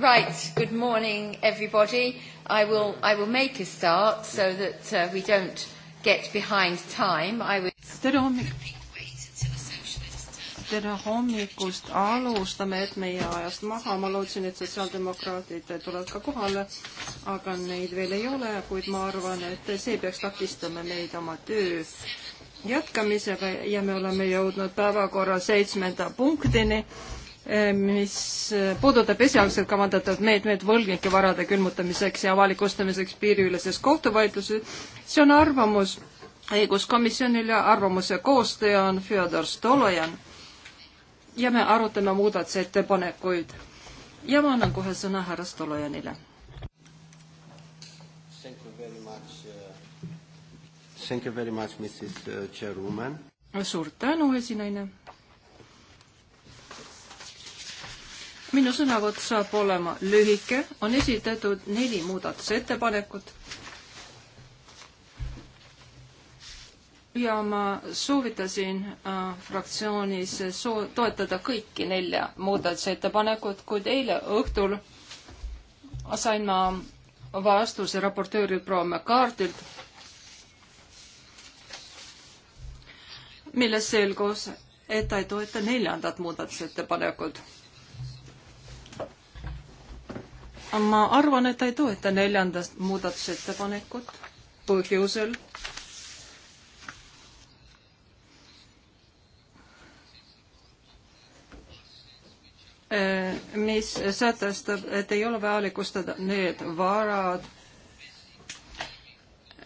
Right, good morning everybody. I will, I will make a start so that uh, we don't get behind time. I will... tere hommikust! tere hommikust, alustame, et meie ajast maha, ma lootsin, et sotsiaaldemokraadid tulevad ka kohale, aga neid veel ei ole, kuid ma arvan, et see peaks takistama meid oma töö jätkamisega ja me oleme jõudnud päevakorra seitsmenda punktini Eh, mis eh, puudutab esialgselt kavandatud meetmeid võlgnike varade külmutamiseks ja avalikustamiseks piiriüleses kohtuvaidluses. see on arvamus õiguskomisjonile, arvamuse koostaja on Fjodor Stolojan ja me arutame muudatusettepanekuid. ja ma annan kohe sõna härra Stolojanile. Uh, uh, suur tänu, esinaine minu sõnavõtt saab olema lühike, on esitatud neli muudatusettepanekut. ja ma soovitasin äh, fraktsioonis soo-, toetada kõiki nelja muudatusettepanekut, kuid eile õhtul sain ma vastuse raportööri proua McCartilt, milles selgus, et ta ei toeta neljandat muudatusettepanekut ma arvan, et ta ei toeta neljandast muudatusettepanekut põhjusel, eh, mis sätestab, et ei ole vajalikustada need varad,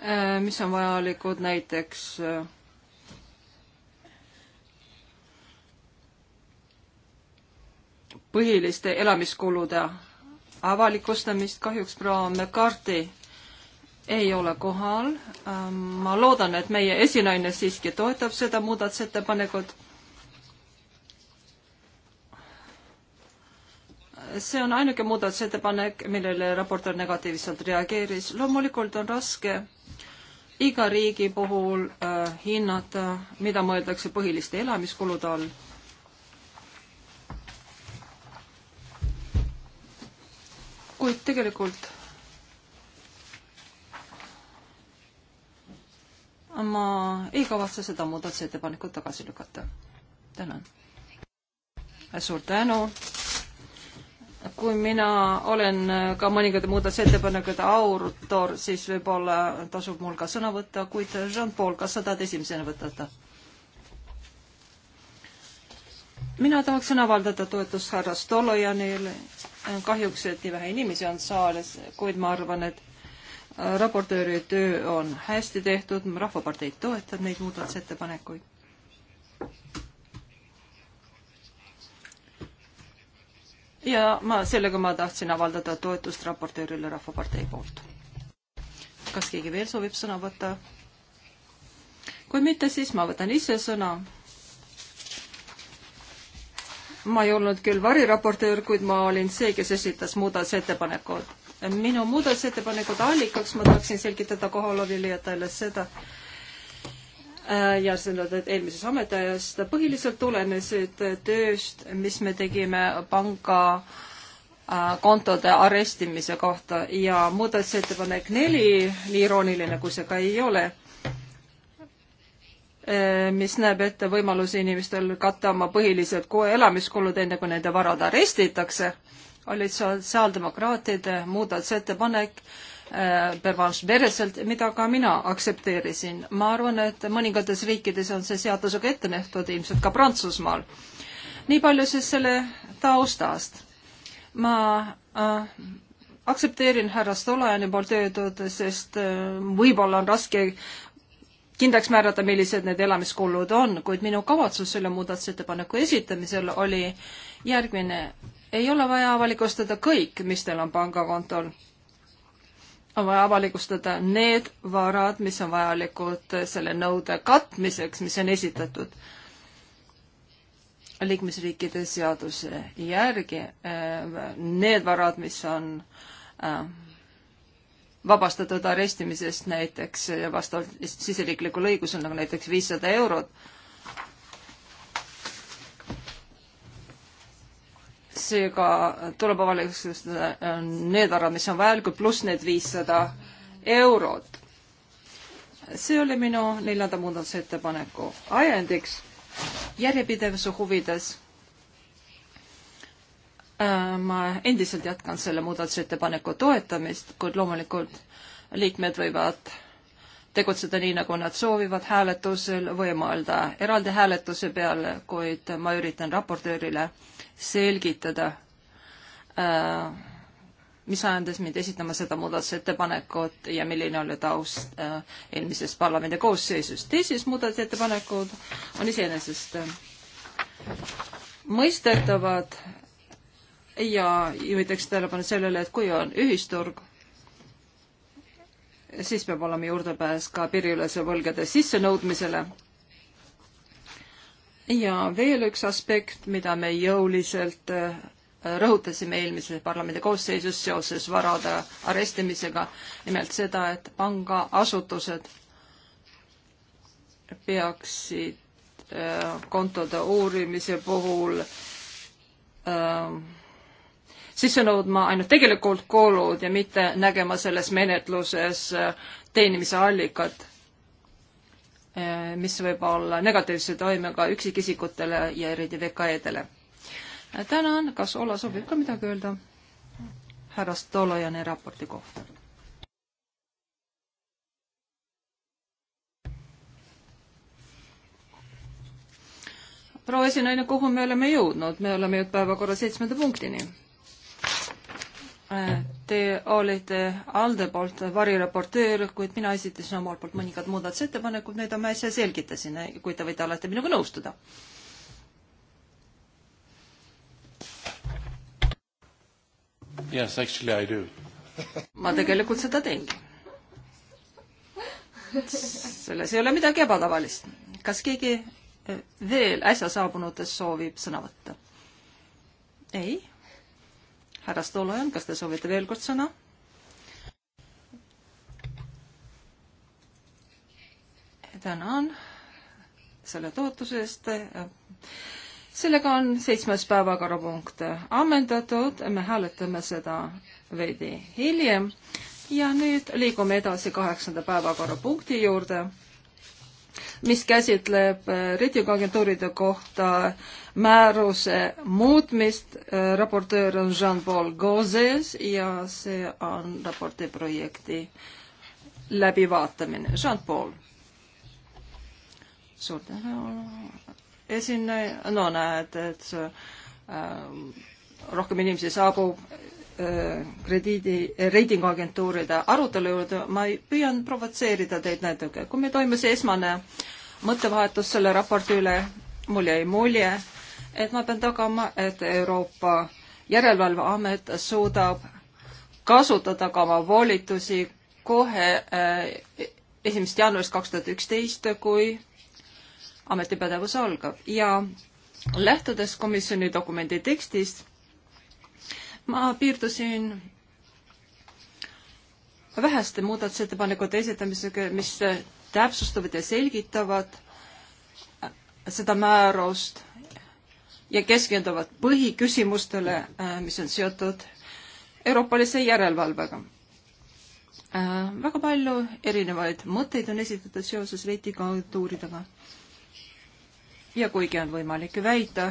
eh, mis on vajalikud näiteks eh, põhiliste elamiskulude avalikustamist. kahjuks proua McCarthy ei ole kohal. Ähm, ma loodan, et meie esinaine siiski toetab seda muudatusettepanekut. see on ainuke muudatusettepanek, millele raportöör negatiivselt reageeris. loomulikult on raske iga riigi puhul äh, hinnata, mida mõeldakse põhiliste elamiskulude all kuid tegelikult ma ei kavatse seda muudatusettepanekut tagasi lükata. tänan. suur tänu. kui mina olen ka mõningate muudatusettepanekute autor, siis võib-olla tasub mul ka sõna võtta, kuid Jean-Paul, kas sa tahad esimesena võtta? mina tahaksin avaldada toetust härra Stolojanile kahjuks, et nii vähe inimesi on saalis, kuid ma arvan, et äh, raportööri töö on hästi tehtud, Rahvapartei toetab neid muudatusettepanekuid. ja ma, sellega ma tahtsin avaldada toetust raportöörile Rahvapartei poolt. kas keegi veel soovib sõna võtta? kui mitte, siis ma võtan ise sõna ma ei olnud küll variraportöör, kuid ma olin see, kes esitas muudatusettepanekud. minu muudatusettepanekute allikaks ma tahaksin selgitada kohalolijatele seda äh, ja selle eelmisest ametiajast põhiliselt tulenesid tööst, mis me tegime panga äh, kontode arestimise kohta ja muudatusettepanek neli, nii irooniline kui see ka ei ole Äh, mis näeb ette võimalusi inimestel katta oma põhilised elamiskulud, enne kui nende varad arestitakse, oli sotsiaaldemokraatide muudatusettepanek äh, pervanšbereselt, mida ka mina aktsepteerisin. ma arvan, et mõningates riikides on see seadusega ette nähtud, ilmselt ka Prantsusmaal. nii palju siis selle taustast. ma äh, aktsepteerin härra Stolajani poolt öeldud, sest äh, võib-olla on raske kindlaks määrata, millised need elamiskulud on, kuid minu kavatsus selle muudatusettepaneku esitamisel oli järgmine. ei ole vaja avalikustada kõik, mis teil on pangakontol. on vaja avalikustada need varad, mis on vajalikud selle nõude katmiseks, mis on esitatud liikmesriikide seaduse järgi. Äh, need varad, mis on äh, vabastatud arestimisest näiteks ja vastavalt siseriiklikul õigusel nagu näiteks viissada eurot. seega tuleb avalikustada äh, need arved, mis on vajalikud, pluss need viissada eurot. see oli minu neljanda muudatusettepaneku ajendiks järjepidevuse huvides Äh, ma endiselt jätkan selle muudatusettepaneku toetamist, kuid loomulikult liikmed võivad tegutseda nii, nagu nad soovivad hääletusel või mõelda eraldi hääletuse peale, kuid ma üritan raportöörile selgitada, äh, mis ajendas mind esitama seda muudatusettepanekut ja milline oli taust äh, eelmisest parlamendi koosseisust. teises muudatusettepanekud on iseenesest mõistetavad ja juhitakse tähelepanu sellele, et kui on ühisturg, siis peab olema juurdepääs ka piiriülese võlgade sissenõudmisele. ja veel üks aspekt, mida me jõuliselt äh, rõhutasime eelmises parlamendi koosseisus seoses varade arestimisega, nimelt seda, et pangaasutused peaksid äh, kontode uurimise puhul äh, sisse nõudma ainult tegelikult kulud ja mitte nägema selles menetluses äh, teenimise allikat, äh, mis võib olla negatiivse toimega üksikisikutele ja eriti VKE-dele. tänan, kas Ola soovib ka midagi öelda härra Stolojani raporti kohta? proua esinaine, kuhu me oleme jõudnud, me oleme jõudnud päevakorra seitsmenda punktini Äh, te olete ALDE poolt variraportöör, kuid mina esitasin omalt poolt mõningad muudatusettepanekud, neid ma äsja selgitasin, eh, kui te võite alati minuga nõustuda. Yes, actually I do. ma tegelikult seda teengi. selles ei ole midagi ebatavalist. kas keegi eh, veel äsja saabunutest soovib sõna võtta? ei härra Stolojan, kas te soovite veel kord sõna? tänan selle toetuse eest. sellega on seitsmes päevakorrapunkt ammendatud, me hääletame seda veidi hiljem ja nüüd liigume edasi kaheksanda päevakorrapunkti juurde mis käsitleb äh, reitinguagentuuride kohta määruse muutmist. Äh, raportöör on Jean-Paul Gauzes ja see on raporti projekti läbivaatamine. Jean-Paul. suur tänu, esineja. no näed, et see, äh, rohkem inimesi saabub äh, krediidi, äh, reitinguagentuuride arutelu juurde. ma püüan provotseerida teid natuke. kui meil toimus esmane äh, mõttevahetus selle raporti üle. mul jäi mulje, et ma pean tagama, et Euroopa Järelevalveamet suudab kasutada ka oma volitusi kohe äh, esimesest jaanuarist kaks tuhat üksteist, kui ametipädevus algab ja lähtudes komisjoni dokumendi tekstist, ma piirdusin väheste muudatusettepanekute esitamisega, mis täpsustavad ja selgitavad seda määrust ja keskenduvad põhiküsimustele, äh, mis on seotud euroopalise järelevalvega. Äh, väga palju erinevaid mõtteid on esitatud seoses reitinguagentuuridega. ja kuigi on võimalik väita,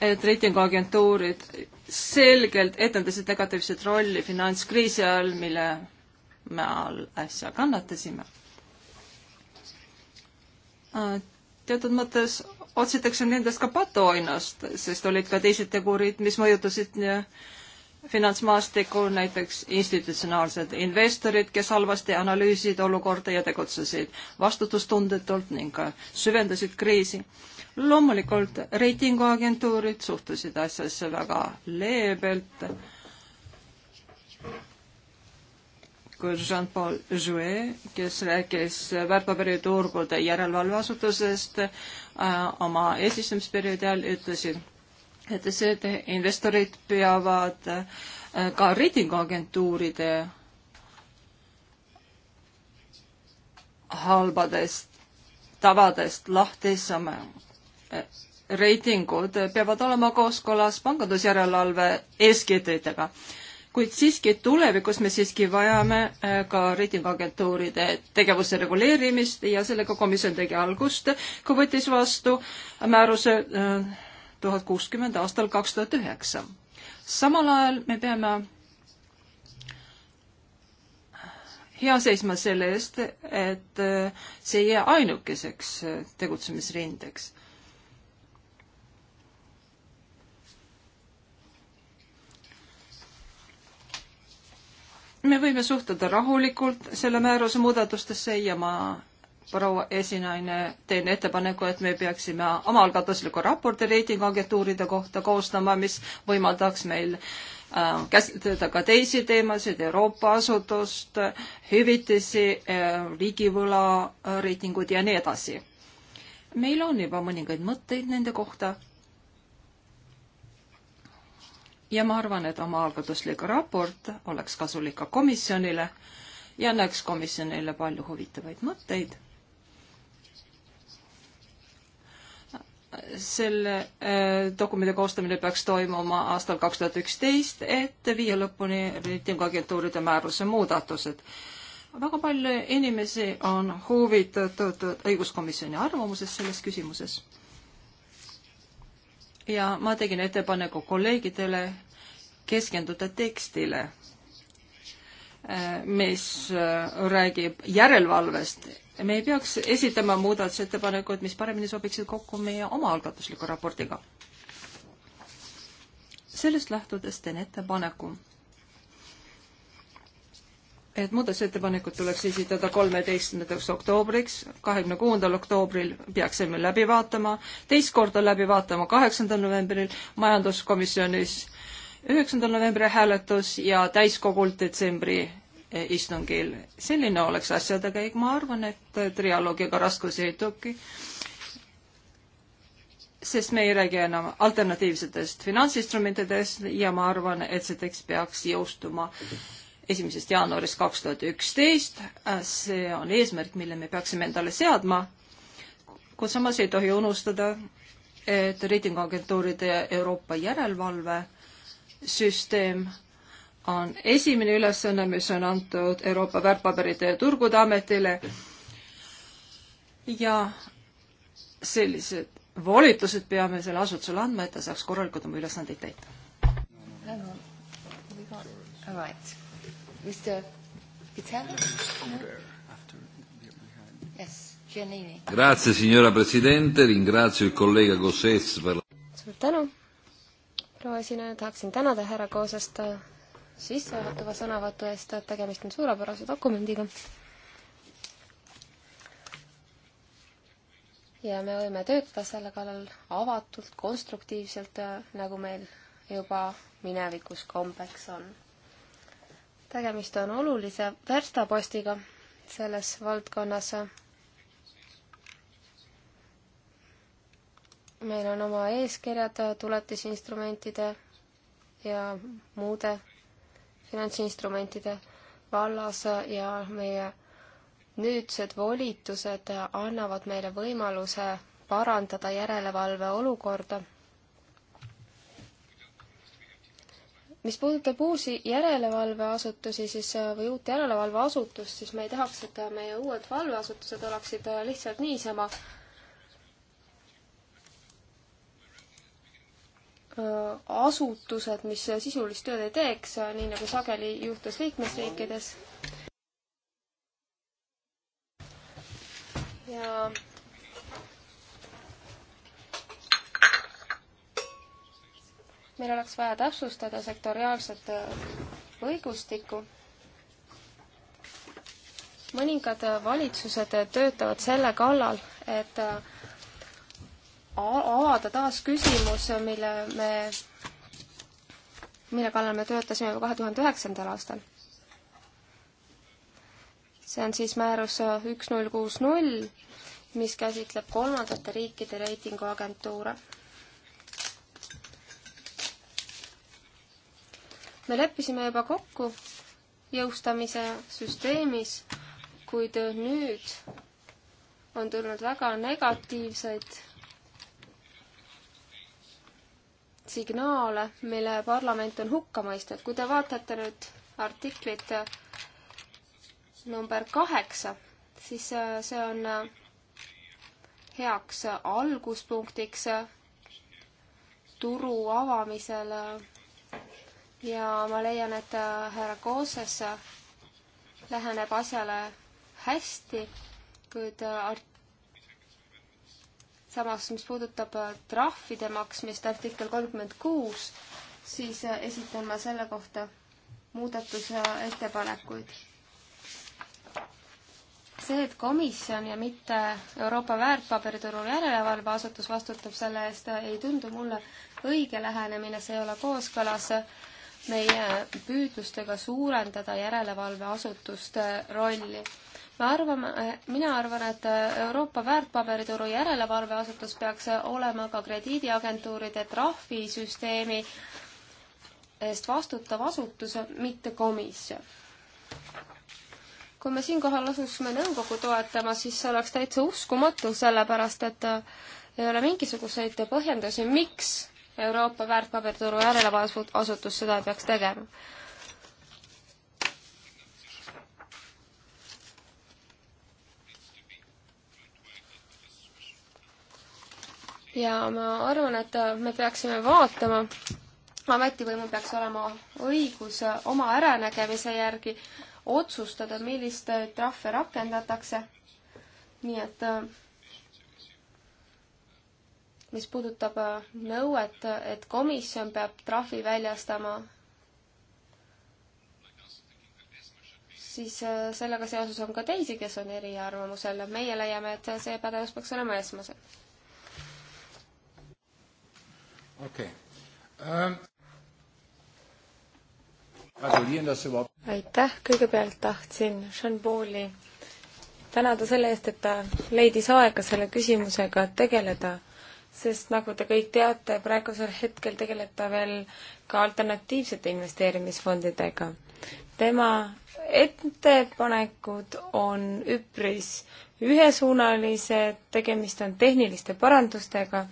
et reitinguagentuurid selgelt etendasid negatiivset rolli finantskriisi ajal, mille me all äsja kannatasime. Äh, teatud mõttes otsitakse nendest ka patuoinast, sest olid ka teised tegurid, mis mõjutasid äh, finantsmaastikul näiteks institutsionaalsed investorid, kes halvasti analüüsisid olukorda ja tegutsesid vastutustundetult ning ka süvendasid kriisi. loomulikult reitinguagentuurid suhtusid asjasse väga leebelt kui Jean-Paul Jouet, kes rääkis väärtpaberiturgude järelevalveasutusest äh, oma esinemisperioodi ajal, ütlesid, et see, et investorid peavad äh, ka reitinguagentuuride halbadest tavadest lahti saama. Äh, reitingud peavad olema kooskõlas pangandusjärelevalve eeskirjadega kuid siiski tulevikus me siiski vajame äh, ka reitinguagentuuride tegevuse reguleerimist ja sellega komisjon tegi algust, kui võttis vastu määruse äh, tuhat kuuskümmend aastal kaks tuhat üheksa. samal ajal me peame hea seisma selle eest, et äh, see ei jää ainukeseks tegutsemisrindeks me võime suhtuda rahulikult selle määruse muudatustesse ja ma proua esinaine, teen ettepaneku, et me peaksime omalgatusliku raporti reitinguagentuuride kohta koostama, mis võimaldaks meil äh, käsitleda ka teisi teemasid, Euroopa asutust, hüvitisi äh,, riigivõla reitingud ja nii edasi. meil on juba mõningaid mõtteid nende kohta ja ma arvan, et omaalgatuslik raport oleks kasulik ka komisjonile ja annaks komisjonile palju huvitavaid mõtteid. selle äh, dokumendi koostamine peaks toimuma aastal kaks tuhat üksteist, et viia lõpuni reitinguagentuuride määruse muudatused. väga palju inimesi on huvitatud õiguskomisjoni arvamusest selles küsimuses ja ma tegin ettepaneku kolleegidele keskenduda tekstile, eh, mis eh, räägib järelevalvest. me ei peaks esitama muudatusettepanekuid, mis paremini sobiksid kokku meie omaalgatusliku raportiga. sellest lähtudes teen ettepaneku et muudatusettepanekud tuleks esitada kolmeteistkümnendaks oktoobriks, kahekümne kuuendal oktoobril peaksime läbi vaatama, teist korda läbi vaatama kaheksandal novembril majanduskomisjonis, üheksandal novembri hääletus ja täiskogult detsembri eh, istungil. selline oleks asjade käik, ma arvan, et trialoogiga raskusi ei teki, sest me ei räägi enam alternatiivsetest finantsinstrumentidest ja ma arvan, et see tekst peaks jõustuma mm -hmm esimesest jaanuarist kaks tuhat üksteist. Äh, see on eesmärk, mille me peaksime endale seadma. kuid samas ei tohi unustada, et reitinguagentuuride Euroopa järelevalvesüsteem on esimene ülesanne, mis on antud Euroopa väärtpaberite ja turgude ametile. ja sellised volitused peame selle asutusele andma, et ta saaks korralikult oma ülesandeid täita. All right. Mr. Pizzella? No? Yes, Giannini. Grazie signora Presidente, ringrazio il collega Gosses per la... suur tänu, proua esineja, tahaksin tänada härra Koosest äh, sissejuhatava sõnavõtu eest, et tegemist on suurepärase dokumendiga. ja me võime töötada selle kallal avatult, konstruktiivselt, äh, nagu meil juba minevikus kombeks on tegemist on olulise verstapostiga selles valdkonnas. meil on oma eeskirjad tuletisinstrumentide ja muude finantsinstrumentide vallas ja meie nüüdsed volitused annavad meile võimaluse parandada järelevalve olukorda mis puudutab uusi järelevalveasutusi, siis, äh, või uut järelevalveasutust, siis me ei tahaks, et äh, meie uued valveasutused oleksid äh, lihtsalt niisama asutused, mis sisulist tööd ei teeks, nii nagu sageli juhtus liikmesriikides. ja meil oleks vaja täpsustada sektoriaalset äh, õigustikku. mõningad äh, valitsused äh, töötavad selle kallal, et avada taas küsimus, mille me, mille kallal me töötasime juba kahe tuhande üheksandal aastal. see on siis määrus üks null kuus null, mis käsitleb kolmandate riikide reitinguagentuure me leppisime juba kokku jõustamise süsteemis, kuid nüüd on tulnud väga negatiivseid signaale, mille parlament on hukka mõistnud. kui te vaatate nüüd artiklit number kaheksa, siis äh, see on äh, heaks alguspunktiks äh, turu avamisele ja ma leian, et äh, härra Kooses äh, läheneb asjale hästi, kuid äh, samas, mis puudutab trahvide maksmist, artikkel kolmkümmend kuus, siis esitan ma selle kohta muudatuse ettepanekuid. see, et komisjon ja mitte Euroopa väärtpaberituru järelevalveasutus vastutab selle eest, ei tundu mulle õige lähenemine, see ei ole kooskõlas meie püüdlustega suurendada järelevalveasutuste rolli. me arvame, mina arvan, et Euroopa väärtpaberituru järelevalveasutus peaks olema ka krediidiagentuuride trahvisüsteemi eest vastutav asutus, mitte komisjon kui me siinkohal asusime nõukogu toetama, siis see oleks täitsa uskumatu, sellepärast et ei ole mingisuguseid põhjendusi, miks Euroopa väärtpaberituru järelevalveasutus seda ei peaks tegema. ja ma arvan, et me peaksime vaatama, ametivõimul peaks olema õigus oma äranägemise järgi otsustada, millist trahve rakendatakse. nii et äh, mis puudutab äh, nõuet, et komisjon peab trahvi väljastama, siis äh, sellega seoses on ka teisi, kes on eriarvamusel. meie leiame, et see pädevus peaks olema esmasel. okei okay. um... Ähm. aitäh, kõigepealt tahtsin Sean Pauli tänada selle eest, et ta leidis aega selle küsimusega tegeleda sest nagu te kõik teate, praegusel hetkel tegeleb ta veel ka alternatiivsete investeerimisfondidega. tema ettepanekud on üpris ühesuunalised, tegemist on tehniliste parandustega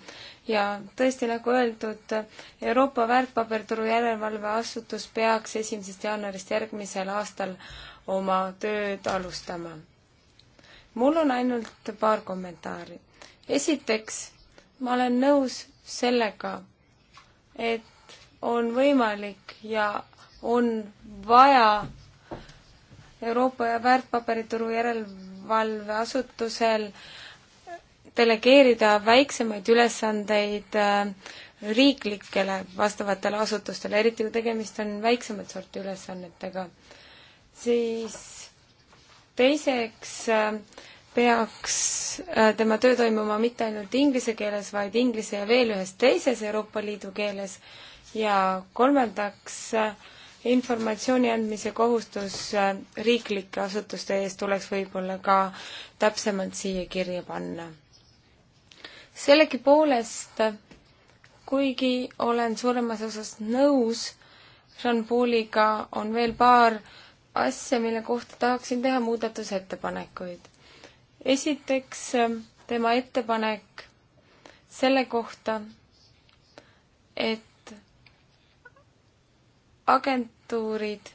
ja tõesti, nagu öeldud, Euroopa väärtpaberturu järelevalveasutus peaks esimesest jaanuarist järgmisel aastal oma tööd alustama. mul on ainult paar kommentaari. esiteks, ma olen nõus sellega, et on võimalik ja on vaja Euroopa väärtpaberituru järelevalveasutusel delegeerida väiksemaid ülesandeid äh, riiklikele vastavatele asutustele, eriti kui tegemist on väiksemat sorti ülesannetega, siis teiseks äh, peaks äh, tema töö toimuma mitte ainult inglise keeles, vaid inglise ja veel ühes teises Euroopa Liidu keeles ja kolmandaks, äh, informatsiooni andmise kohustus äh, riiklike asutuste ees tuleks võib-olla ka täpsemalt siia kirja panna. sellegipoolest, kuigi olen suuremas osas nõus Jean-Pauliga, on veel paar asja, mille kohta tahaksin teha muudatusettepanekuid esiteks ähm, tema ettepanek selle kohta, et agentuurid,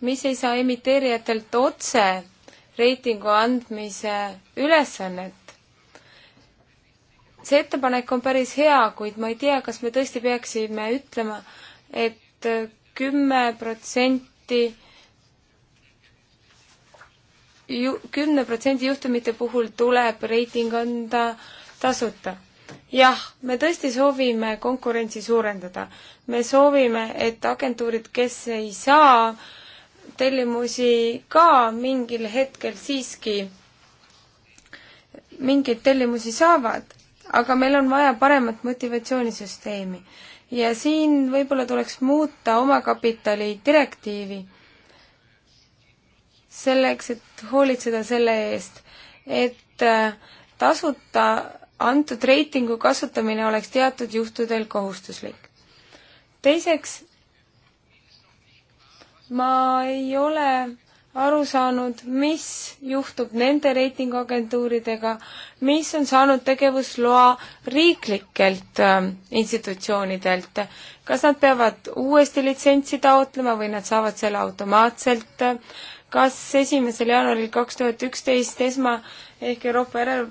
mis ei saa emiteerijatelt otse reitingu andmise ülesannet, see ettepanek on päris hea, kuid ma ei tea, kas me tõesti peaksime ütlema et, et äh, kümme protsenti ju-, kümne protsendi juhtumite puhul tuleb reiting anda tasuta. jah, me tõesti soovime konkurentsi suurendada. me soovime, et agentuurid, kes ei saa tellimusi ka mingil hetkel siiski mingeid tellimusi saavad, aga meil on vaja paremat motivatsioonisüsteemi. ja siin võib-olla tuleks muuta omakapitali direktiivi selleks, et hoolitseda selle eest, et äh, tasuta antud reitingu kasutamine oleks teatud juhtudel kohustuslik. teiseks, ma ei ole aru saanud, mis juhtub nende reitinguagentuuridega, mis on saanud tegevusloa riiklikelt äh, institutsioonidelt. kas nad peavad uuesti litsentsi taotlema või nad saavad selle automaatselt äh, kas esimesel jaanuaril kaks tuhat üksteist ESMA ehk Euroopa järel-,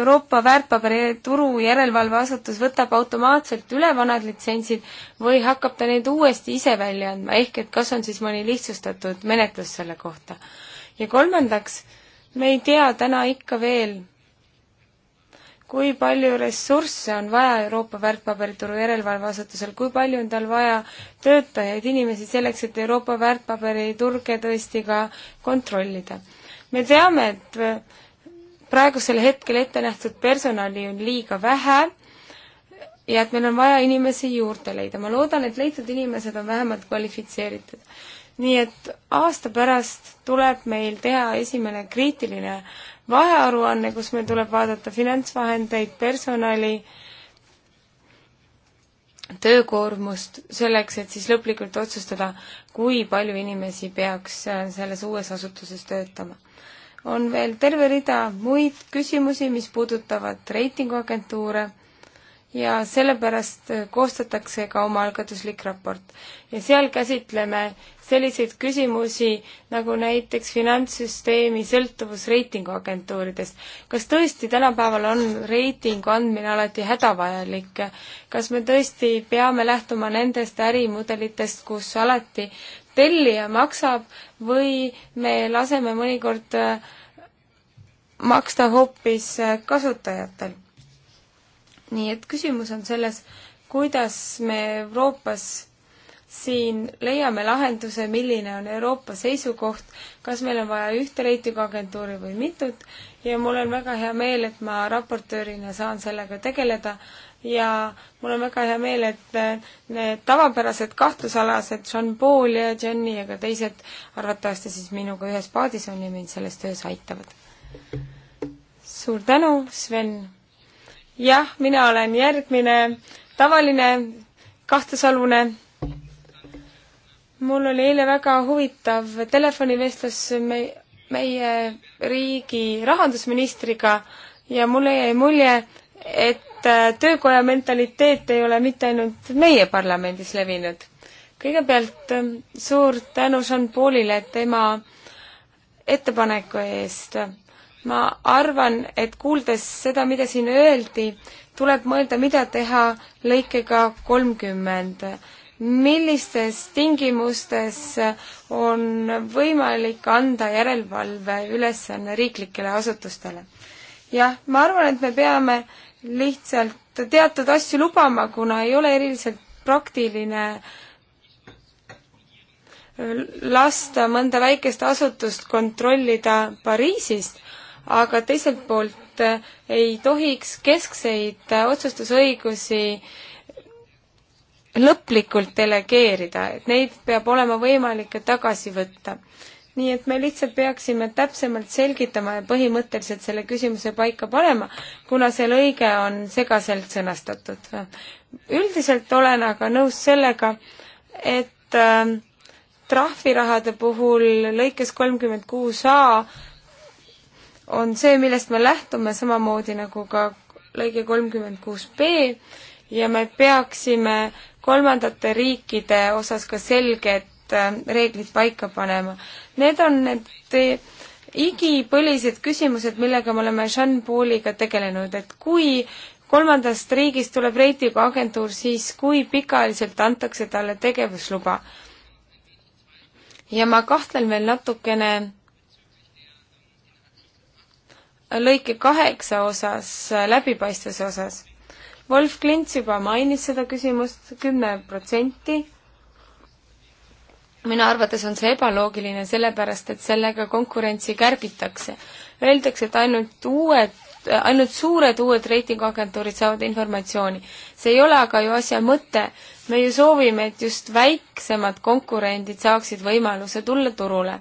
Euroopa väärtpaberituru järelevalveasutus võtab automaatselt üle vanad litsentsid või hakkab ta neid uuesti ise välja andma, ehk et kas on siis mõni lihtsustatud menetlus selle kohta? ja kolmandaks, me ei tea täna ikka veel, kui palju ressursse on vaja Euroopa väärtpaberituru järelevalveasutusel, kui palju on tal vaja töötajaid, inimesi selleks, et Euroopa väärtpaberiturge tõesti ka kontrollida. me teame, et praegusel hetkel ette nähtud personali on liiga vähe ja et meil on vaja inimesi juurde leida. ma loodan, et leitud inimesed on vähemalt kvalifitseeritud. nii et aasta pärast tuleb meil teha esimene kriitiline vahearuanne, kus meil tuleb vaadata finantsvahendeid, personali, töökoormust selleks, et siis lõplikult otsustada, kui palju inimesi peaks äh, selles uues asutuses töötama. on veel terve rida muid küsimusi, mis puudutavad reitinguagentuure ja sellepärast äh, koostatakse ka omaalgatuslik raport. ja seal käsitleme selliseid küsimusi nagu näiteks finantssüsteemi sõltuvus reitinguagentuuridest. kas tõesti tänapäeval on reitingu andmine alati hädavajalik? kas me tõesti peame lähtuma nendest ärimudelitest, kus alati tellija maksab või me laseme mõnikord äh, maksta hoopis äh, kasutajatel? nii et küsimus on selles, kuidas me Euroopas siin leiame lahenduse, milline on Euroopa seisukoht, kas meil on vaja ühte reitinguagentuuri või mitut ja mul on väga hea meel, et ma raportöörina saan sellega tegeleda ja mul on väga hea meel, et need tavapärased kahtlusalased, John Paul ja Jenny ja ka teised arvatavasti siis minuga ühes paadis on ja mind selles töös aitavad. suur tänu, Sven! jah, mina olen järgmine tavaline kahtesalune. mul oli eile väga huvitav telefonivestlus me-, meie riigi rahandusministriga ja mulle jäi mulje, et äh, töökoja mentaliteet ei ole mitte ainult meie parlamendis levinud. kõigepealt äh, suur tänu Jean-Paulile tema ettepaneku eest ma arvan, et kuuldes seda, mida siin öeldi, tuleb mõelda, mida teha lõikega kolmkümmend. millistes tingimustes on võimalik anda järelevalve ülesanne riiklikele asutustele? jah, ma arvan, et me peame lihtsalt teatud asju lubama, kuna ei ole eriliselt praktiline lasta mõnda väikest asutust kontrollida Pariisist aga teiselt poolt äh, ei tohiks keskseid äh, otsustusõigusi lõplikult delegeerida, et neid peab olema võimalik ka tagasi võtta. nii et me lihtsalt peaksime täpsemalt selgitama ja põhimõtteliselt selle küsimuse paika panema, kuna see lõige on segaselt sõnastatud. üldiselt olen aga nõus sellega, et äh, trahvirahade puhul lõikes kolmkümmend kuus A on see, millest me lähtume, samamoodi nagu ka lõige kolmkümmend kuus B ja me peaksime kolmandate riikide osas ka selged äh, reeglid paika panema. Need on need igipõlised küsimused, millega me oleme Jean Pauliga tegelenud, et kui kolmandast riigist tuleb reitinguagentuur, siis kui pikaajaliselt antakse talle tegevusluba? ja ma kahtlen veel natukene lõike kaheksa osas, läbipaistvuse osas. Wolf Klints juba mainis seda küsimust, kümme protsenti. minu arvates on see ebaloogiline, sellepärast et sellega konkurentsi kärbitakse. Öeldakse, et ainult uued ainult suured uued reitinguagentuurid saavad informatsiooni. see ei ole aga ju asja mõte. me ju soovime, et just väiksemad konkurendid saaksid võimaluse tulla turule.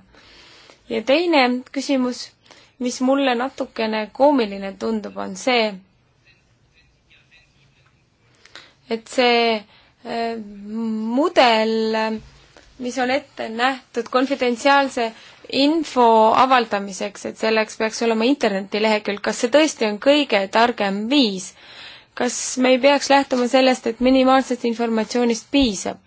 ja teine küsimus mis mulle natukene koomiline tundub, on see, et see äh, mudel, mis on ette nähtud konfidentsiaalse info avaldamiseks, et selleks peaks olema internetilehekülg, kas see tõesti on kõige targem viis? kas me ei peaks lähtuma sellest, et minimaalsest informatsioonist piisab?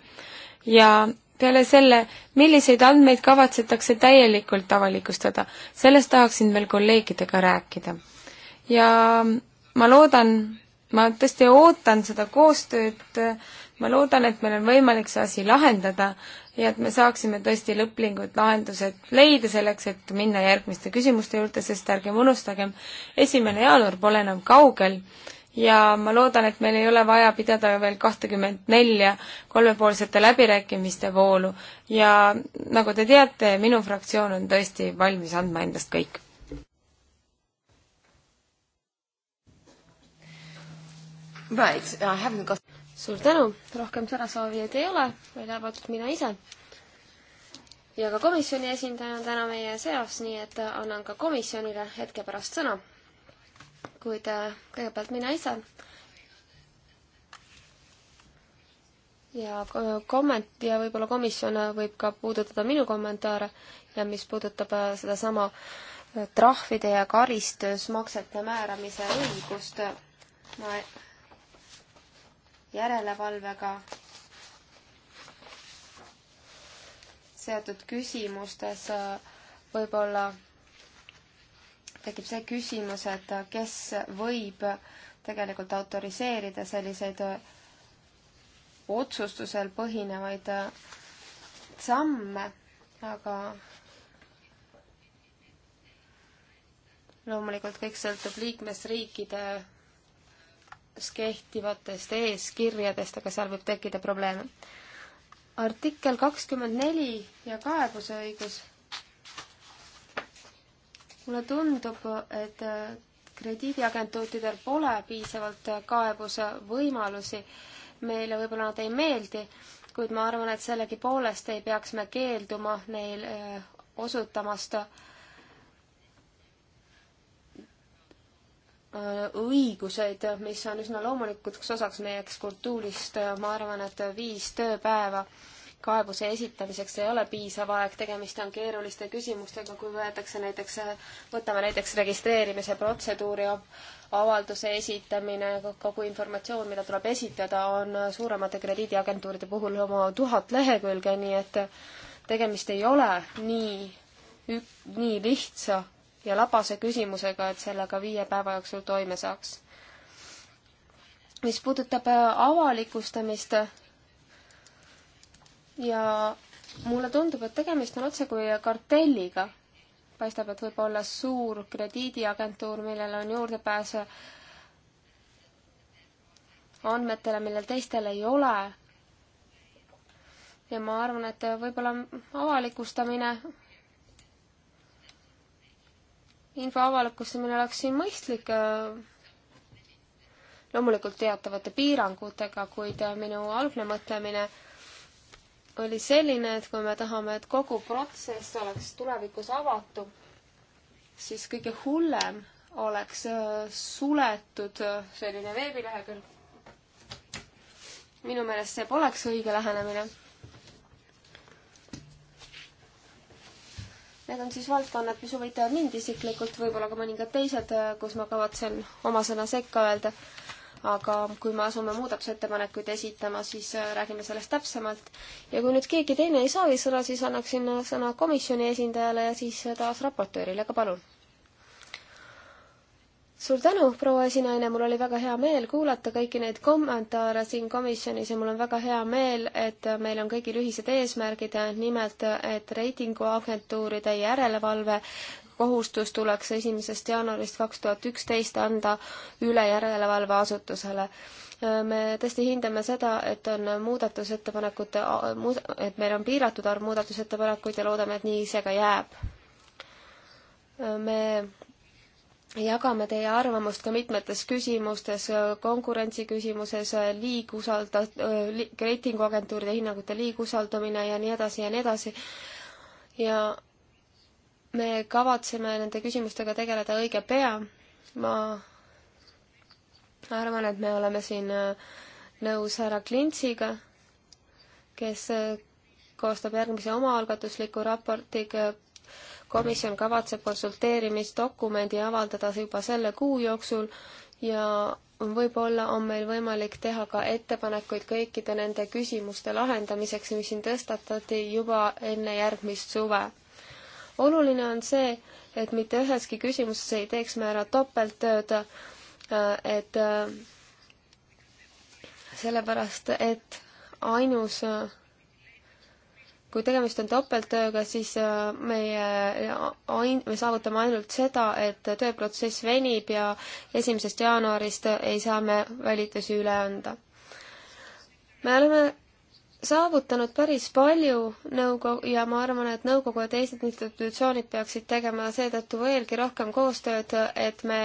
ja peale selle, milliseid andmeid kavatsetakse täielikult avalikustada, sellest tahaksin veel kolleegidega rääkida. ja ma loodan, ma tõesti ootan seda koostööd, ma loodan, et meil on võimalik see asi lahendada ja et me saaksime tõesti lõplingud, lahendused leida selleks, et minna järgmiste küsimuste juurde, sest ärgem unustagem, esimene jaanuar pole enam kaugel ja ma loodan, et meil ei ole vaja pidada veel kahtekümmet nelja kolmepoolsete läbirääkimiste voolu ja nagu te teate, minu fraktsioon on tõesti valmis andma endast kõik. Right, I haven't got suur tänu, rohkem sõnasoovijaid ei ole, välja arvatud mina ise. ja ka komisjoni esindaja on täna meie seas, nii et annan ka komisjonile hetke pärast sõna kuid äh, kõigepealt mina ise. ja komment- ja võib-olla komisjon äh, võib ka puudutada minu kommentaare ja mis puudutab äh, sedasama trahvide ja karistusmaksete määramise õigust, ma järelevalvega seotud küsimustes võib-olla tekib see küsimus, et kes võib tegelikult autoriseerida selliseid äh, otsustusel põhinevaid äh, samme, aga loomulikult kõik sõltub liikmesriikide kehtivatest eeskirjadest, aga seal võib tekkida probleeme. artikkel kakskümmend neli ja kaebusõigus mulle tundub, et äh, krediidiagentuuridel pole piisavalt äh, kaebuse võimalusi. meile võib-olla nad ei meeldi, kuid ma arvan, et sellegipoolest ei peaks me keelduma neil äh, osutamast õiguseid, mis on üsna loomulikuks osaks meie kultuurist, ma arvan, et viis tööpäeva kaebuse esitamiseks ei ole piisav aeg, tegemist on keeruliste küsimustega, kui võetakse näiteks, võtame näiteks registreerimise protseduuri avalduse esitamine, kogu informatsioon, mida tuleb esitada, on suuremate krediidiagentuuride puhul oma tuhat lehekülge, nii et tegemist ei ole nii, nii lihtsa ja labase küsimusega, et sellega viie päeva jooksul toime saaks. mis puudutab avalikustamist, ja mulle tundub, et tegemist on otsekui kartelliga. paistab, et võib-olla suur krediidiagentuur, millel on juurdepääs andmetele, millel teistel ei ole. ja ma arvan, et võib-olla avalikustamine, info avalikustamine oleks siin mõistlik loomulikult teatavate piirangutega, kuid minu algne mõtlemine oli selline, et kui me tahame, et kogu protsess oleks tulevikus avatum, siis kõige hullem oleks äh, suletud äh, selline veebilehekülg. minu meelest see poleks õige lähenemine. Need on siis valdkonnad, mis huvitavad mind isiklikult, võib-olla ka mõningad teised, äh, kus ma kavatsen oma sõna sekka öelda aga kui me asume muudatusettepanekuid esitama, siis äh, räägime sellest täpsemalt. ja kui nüüd keegi teine ei soovi sõna, siis annaksin äh, sõna komisjoni esindajale ja siis äh, taas raportöörile ka, palun. suur tänu, proua esinaine, mul oli väga hea meel kuulata kõiki neid kommentaare siin komisjonis ja mul on väga hea meel, et meil on kõigil ühised eesmärgid, nimelt et reitinguagentuuride järelevalve kohustus tuleks esimesest jaanuarist kaks tuhat üksteist anda üle järelevalveasutusele. me tõesti hindame seda, et on muudatusettepanekute, et meil on piiratud arv muudatusettepanekuid ja loodame, et nii see ka jääb. me jagame teie arvamust ka mitmetes küsimustes, konkurentsi küsimuses, liigusalda- li,, reitinguagentuuride hinnangute liigusaldamine ja nii edasi ja nii edasi. ja me kavatseme nende küsimustega tegeleda õige pea. ma arvan, et me oleme siin äh, nõus härra Klintsiga, kes äh, koostab järgmise omaalgatusliku raportiga. komisjon kavatseb konsulteerimisdokumendi avaldada juba selle kuu jooksul ja võib-olla on meil võimalik teha ka ettepanekuid kõikide nende küsimuste lahendamiseks, mis siin tõstatati juba enne järgmist suve oluline on see, et mitte üheski küsimuses ei teeks me ära topelttööd, äh, et äh, sellepärast, et ainus äh, kui tegemist on topelttööga, siis meie ain-, me saavutame ainult seda, et tööprotsess venib ja esimesest jaanuarist ei saa me välitusi üle anda. me oleme saavutanud päris palju nõukogu ja ma arvan, et nõukogu ja teised institutsioonid peaksid tegema seetõttu veelgi rohkem koostööd, et me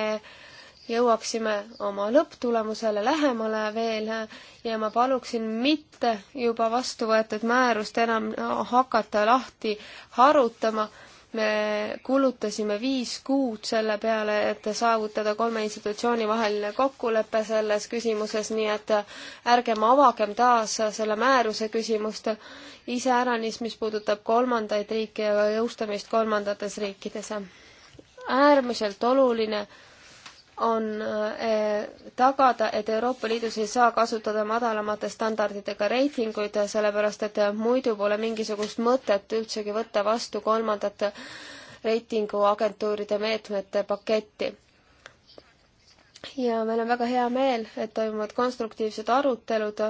jõuaksime oma lõpptulemusele lähemale veel ja ma paluksin mitte juba vastu võetud määrust enam hakata lahti harutama me kulutasime viis kuud selle peale, et saavutada kolme institutsiooni vaheline kokkulepe selles küsimuses, nii et ärgem avagem taas selle määruse küsimust iseäranis, mis puudutab kolmandaid riike ja jõustamist kolmandates riikides. äärmiselt oluline on äh, tagada, et Euroopa Liidus ei saa kasutada madalamate standarditega reitinguid, sellepärast et muidu pole mingisugust mõtet üldsegi võtta vastu kolmandat reitinguagentuuride meetmete paketti ja meil on väga hea meel, et toimuvad konstruktiivsed arutelud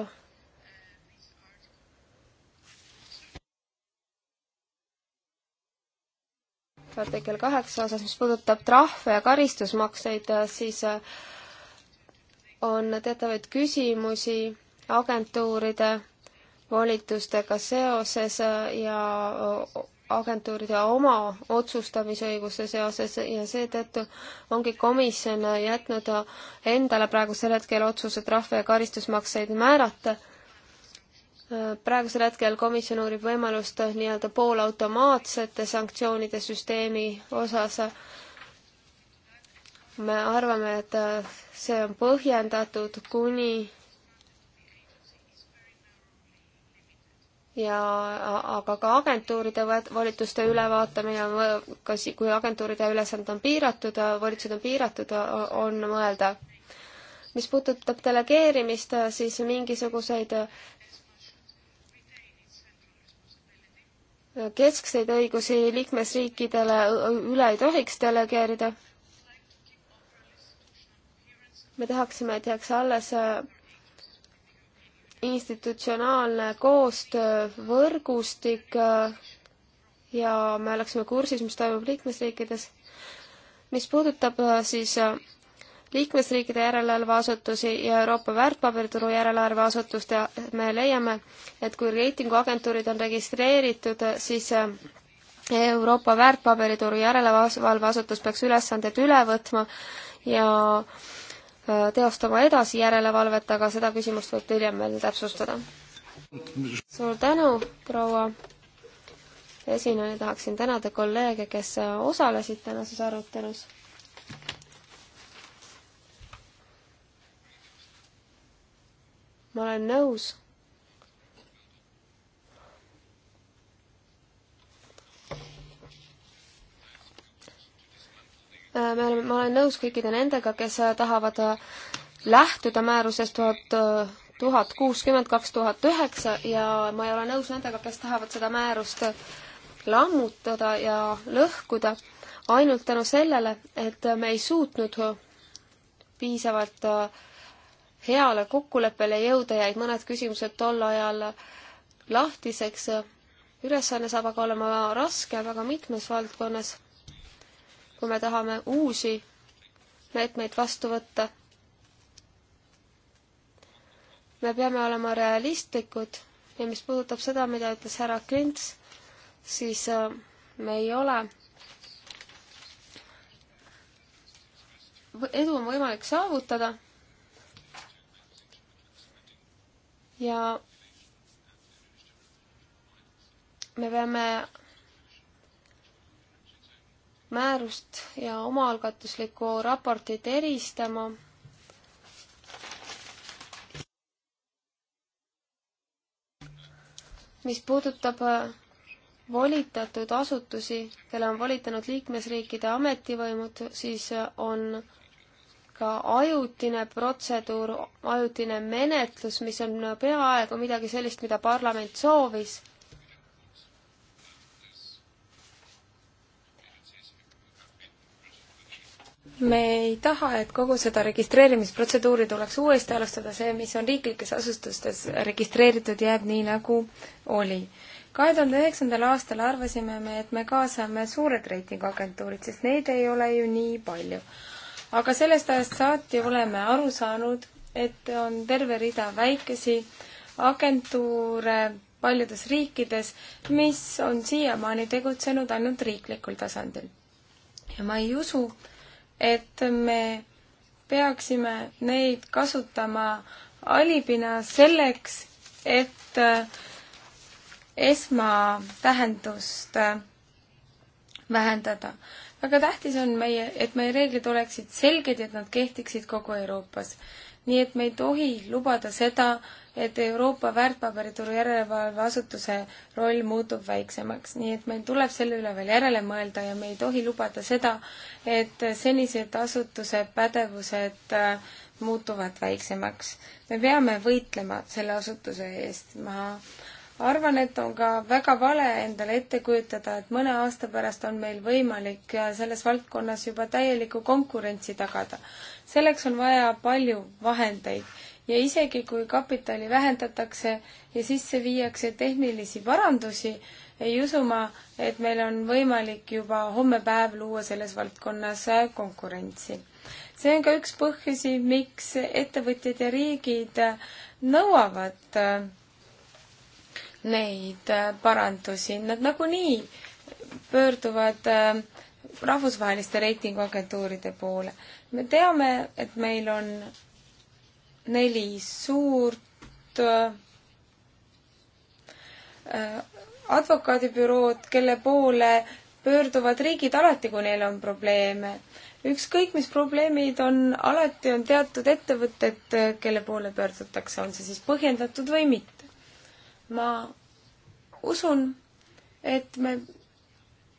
artikkel kaheksa osas, mis puudutab trahve ja karistusmakseid, siis äh, on teatavaid küsimusi agentuuride volitustega seoses äh, ja agentuuride oma otsustamisõiguse seoses ja seetõttu ongi komisjon jätnud endale praegusel hetkel otsuse trahve ja karistusmakseid määrata praegusel hetkel komisjon uurib võimalust nii-öelda poolautomaatsete sanktsioonide süsteemi osas. me arvame, et see on põhjendatud kuni ja aga ka agentuuride volituste ülevaatamine on, kas, kui agentuuride ülesanded on piiratud, volitused on piiratud, on mõeldav mis puudutab delegeerimist, siis mingisuguseid keskseid õigusi liikmesriikidele üle ei tohiks delegeerida. me tahaksime, et jääks alles äh, institutsionaalne koostöövõrgustik äh, ja me oleksime kursis, mis toimub liikmesriikides. mis puudutab äh, siis liikmesriikide järelevalveasutusi ja Euroopa väärtpaberituru järelevalveasutust ja me leiame, et kui reitinguagentuurid on registreeritud, siis eh, Euroopa väärtpaberituru järelevalveasutus peaks ülesanded üle võtma ja eh, teostama edasi järelevalvet, aga seda küsimust võib hiljem veel täpsustada. suur tänu, proua esineja, tahaksin tänada kolleege, kes osalesid tänases arutelus ma olen nõus. Äh, me oleme, ma olen nõus kõikide nendega, kes äh, tahavad äh, lähtuda määrusest tuhat tuhat kuuskümmend kaks tuhat üheksa ja ma ei ole nõus nendega, kes tahavad seda määrust lammutada ja lõhkuda ainult tänu sellele, et me ei suutnud piisavalt äh, heale kokkuleppele jõuda, jäid mõned küsimused tol ajal lahtiseks. ülesanne saab aga olema raske väga mitmes valdkonnas, kui me tahame uusi meetmeid vastu võtta. me peame olema realistlikud ja mis puudutab seda, mida ütles härra Klints, siis äh, me ei ole edu on võimalik saavutada ja me peame määrust ja omaalgatuslikku raportit eristama. mis puudutab äh, volitatud asutusi, kelle on volitanud liikmesriikide ametivõimud, siis äh, on ka ajutine protseduur, ajutine menetlus, mis on peaaegu midagi sellist, mida parlament soovis. me ei taha, et kogu seda registreerimisprotseduuri tuleks uuesti alustada, see, mis on riiklikes asustustes registreeritud, jääb nii, nagu oli kahe tuhande üheksandal aastal arvasime me, et me kaasame suured reitinguagentuurid, sest neid ei ole ju nii palju aga sellest ajast saati oleme aru saanud, et on terve rida väikesi agentuure paljudes riikides, mis on siiamaani tegutsenud ainult riiklikul tasandil. ja ma ei usu, et me peaksime neid kasutama alibina selleks, et eh, esmatähendust eh, vähendada väga tähtis on meie, et meie reeglid oleksid selged ja et nad kehtiksid kogu Euroopas. nii et me ei tohi lubada seda, et Euroopa väärtpaberituru järelevalveasutuse roll muutub väiksemaks, nii et meil tuleb selle üle veel järele mõelda ja me ei tohi lubada seda, et senised asutuse pädevused äh, muutuvad väiksemaks. me peame võitlema selle asutuse eest, ma arvan, et on ka väga vale endale ette kujutada, et mõne aasta pärast on meil võimalik selles valdkonnas juba täielikku konkurentsi tagada. selleks on vaja palju vahendeid ja isegi, kui kapitali vähendatakse ja sisse viiakse tehnilisi parandusi, ei usu ma, et meil on võimalik juba homme päev luua selles valdkonnas konkurentsi. see on ka üks põhjusi, miks ettevõtjad ja riigid nõuavad neid äh, parandusi, nad nagunii pöörduvad äh, rahvusvaheliste reitinguagentuuride poole. me teame, et meil on neli suurt äh, advokaadibürood, kelle poole pöörduvad riigid alati, kui neil on probleeme. ükskõik, mis probleemid on, alati on teatud ettevõtted, kelle poole pöördutakse, on see siis põhjendatud või mitte ma usun, et me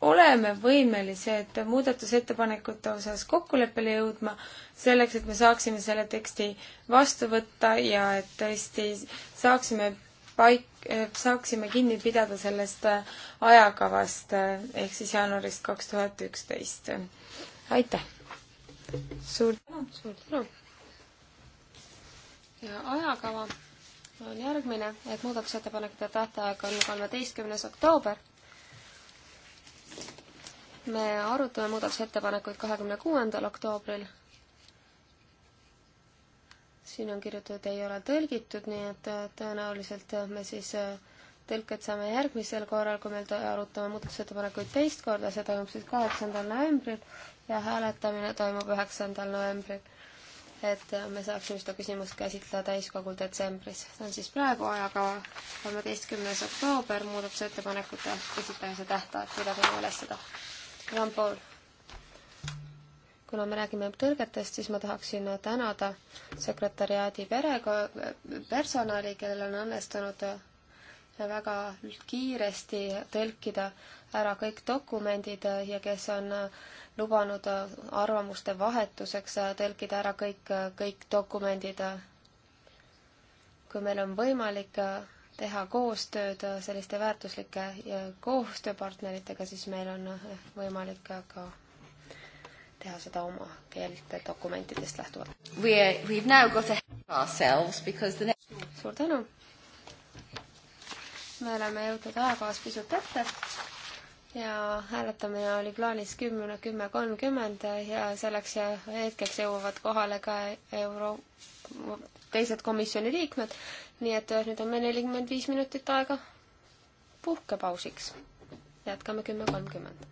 oleme võimelised muudatusettepanekute osas kokkuleppele jõudma, selleks et me saaksime selle teksti vastu võtta ja et tõesti saaksime paik-, saaksime kinni pidada sellest ajakavast ehk siis jaanuarist kaks tuhat üksteist. aitäh! suur tänu, suur tänu! ja ajakava on järgmine, et muudatusettepanekute tähtaeg on kolmeteistkümnes oktoober. me arutame muudatusettepanekuid kahekümne kuuendal oktoobril. siin on kirjutatud, ei ole tõlgitud, nii et äh, tõenäoliselt äh, me siis äh, tõlked saame järgmisel korral, kui me arutame muudatusettepanekuid teist korda, see toimub siis kaheksandal novembril ja hääletamine toimub üheksandal novembril et me saaksime seda küsimust käsitleda täiskogul detsembris. see on siis praegu ajakava kolmeteistkümnes oktoober, muudatusettepanekute esitamise tähtaeg, kuidas on üles seda. Jaan Paul. kuna me räägime tõrgetest, siis ma tahaksin tänada sekretäriaadi perega, personali, kellel on õnnestunud väga kiiresti tõlkida ära kõik dokumendid äh, ja kes on äh, lubanud äh, arvamuste vahetuseks tõlkida ära kõik, kõik dokumendid. kui meil on võimalik teha koostööd selliste väärtuslike koostööpartneritega, siis meil on võimalik ka teha seda oma keelte dokumentidest lähtuvalt. The... suur tänu! me oleme jõudnud ajakavas pisut ette ja hääletamine oli plaanis kümne, kümme kolmkümmend ja selleks hetkeks jõuavad kohale ka euro, teised komisjoni liikmed, nii et äh, nüüd on meil nelikümmend viis minutit aega puhkepausiks. jätkame kümme kolmkümmend.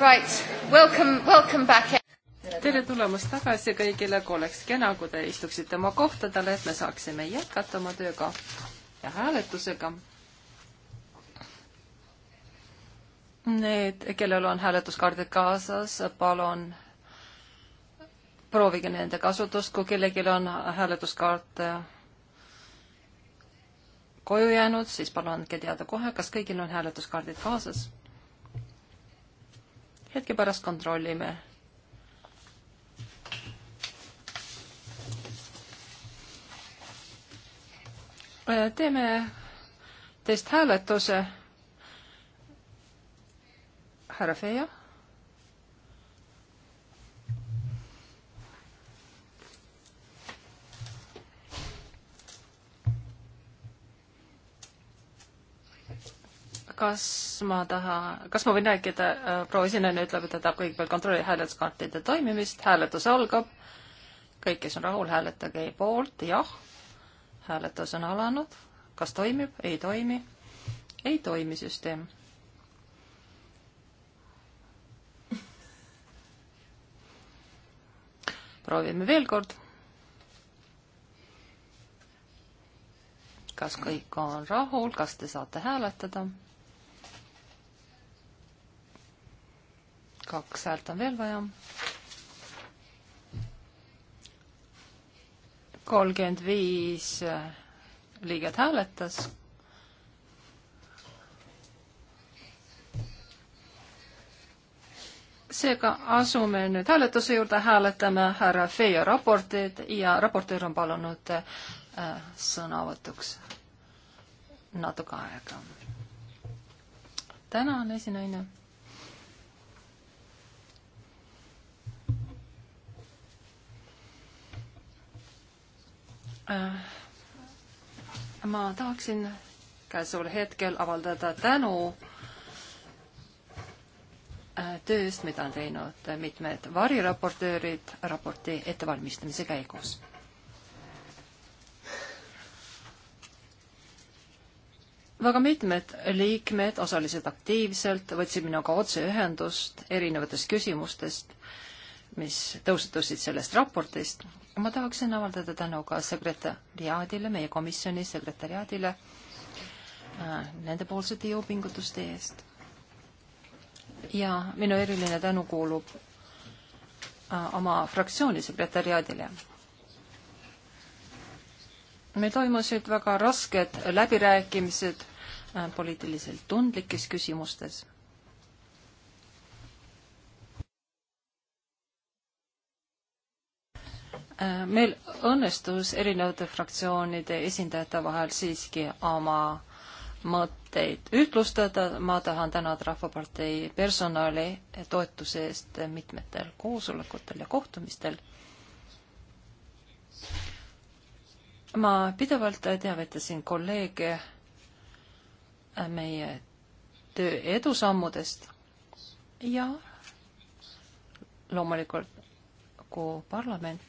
Right, welcome, welcome back. tere tulemast tagasi kõigile, kui oleks kena, kui te istuksite oma kohtadele, et me saaksime jätkata oma tööga ja hääletusega. Need, kellel on hääletuskaardid kaasas, palun proovige nende kasutust, kui kellelgi on hääletuskaart koju jäänud, siis palun andke teada kohe, kas kõigil on hääletuskaardid kaasas miskipärast kontrollime. teeme testhääletuse. härra Feia kas ma tahan, kas ma võin rääkida, äh, proua esineja ütleb, et ta tahab kõigepealt kontrollida hääletuskaartide toimimist, hääletus algab, kõik, kes on rahul, hääletage poolt, jah, hääletus on alanud, kas toimib, ei toimi, ei toimi süsteem. proovime veel kord. kas kõik on rahul, kas te saate hääletada? kaks häält on veel vaja. kolmkümmend viis äh, liiget hääletas. seega asume nüüd hääletuse juurde, hääletame härra Feio raportit ja raportöör on palunud äh, sõnavõtuks natuke aega. tänan, esinaine Äh, ma tahaksin käesoleval hetkel avaldada tänu äh, tööst, mida on teinud mitmed variraportöörid raporti ettevalmistamise käigus. väga mitmed liikmed osalesid aktiivselt, võtsid minuga otse ühendust erinevatest küsimustest mis tõusetusid sellest raportist. ma tahaksin avaldada tänu ka sekretäriaadile, meie komisjoni sekretäriaadile äh, nendepoolsete jõupingutuste eest. ja minu eriline tänu kuulub äh, oma fraktsiooni sekretäriaadile. meil toimusid väga rasked läbirääkimised äh, poliitiliselt tundlikes küsimustes meil õnnestus erinevate fraktsioonide esindajate vahel siiski oma mõtteid ühtlustada. ma tahan tänada Rahvapartei personali toetuse eest mitmetel koosolekutel ja kohtumistel. ma pidevalt teavitasin kolleege meie töö edusammudest ja loomulikult kui parlament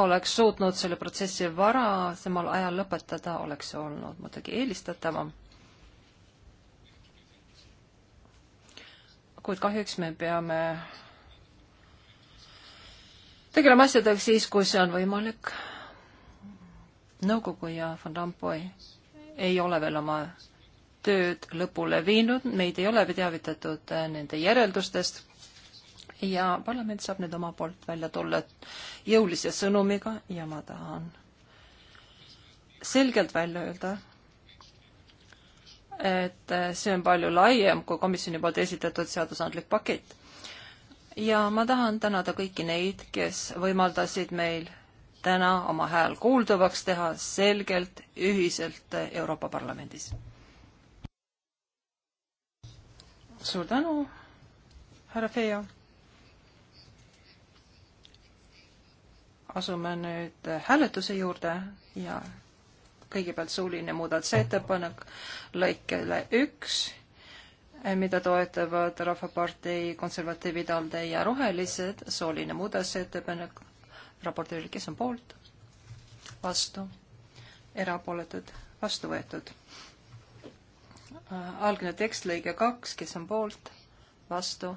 oleks suutnud selle protsessi varasemal ajal lõpetada, oleks see olnud muidugi eelistatavam. kuid kahjuks me peame tegelema asjadega siis, kui see on võimalik. nõukogu ja Van Rompuy ei ole veel oma tööd lõpule viinud, meid ei ole teavitatud nende järeldustest ja parlament saab nüüd oma poolt välja tulla jõulise sõnumiga ja ma tahan selgelt välja öelda, et see on palju laiem kui komisjoni poolt esitatud seadusandlik pakett. ja ma tahan tänada kõiki neid, kes võimaldasid meil täna oma hääl kuuldavaks teha selgelt ühiselt Euroopa Parlamendis. suur tänu, härra Feio asume nüüd hääletuse juurde ja kõigepealt suuline muudatusettepanek lõikele üks, mida toetavad Rahvapartei konservatiivid ALDE ja Rohelised, sooline muudatusettepanek, raportööri, kes on poolt, vastu, erapooletud, vastu võetud. algne tekst, lõige kaks, kes on poolt, vastu,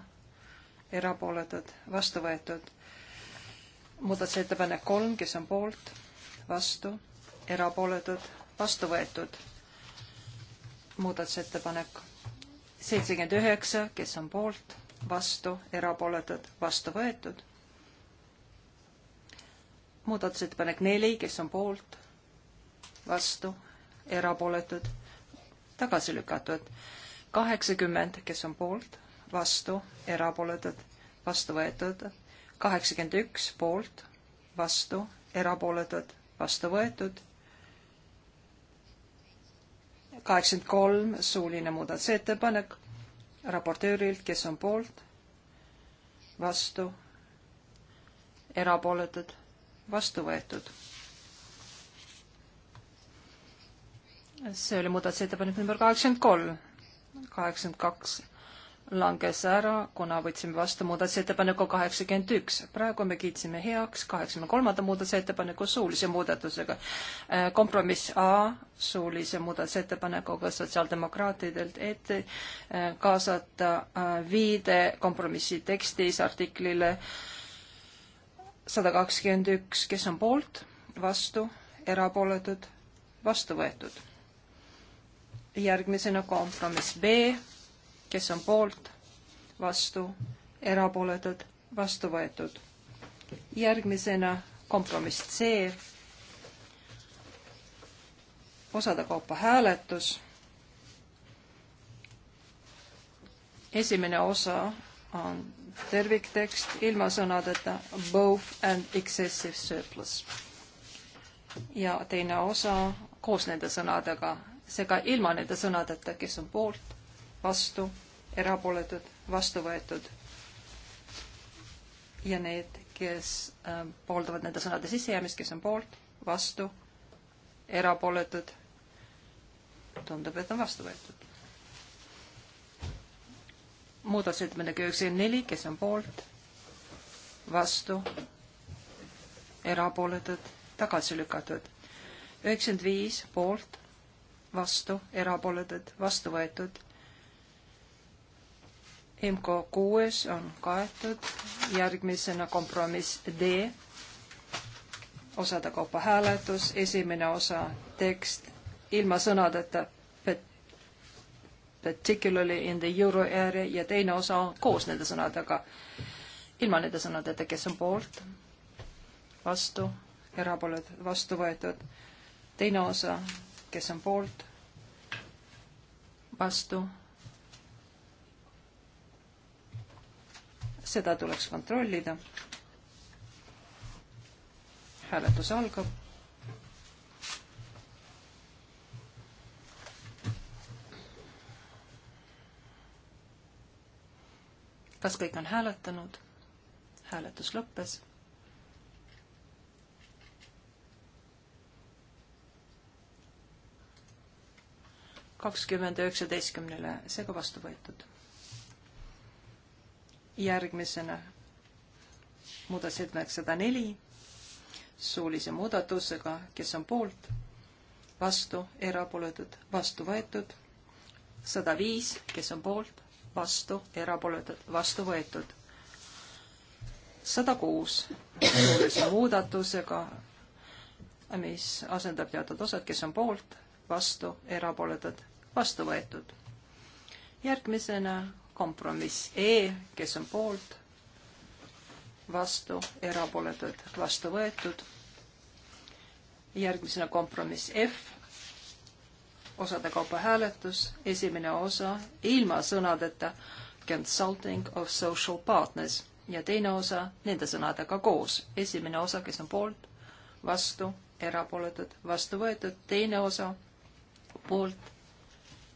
erapooletud, vastu võetud muudatusettepanek kolm, kes on poolt, vastu, erapooletud, vastu võetud. muudatusettepanek seitsekümmend üheksa, kes on poolt, vastu, erapooletud, vastu võetud. muudatusettepanek neli, kes on poolt, vastu, erapooletud, tagasi lükatud. kaheksakümmend, kes on poolt, vastu, erapooletud, vastu võetud kaheksakümmend üks poolt, vastu, erapooletud, vastu võetud. kaheksakümmend kolm suuline muudatusettepanek raportöörilt, kes on poolt, vastu, erapooletud, vastu võetud. see oli muudatusettepanek number kaheksakümmend kolm, kaheksakümmend kaks langes ära, kuna võtsime vastu muudatusettepaneku kaheksakümmend üks. praegu me kiitsime heaks kaheksakümne kolmanda muudatusettepaneku suulise muudatusega. Äh, kompromiss A suulise muudatusettepanekuga sotsiaaldemokraatidelt, et äh, kaasata äh, viide kompromissi tekstis artiklile sada kakskümmend üks, kes on poolt, vastu, erapooletud, vastu võetud. järgmisena kompromiss B kes on poolt, vastu, erapooletud, vastu võetud. järgmisena kompromiss C, osade kaupa hääletus. esimene osa on terviktekst ilma sõnadeta both and excessive surplus. ja teine osa koos nende sõnadega, seega ilma nende sõnadeta, kes on poolt, vastu, erapooletud, vastu võetud. ja need, kes äh, pooldavad nende sõnade sissejäämist, kes on poolt, vastu, erapooletud, tundub, et on vastu võetud. muudatusettepanek üheksakümmend neli, kes on poolt, vastu, erapooletud, tagasi lükatud. üheksakümmend viis poolt, vastu, erapooletud, vastu võetud IMCO kuues on kaetud, järgmisena kompromiss D, osade kaupa hääletus, esimene osa tekst ilma sõnadeta particularly in the euro area ja teine osa on koos nende sõnadega, ilma nende sõnadeta, kes on poolt, vastu, erapooletud, vastu võetud. teine osa, kes on poolt, vastu seda tuleks kontrollida. hääletus algab. kas kõik on hääletanud? hääletus lõppes. kakskümmend üheksateistkümnele, seega vastu võetud järgmisena muudatusettepanek sada neli suulise muudatusega, kes on poolt, vastu, erapooletud, vastu võetud, sada viis, kes on poolt, vastu, erapooletud, vastu võetud, sada kuus suulise muudatusega, mis asendab teatud osad, kes on poolt, vastu, erapooletud, vastu võetud. järgmisena kompromiss E, kes on poolt, vastu, erapooletud, vastu võetud. järgmisena kompromiss F, osade kaupa hääletus, esimene osa ilma sõnadeta consulting of social partners ja teine osa nende sõnadega koos. esimene osa, kes on poolt, vastu, erapooletud, vastu võetud, teine osa poolt,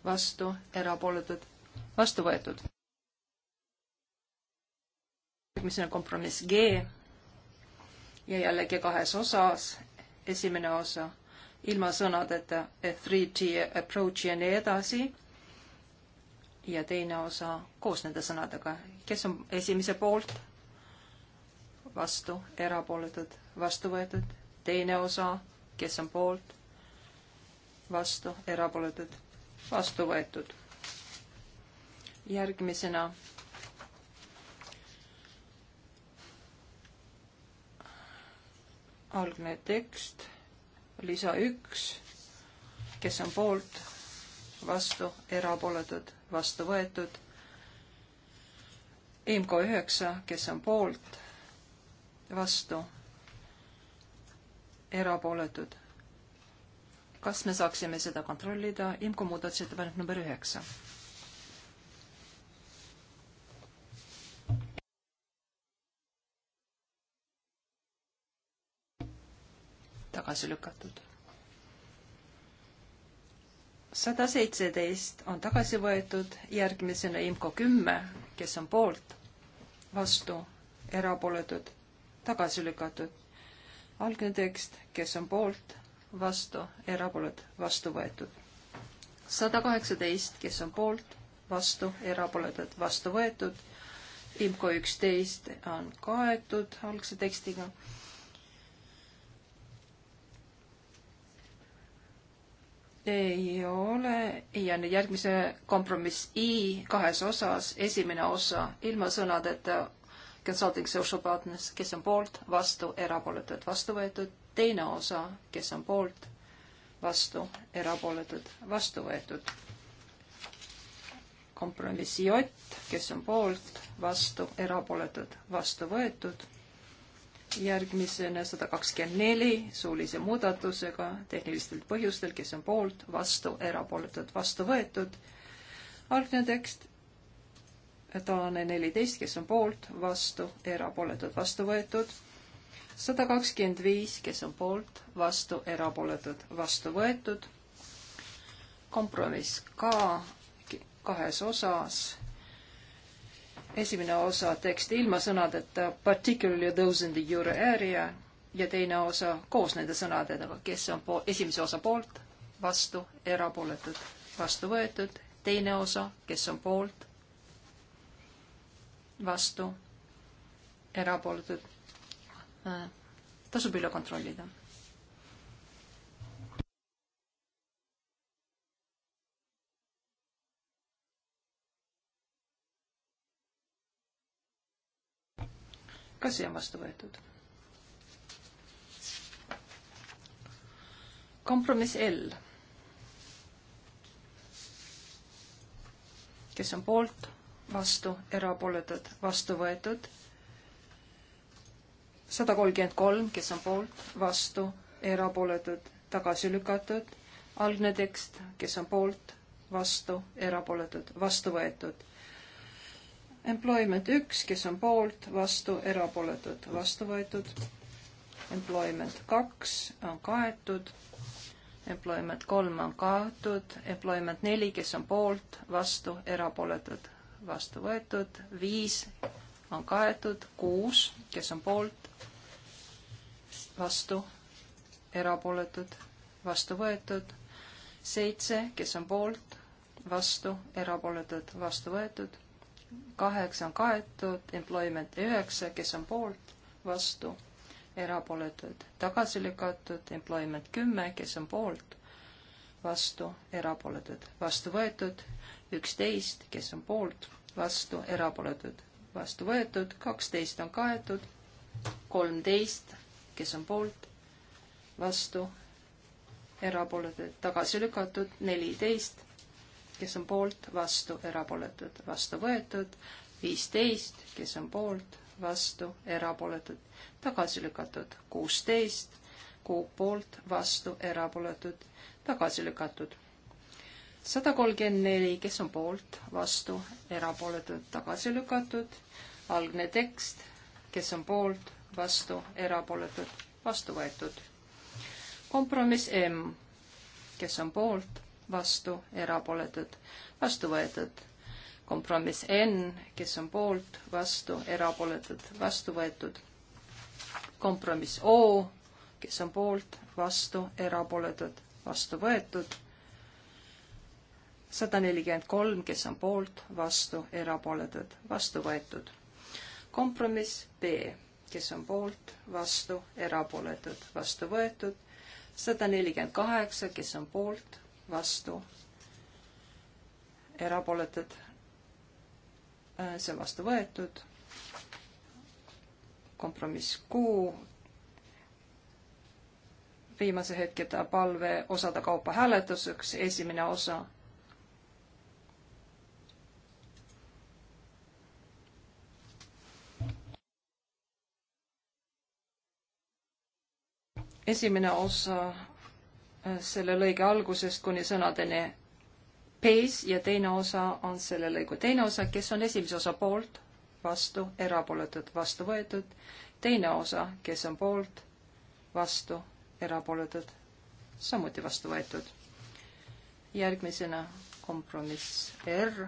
vastu, erapooletud, vastu võetud. järgmisena kompromiss G ja jällegi kahes osas. esimene osa ilma sõnadeta a three-tier approach ja nii edasi. ja teine osa koos nende sõnadega, kes on esimese poolt, vastu, erapooletud, vastu võetud, teine osa, kes on poolt, vastu, erapooletud, vastu võetud järgmisena algne tekst, lisa üks, kes on poolt, vastu, erapooletud, vastu võetud. IMCO üheksa, kes on poolt, vastu, erapooletud. kas me saaksime seda kontrollida? IMCO muudatusettepanek number üheksa tagasi lükatud. sada seitseteist on tagasi võetud, järgmisena IMCO kümme, kes on poolt, vastu, erapooletud, tagasi lükatud. algne tekst, kes on poolt, vastu, erapooletud, vastu võetud. sada kaheksateist, kes on poolt, vastu, erapooletud, vastu võetud. IMCO üksteist on kaetud algse tekstiga ei ole ja nüüd järgmise kompromiss I kahes osas, esimene osa ilma sõnadeta consulting social partners, kes on poolt, vastu, erapooletud, vastu võetud, teine osa, kes on poolt, vastu, erapooletud, vastu võetud. kompromiss J, kes on poolt, vastu, erapooletud, vastu võetud järgmisena sada kakskümmend neli suulise muudatusega tehnilistel põhjustel, kes on poolt, vastu, erapooletud, vastu võetud. algne tekst, toonane neliteist, kes on poolt, vastu, erapooletud, vastu võetud. sada kakskümmend viis, kes on poolt, vastu, erapooletud, vastu võetud. kompromiss ka kahes osas esimene osa teksti ilma sõnadeta particularly those in the euro area ja teine osa koos nende sõnadega, kes on po esimese osa poolt, vastu, erapooletud, vastu võetud, teine osa, kes on poolt, vastu, erapooletud. Äh, tasub üle kontrollida ka see on vastu võetud. kompromiss L. kes on poolt, vastu, erapooletud, vastu võetud. sada kolmkümmend kolm, kes on poolt, vastu, erapooletud, tagasi lükatud. algne tekst, kes on poolt, vastu, erapooletud, vastu võetud Employment üks, kes on poolt, vastu, erapooletud, vastu võetud. Employment kaks on kaetud. Employment kolm on kaetud. Employment neli, kes on poolt, vastu, erapooletud, vastu võetud. viis on kaetud. kuus, kes on poolt, vastu, erapooletud, vastu võetud. seitse, kes on poolt, vastu, erapooletud, vastu võetud kaheksa on kaetud, employment üheksa, kes on poolt, vastu, erapooletud, tagasi lükatud, employment kümme, kes on poolt, vastu, erapooletud, vastu võetud, üksteist, kes on poolt, vastu, erapooletud, vastu võetud, kaksteist on kaetud, kolmteist, kes on poolt, vastu, erapooletud, tagasi lükatud, neliteist, kes on poolt, vastu, erapooletud, vastu võetud, viisteist, kes on poolt, vastu, erapooletud, tagasi lükatud, kuusteist, kuu poolt, vastu, erapooletud, tagasi lükatud sada kolmkümmend neli, kes on poolt, vastu, erapooletud, tagasi lükatud. algne tekst, kes on poolt, vastu, erapooletud, vastu võetud. kompromiss M, kes on poolt, vastu, erapooletud, vastu võetud. kompromiss N, kes on poolt, vastu, erapooletud, vastu võetud. kompromiss O, kes on poolt, vastu, erapooletud, vastu võetud. sada nelikümmend kolm, kes on poolt, vastu, erapooletud, vastu võetud. kompromiss B, kes on poolt, vastu, erapooletud, vastu võetud sada nelikümmend kaheksa, kes on poolt, vastu, erapooletud, see on vastu võetud. kompromiss kuu, viimase hetke palve osade kaupa hääletuseks, esimene osa. esimene osa selle lõige algusest kuni sõnadeni pace ja teine osa on selle lõigu teine osa, kes on esimese osa poolt, vastu, erapooletud, vastu võetud, teine osa, kes on poolt, vastu, erapooletud, samuti vastu võetud. järgmisena kompromiss R.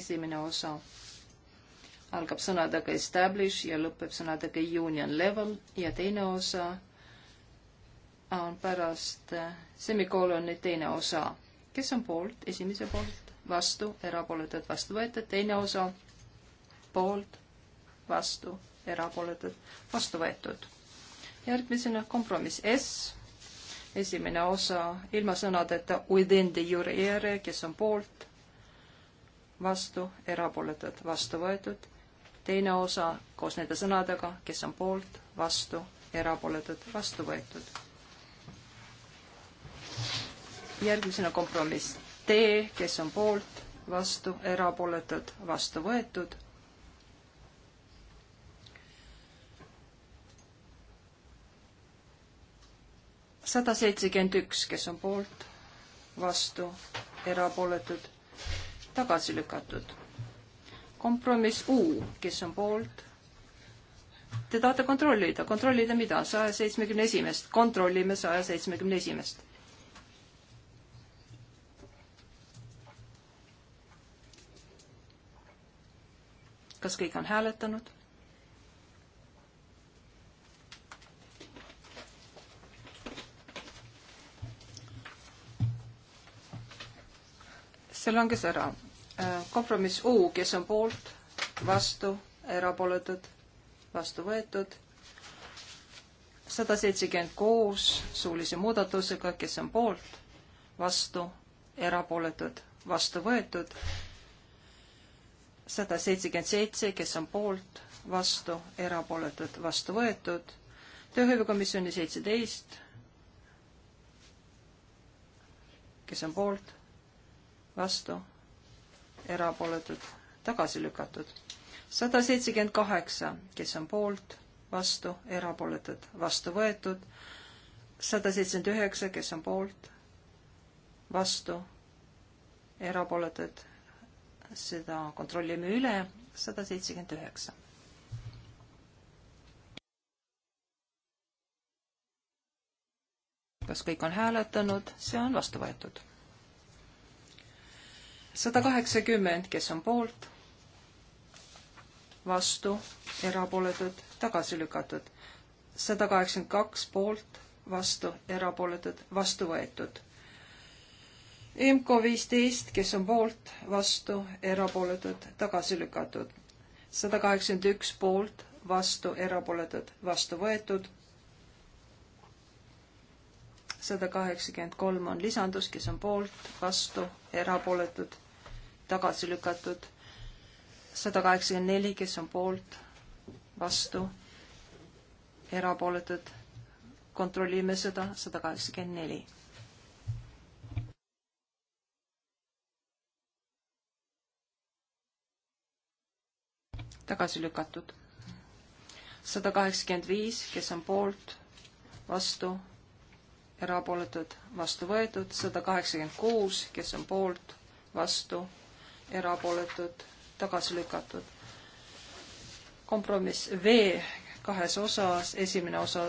esimene osa algab sõnadega establish ja lõpeb sõnadega union level ja teine osa on pärast semikoloni teine osa. kes on poolt, esimese poolt, vastu, erapooletud, vastu võetud, teine osa, poolt, vastu, erapooletud, vastu võetud. järgmisena kompromiss S, esimene osa ilma sõnadeta within the juriere, kes on poolt, vastu, erapooletud, vastu võetud, teine osa koos nende sõnadega, kes on poolt, vastu, erapooletud, vastu võetud järgmisena kompromiss D, kes on poolt, vastu, erapooletud, vastu võetud. sada seitsekümmend üks, kes on poolt, vastu, erapooletud, tagasi lükatud. kompromiss U, kes on poolt. Te tahate kontrollida, kontrollida mida? saja seitsmekümne esimest, kontrollime saja seitsmekümne esimest kas kõik on hääletanud? see langes ära. Äh, kompromiss U, kes on poolt, vastu, erapooletud, vastu võetud. sada seitsekümmend kuus suulise muudatusega, kes on poolt, vastu, erapooletud, vastu võetud sada seitsekümmend seitse, kes on poolt, vastu, erapooletud, vastu võetud. tööhõivekomisjoni seitseteist, kes on poolt, vastu, erapooletud, tagasi lükatud. sada seitsekümmend kaheksa, kes on poolt, vastu, erapooletud, vastu võetud. sada seitsekümmend üheksa, kes on poolt, vastu, erapooletud seda kontrollime üle, sada seitsekümmend üheksa. kas kõik on hääletanud, see on vastu võetud. sada kaheksakümmend, kes on poolt, vastu, erapooletud, tagasi lükatud. sada kaheksakümmend kaks poolt, vastu, erapooletud, vastu võetud EMCO viisteist, kes on poolt, vastu, erapooletud, tagasi lükatud. sada kaheksakümmend üks poolt, vastu, erapooletud, vastu võetud. sada kaheksakümmend kolm on lisandus, kes on poolt, vastu, erapooletud, tagasi lükatud. sada kaheksakümmend neli, kes on poolt, vastu, erapooletud. kontrollime seda, sada kaheksakümmend neli tagasi lükatud. sada kaheksakümmend viis, kes on poolt, vastu, erapooletud, vastu võetud, sada kaheksakümmend kuus, kes on poolt, vastu, erapooletud, tagasi lükatud. kompromiss V kahes osas, esimene osa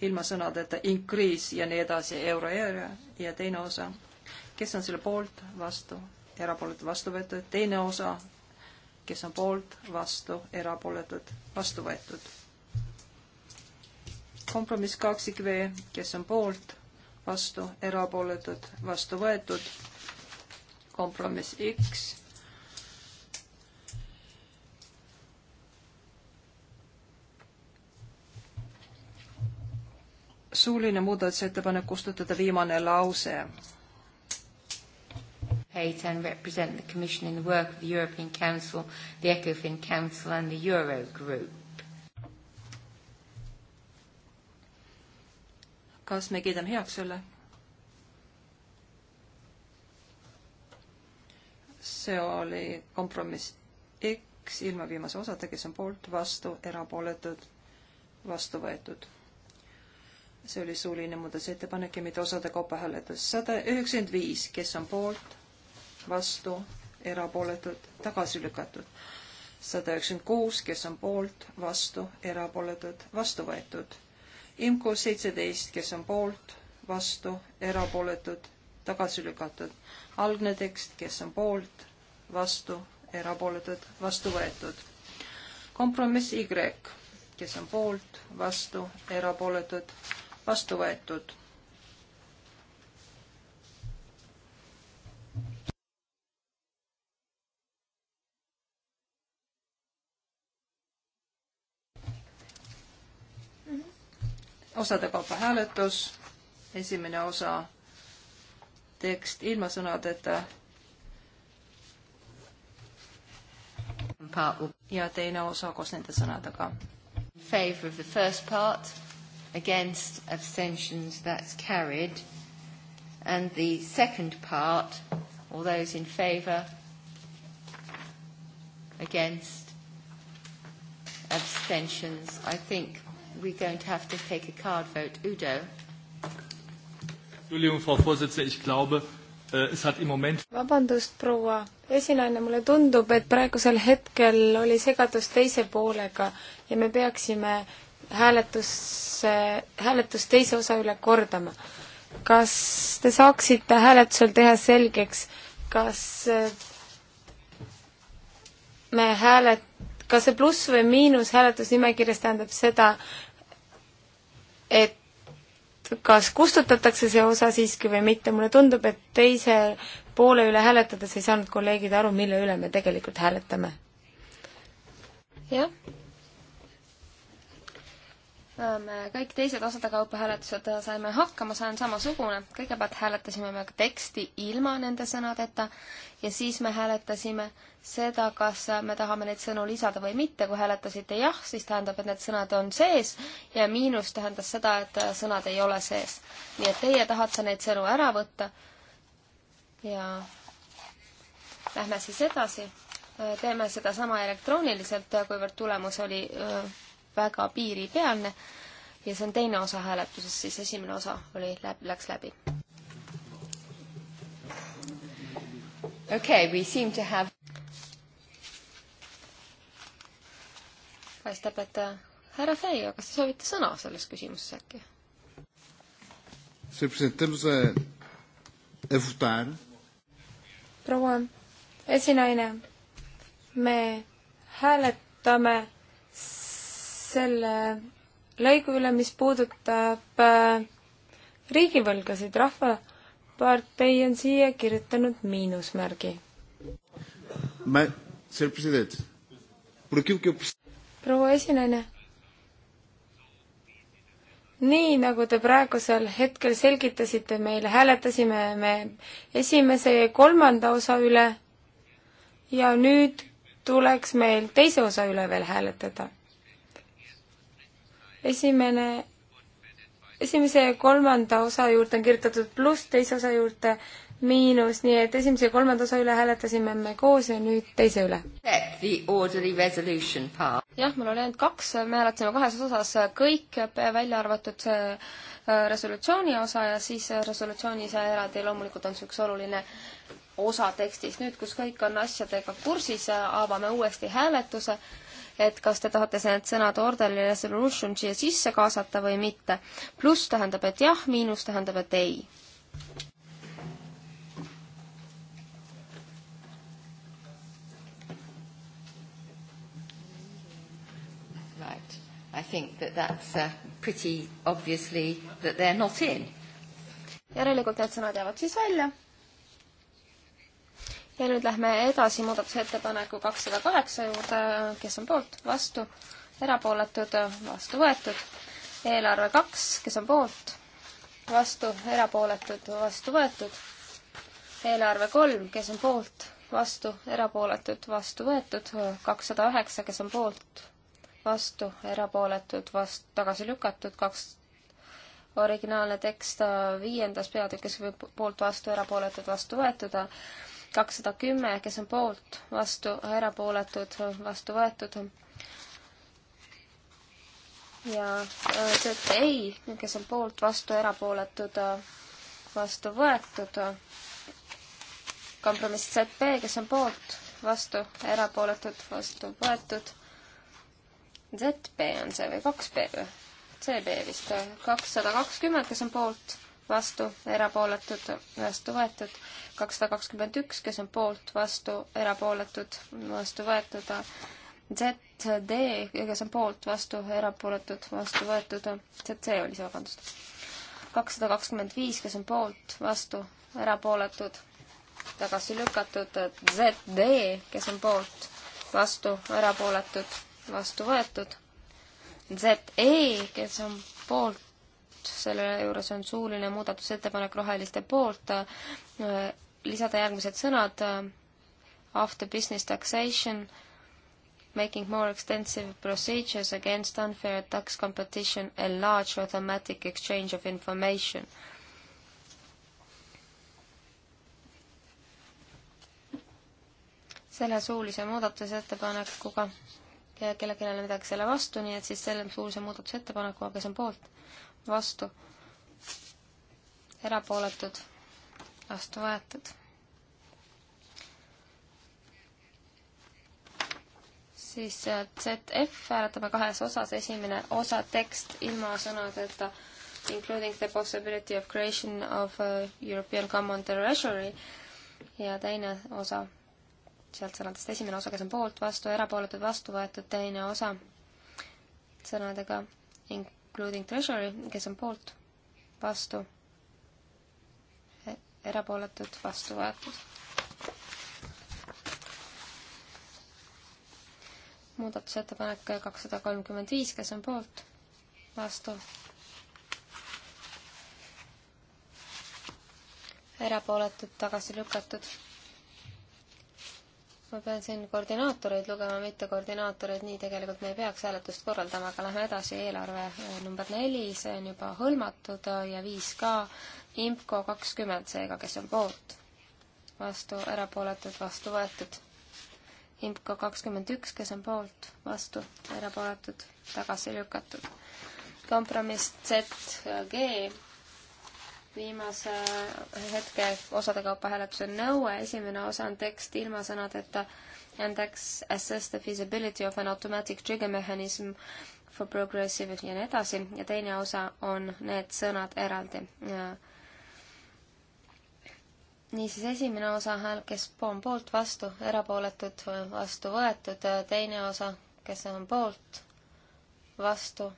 ilma sõnadeta increase ja nii edasi, euro ja teine osa, kes on selle poolt, vastu, erapooletu, vastu võetud, teine osa kes on poolt, vastu, erapooletud, vastu võetud. kompromiss kaksik V, kes on poolt, vastu, erapooletud, vastu võetud. kompromiss X suuline muudatusettepanek kustutada viimane lause participate and represent the Commission in the work of the European Council, the ECOFIN Council and the Eurogroup. kas me kiidame heaks selle? see oli kompromiss X ilma viimase osata, kes on poolt, vastu, erapooletud, vastu võetud. see oli suuline muudatusettepanek ja mitte osade kaupa hääletus. sada üheksakümmend viis, kes on poolt, vastu, erapooletud, tagasi lükatud. sada üheksakümmend kuus, kes on poolt, vastu, erapooletud, vastu võetud. IMCO seitseteist, kes on poolt, vastu, erapooletud, tagasi lükatud. algne tekst, kes on poolt, vastu, erapooletud, vastu võetud. kompromiss Y, kes on poolt, vastu, erapooletud, vastu võetud osade kaupa hääletus, esimene osa tekst ilma sõnadeta. ja teine osa koos nende sõnadega. Favor of the first part, against abstentions, that's carried. And the second part, all those in favor, against abstentions, I think we're going to have to take a card vote. Udo. Entschuldigung, Frau Vorsitzende, ich glaube, äh, es hat im Moment vabandust, proua esinaine, mulle tundub, et praegusel hetkel oli segadus teise poolega ja me peaksime hääletusse, hääletust teise osa üle kordama. kas te saaksite hääletusel teha selgeks, kas äh, me häälet-, kas see pluss või miinus hääletusnimekirjas tähendab seda, et kas kustutatakse see osa siiski või mitte, mulle tundub, et teise poole üle hääletades ei saanud kolleegid aru, mille üle me tegelikult hääletame. jah me ähm, kõik teised osade kaupa hääletused äh, saime hakkama, see on samasugune. kõigepealt hääletasime me teksti ilma nende sõnadeta ja siis me hääletasime seda, kas äh, me tahame neid sõnu lisada või mitte. kui hääletasite jah, siis tähendab, et need sõnad on sees ja miinus tähendas seda, et äh, sõnad ei ole sees. nii et teie tahate neid sõnu ära võtta. ja lähme siis edasi. teeme sedasama elektrooniliselt, kuivõrd tulemus oli öö, väga piiripealne ja see on teine osa hääletusest, siis esimene osa oli, läks läbi. Okay, we seem to have paistab, et äh, härra Feio, kas te soovite sõna selles küsimuses äkki? Eh, proua esinaine, me hääletame selle lõigu üle, mis puudutab äh, riigivõlgasid. rahvapartei on siia kirjutanud miinusmärgi. proua esinaine nii, nagu te praegusel hetkel selgitasite meile, hääletasime me esimese ja kolmanda osa üle ja nüüd tuleks meil teise osa üle veel hääletada esimene, esimese ja kolmanda osa juurde on kirjutatud pluss, teise osa juurde miinus, nii et esimese ja kolmanda osa üle hääletasime me koos ja nüüd teise üle. jah, mul oli ainult kaks, me hääletasime kahes osas kõik, välja arvatud see äh, äh, resolutsiooni osa ja siis äh, resolutsiooni ise eraldi loomulikult on see üks oluline osa tekstis. nüüd, kus kõik on asjadega kursis, avame uuesti hääletuse et kas te tahate need sõnad orderly resolution siia sisse kaasata või mitte. pluss tähendab, et jah, miinus tähendab, et ei. Right. I think that that's uh, pretty obviously that they're not in. järelikult need sõnad jäävad siis välja ja nüüd lähme edasi muudatusettepaneku kakssada kaheksa juurde, kes on poolt, vastu, erapooletud, vastu võetud. eelarve kaks, kes on poolt, vastu, erapooletud, vastu võetud. eelarve kolm, kes on poolt, vastu, erapooletud, vastu võetud. kakssada üheksa, kes on poolt, vastu, erapooletud, vastu, tagasi lükatud, kaks originaalne tekst viiendas peatükis poolt vastu, erapooletud vastu võetud, kakssada kümme, kes on poolt, vastu, erapooletud, vastu võetud. ja tööta äh, ei, kes on poolt, vastu, erapooletud, vastu võetud. kompromiss ZB, kes on poolt, vastu, erapooletud, vastu võetud. ZB on see või kaks B või? CB vist, äh, kakssada kakskümmend, kes on poolt vastu, erapooletud, vastu võetud, kakssada kakskümmend üks, kes on poolt, vastu, erapooletud, vastu võetud, ZD, kes on poolt, vastu, erapooletud, vastu võetud, ZC oli see, vabandust. kakssada kakskümmend viis, kes on poolt, vastu, erapooletud, tagasi lükatud, ZD, kes on poolt, vastu, erapooletud, vastu võetud, ZE, kes on poolt, toetust, selle juures on suuline muudatusettepanek roheliste poolt, lisada järgmised sõnad after business taxation, making more extensive procedures against unfair tax competition, a large automatic exchange of information. selle suulise muudatusettepanekuga ja kelle, kellel on midagi selle vastu, nii et siis selle suulise muudatusettepanekuga, kes on poolt, vastu, erapooletud, vastu võetud. siis äh, ZF hääletame kahes osas, esimene osa tekst ilma sõnadeta including the possibility of creation of a äh, European Common Treasury ja teine osa sealt sõnadest esimene osa, kes on poolt, vastu, erapooletud, vastu võetud, teine osa sõnadega in Including Treasury, kes on poolt, vastu, erapooletud, vastu võetud. muudatusettepanek kakssada kolmkümmend viis, kes on poolt, vastu, erapooletud, tagasi lükatud ma pean siin koordinaatoreid lugema, mitte koordinaatoreid, nii tegelikult me ei peaks hääletust korraldama, aga lähme edasi, eelarve äh, number neli, see on juba hõlmatud äh, ja viis ka, IMCO kakskümmend, seega kes on poolt, vastu, erapooletud, vastu võetud. IMCO kakskümmend üks, kes on poolt, vastu, erapooletud, tagasi lükatud. kompromiss ZG viimase hetke osade kaupa hääletuse nõue, esimene osa on tekst ilma sõnadeta and assess the feasibility of an automatic trigger mechanism for progressive ja nii edasi ja teine osa on need sõnad eraldi. niisiis, esimene osa hääl, kes on poolt, vastu, erapooletud, vastu võetud, teine osa, kes on poolt, vastu,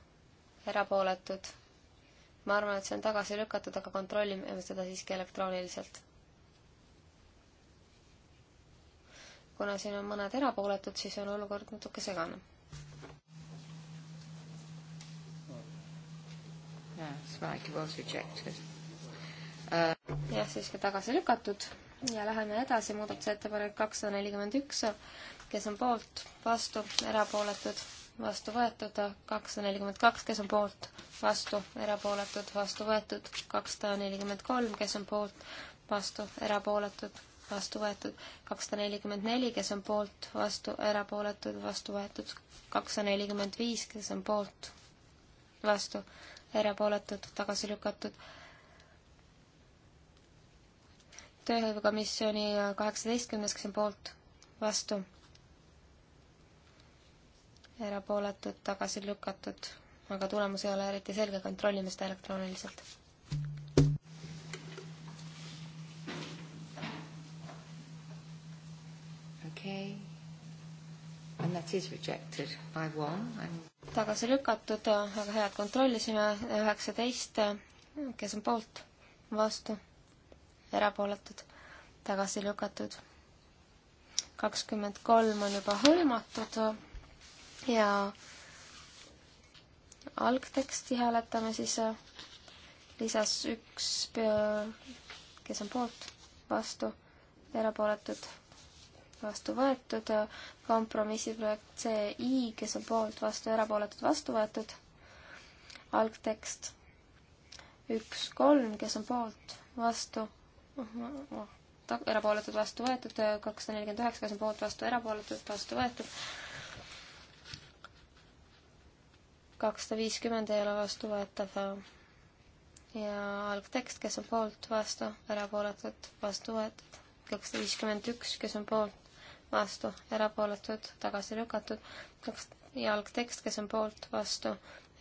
erapooletud ma arvan, et see on tagasi lükatud, aga kontrollime seda siiski elektrooniliselt. kuna siin on mõned erapooletud, siis on olukord natuke segane. Uh, jah, siiski tagasi lükatud ja läheme edasi, muudatusettepanek kakssada nelikümmend üks, kes on poolt, vastu, erapooletud vastu võetud, kakssada nelikümmend kaks, kes on poolt, vastu, erapooletud, vastu võetud, kakssada nelikümmend kolm, kes on poolt, vastu, erapooletud, vastu võetud, kakssada nelikümmend neli, kes on poolt, vastu, erapooletud, vastu võetud, kakssada nelikümmend viis, kes on poolt, vastu, erapooletud, tagasi lükatud. tööhõivekomisjoni kaheksateistkümnes, kes on poolt, vastu erapooletud, tagasi lükatud, aga tulemus ei ole eriti selge, kontrollime seda elektrooniliselt. okei okay.. And that is rejected by one and.... tagasi lükatud, väga head, kontrollisime üheksateist, kes on poolt, vastu, erapooletud, tagasi lükatud. kakskümmend kolm on juba hõlmatud ja algteksti hääletame siis äh, lisas üks, kes on poolt, vastu, erapooletud, vastu võetud, kompromissiprojekt CI, kes on poolt, vastu, erapooletud, vastu võetud, algtekst üks, kolm, kes on poolt, vastu, erapooletud, vastu võetud, kakssada nelikümmend üheksa, kes on poolt, vastu, erapooletud, vastu võetud, kakssada viiskümmend ei ole vastuvõetav. ja algtekst, kes on poolt, vastu, erapooletud, vastu võetud. kakssada viiskümmend üks, kes on poolt, vastu, erapooletud, tagasi lükatud. kaks, ja algtekst, kes on poolt, vastu,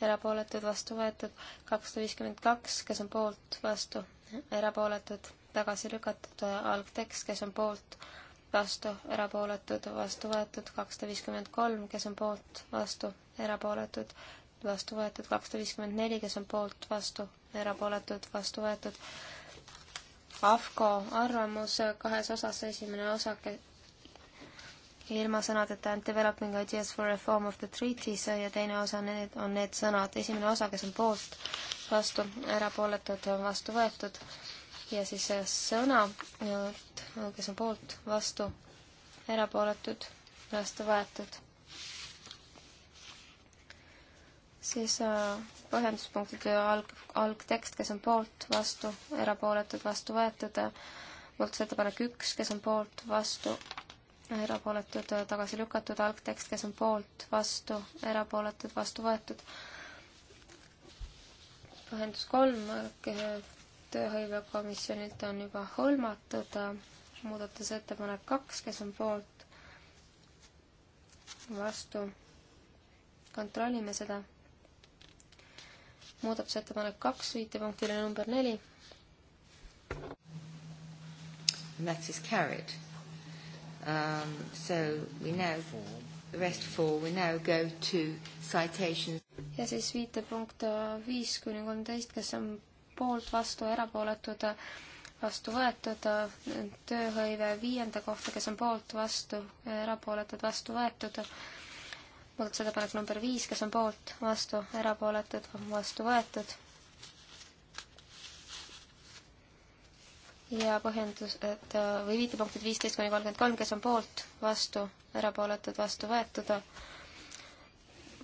erapooletud, vastu võetud. kakssada viiskümmend kaks, kes on poolt, vastu, erapooletud, tagasi lükatud. algtekst, kes on poolt, vastu, erapooletud, vastu võetud kakssada viiskümmend kolm, kes on poolt, vastu, erapooletud, vastu võetud, kakssada viiskümmend neli, kes on poolt, vastu, erapooletud, vastu võetud. AFCO arvamus kahes osas, esimene osa ilma sõnadeta and developing ideas for reform of the treaties ja teine osa need, on need sõnad. esimene osa, kes on poolt, vastu, erapooletud, vastu võetud ja siis sõna, kes on poolt, vastu, erapooletud, vastu võetud siis äh, põhjenduspunktide alg, algtekst, kes on poolt, vastu, erapooletud, vastu võetud, äh, muudatusettepanek üks, kes on poolt, vastu, erapooletud, äh, tagasi lükatud, algtekst, kes on poolt, vastu, erapooletud, vastu võetud. põhjendus kolm, tööhõivekomisjonilt on juba hõlmatud, muudatusettepanek kaks, kes on poolt, vastu, kontrollime seda muudatusettepanek kaks viitepunktile number neli. That is carried um,. So we now the rest four we now go to citations. ja siis viitepunkt äh, viis kuni kolmteist, kes on poolt, vastu, erapooletud, äh, vastu võetud, äh, tööhõive viienda kohta, kes on poolt, vastu, erapooletud, vastu võetud muudatusettepanek number viis, kes on poolt, vastu, erapooletud, vastu võetud. ja põhjendus, et äh, või viitepunktid viisteist kuni kolmkümmend kolm, kes on poolt, vastu, erapooletud, vastu võetud.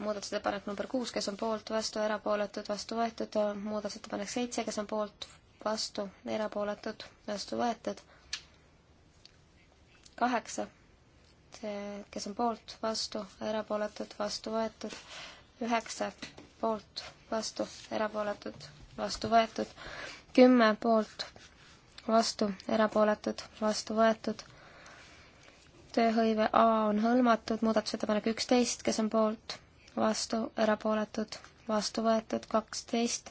muudatusettepanek number kuus, kes on poolt, vastu, erapooletud, vastu võetud. muudatusettepanek seitse, kes on poolt, vastu, erapooletud, vastu võetud. kaheksa kes on poolt, vastu, erapooletud, vastu võetud. üheksa poolt, vastu, erapooletud, vastu võetud. kümme poolt, vastu, erapooletud, vastu võetud. tööhõive A on hõlmatud, muudatusettepanek üksteist, kes on poolt, vastu, erapooletud, vastu võetud, kaksteist,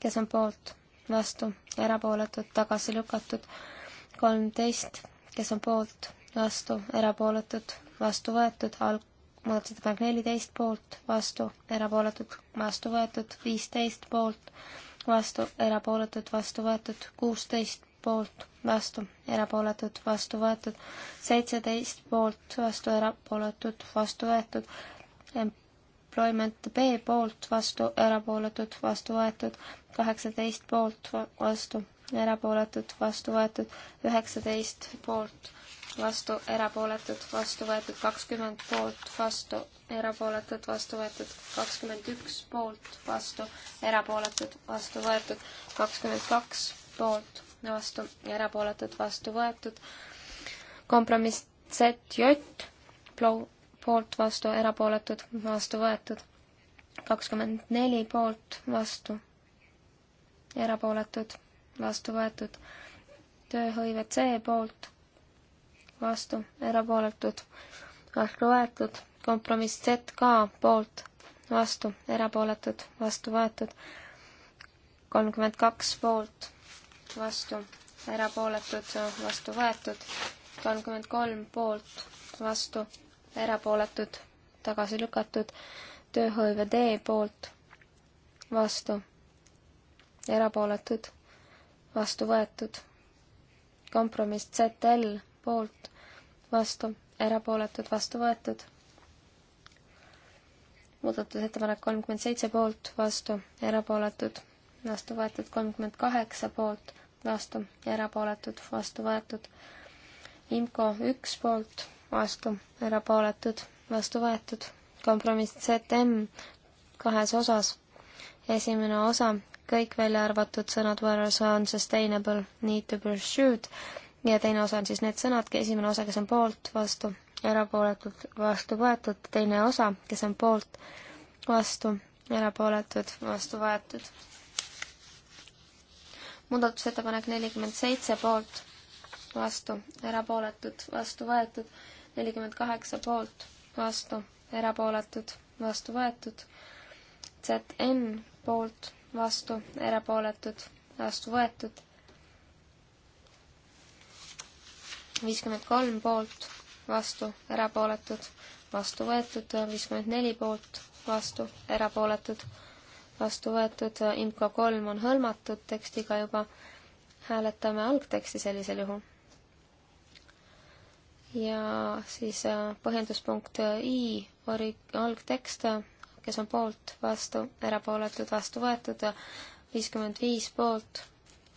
kes on poolt, vastu, erapooletud, tagasi lükatud, kolmteist, kes on poolt, vastu, erapooletud, vastu võetud, alg-, muudatusettepanek neliteist poolt, vastu, erapooletud, vastu võetud, viisteist poolt, vastu, erapooletud, vastu võetud, kuusteist poolt, vastu, erapooletud, vastu võetud, seitseteist poolt, vastu, erapooletud, vastu võetud, employment B poolt, vastu, erapooletud, vastu võetud, kaheksateist poolt, vastu, erapooletud, vastu võetud, üheksateist poolt vastu, erapooletud, vastu võetud kakskümmend poolt, vastu, erapooletud, vastu võetud kakskümmend üks poolt, vastu, erapooletud, vastu võetud kakskümmend kaks poolt, vastu, erapooletud, vastu võetud. kompromiss ZJ poolt, vastu, erapooletud, vastu võetud kakskümmend neli poolt, vastu, erapooletud, vastu võetud tööhõive C poolt vastu, erapooletud, vastu võetud, kompromiss ZK poolt, vastu, erapooletud, vastu võetud, kolmkümmend kaks poolt, vastu, erapooletud, vastu võetud, kolmkümmend kolm poolt, vastu, erapooletud, tagasi lükatud, tööhõive D poolt, vastu, erapooletud, vastu võetud, kompromiss ZL poolt, vastu, erapooletud, vastu võetud. muudatusettepanek kolmkümmend seitse poolt, vastu, erapooletud, vastu võetud, kolmkümmend kaheksa poolt, vastu, erapooletud, vastu võetud. IMCO üks poolt, vastu, erapooletud, vastu võetud. kompromiss ZM kahes osas. esimene osa kõik välja arvatud sõnad were are unsustainable, need to pursued ja teine osa on siis need sõnad, esimene osa, kes on poolt, vastu, erapooletud, vastu võetud, teine osa, kes on poolt, vastu, erapooletud, vastu võetud. muudatusettepanek nelikümmend seitse poolt, vastu, erapooletud, vastu võetud, nelikümmend kaheksa poolt, vastu, erapooletud, vastu võetud, ZN poolt, vastu, erapooletud, vastu võetud viiskümmend kolm poolt, vastu, erapooletud, vastu võetud, viiskümmend neli poolt, vastu, erapooletud, vastu võetud, IMCO kolm on hõlmatud tekstiga juba, hääletame algteksti sellisel juhul. ja siis äh, põhjenduspunkt I, ori-, algtekst, kes on poolt, vastu, erapooletud, vastu võetud, viiskümmend viis poolt,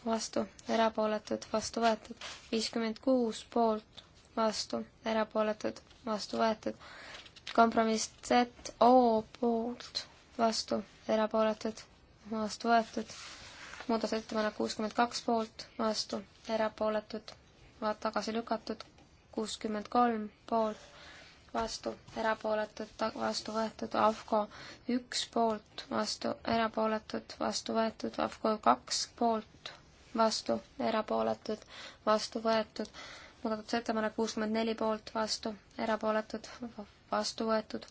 vastu, erapooletud, vastu võetud, viiskümmend kuus poolt, vastu, erapooletud, vastu võetud, kompromiss Z O poolt, vastu, erapooletud, vastu võetud, muudatusettepanek kuuskümmend kaks poolt, vastu, erapooletud, tagasi lükatud, kuuskümmend kolm poolt, vastu, erapooletud, vastu võetud, AFCO üks poolt, vastu, erapooletud, vastu võetud, AFCO kaks poolt, vastu, erapooletud, vastu võetud. muudatusettepanek kuuskümmend neli poolt, vastu, erapooletud, vastu võetud.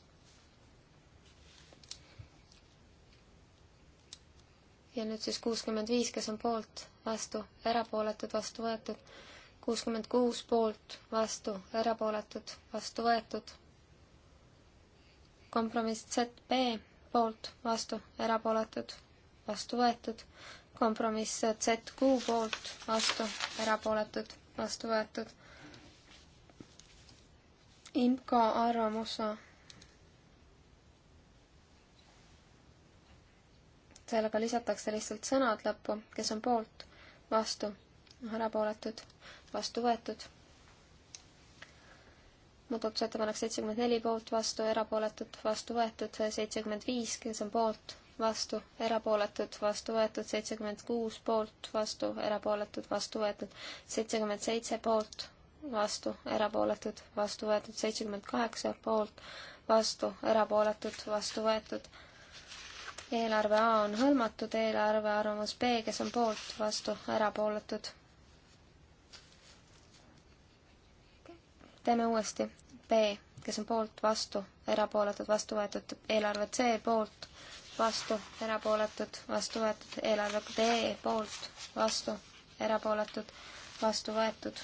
ja nüüd siis kuuskümmend viis, kes on poolt, vastu, erapooletud, vastu võetud. kuuskümmend kuus poolt, vastu, erapooletud, vastu võetud. kompromiss ZB poolt, vastu, erapooletud, vastu võetud kompromiss ZQ poolt, vastu, erapooletud, vastu võetud. IMCO arvamus. sellega lisatakse lihtsalt sõnad lõppu, kes on poolt, vastu, erapooletud, vastu võetud muudatusettepanek seitsekümmend neli poolt, vastu erapooletud, vastu võetud seitsekümmend viis, kes on poolt, vastu, erapooletud, vastu võetud, seitsekümmend kuus poolt, vastu, erapooletud, vastu võetud, seitsekümmend seitse poolt, vastu, erapooletud, vastu võetud, seitsekümmend kaheksa poolt, vastu, erapooletud, vastu võetud. eelarve A on hõlmatud, eelarve arvamus B, kes on poolt, vastu, erapooletud. teeme uuesti. B, kes on poolt, vastu, erapooletud, vastu võetud, eelarve C poolt vastu, erapooletud, vastu võetud, eelarve D poolt, vastu, erapooletud, vastu võetud.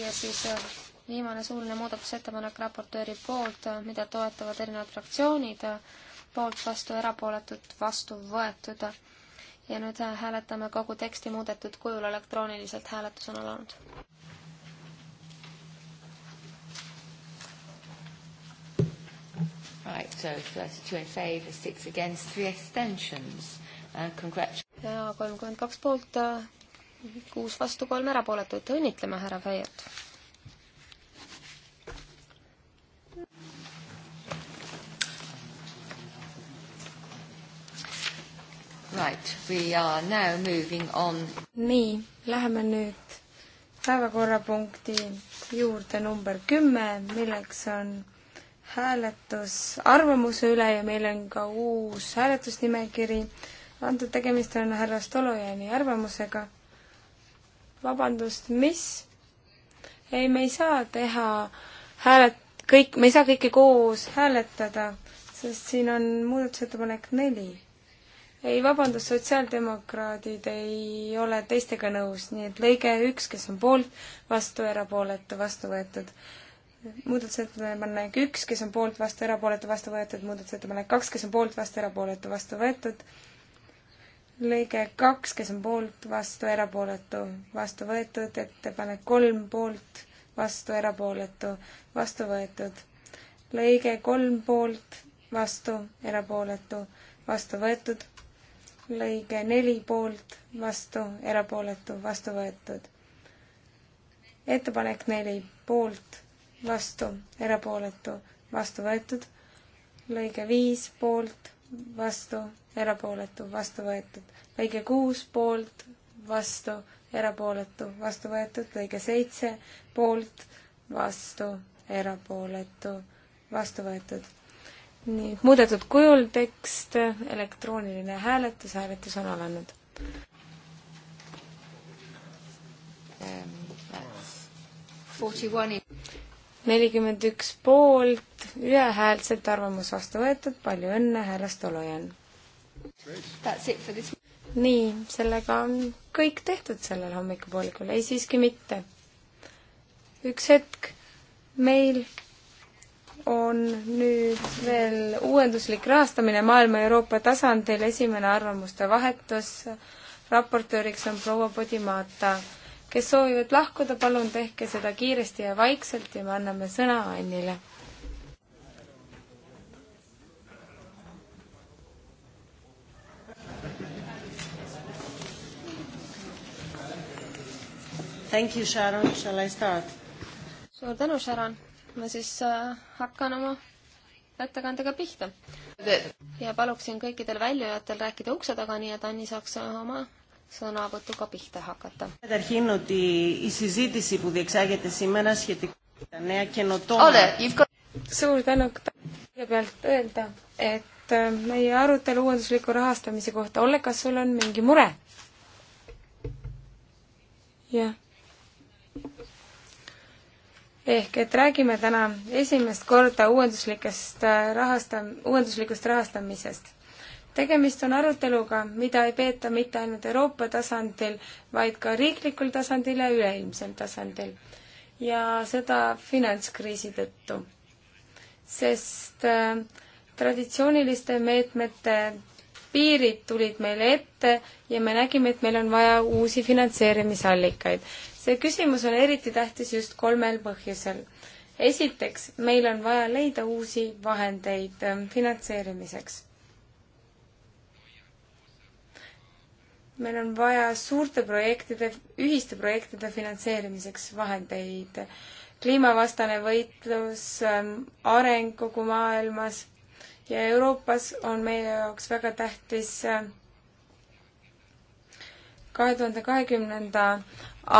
ja siis äh, viimane suuline muudatusettepanek raportööri poolt, äh, mida toetavad erinevad fraktsioonid, äh, poolt, vastu, erapooletud, vastu võetud. ja nüüd hääletame kogu teksti muudetud kujul elektrooniliselt, hääletus on alanud. Right, so 32 in favour, 6 against, 3 abstentions uh,. Congratulations. ja kolmkümmend kaks poolt, uh, kuus vastu, kolm erapooletut. õnnitleme härra Feiert. Right, we are now moving on. nii, läheme nüüd päevakorrapunkti juurde number kümme, milleks on hääletus arvamuse üle ja meil on ka uus hääletusnimekiri. antud tegemist on härra Stolojani arvamusega. vabandust, mis? ei, me ei saa teha häälet-, kõik, me ei saa kõike koos hääletada, sest siin on muudatusettepanek neli. ei, vabandust, sotsiaaldemokraadid ei ole teistega nõus, nii et lõige üks, kes on poolt, vastu, erapooletu, vastu võetud muudatusettepanek üks, kes on poolt, vastu, erapooletu, vastu võetud, muudatusettepanek kaks, kes on poolt, vastu, erapooletu, vastu võetud. lõige kaks, kes on poolt, vastu, erapooletu, vastu võetud, ettepanek kolm, poolt, vastu, erapooletu, vastu võetud. lõige kolm, poolt, vastu, erapooletu, vastu võetud. lõige neli, poolt, vastu, erapooletu, vastu võetud. ettepanek neli, poolt vastu, erapooletu, vastu võetud. lõige viis poolt, vastu, erapooletu, vastu võetud. lõige kuus poolt, vastu, erapooletu, vastu võetud. lõige seitse poolt, vastu, erapooletu, vastu võetud. nii, muudetud kujul tekst, elektrooniline hääletus, hääletus on alanud. Forty-one nelikümmend üks poolt, ühehäälselt arvamus vastu võetud, palju õnne, härra Stolojan! nii, sellega on kõik tehtud sellel hommikupoolikul, ei siiski mitte. üks hetk, meil on nüüd veel uuenduslik rahastamine maailma ja Euroopa tasandil, esimene arvamuste vahetus, raportööriks on proua Podimata kes soovivad lahkuda, palun tehke seda kiiresti ja vaikselt ja me anname sõna Annile. Thank you, Sharon, shall I start? suur tänu, Sharon. ma siis äh, hakkan oma ettekandega pihta. ja paluksin kõikidel väljujatel rääkida ukse taga, nii et Anni saaks oma sõnavõtuga pihta hakata. suur tänu kõigepealt öelda, et äh, meie arutelu uuendusliku rahastamise kohta, Olle, kas sul on mingi mure? jah. ehk et räägime täna esimest korda uuenduslikest äh, rahasta-, uuenduslikust rahastamisest tegemist on aruteluga, mida ei peeta mitte ainult Euroopa tasandil, vaid ka riiklikul tasandil ja üleilmsel tasandil. ja seda finantskriisi tõttu. sest äh, traditsiooniliste meetmete piirid tulid meile ette ja me nägime, et meil on vaja uusi finantseerimisallikaid. see küsimus on eriti tähtis just kolmel põhjusel. esiteks, meil on vaja leida uusi vahendeid äh, finantseerimiseks meil on vaja suurte projektide, ühiste projektide finantseerimiseks vahendeid. kliimavastane võitlus, ähm, areng kogu maailmas ja Euroopas on meie jaoks väga tähtis ähm, kahe tuhande kahekümnenda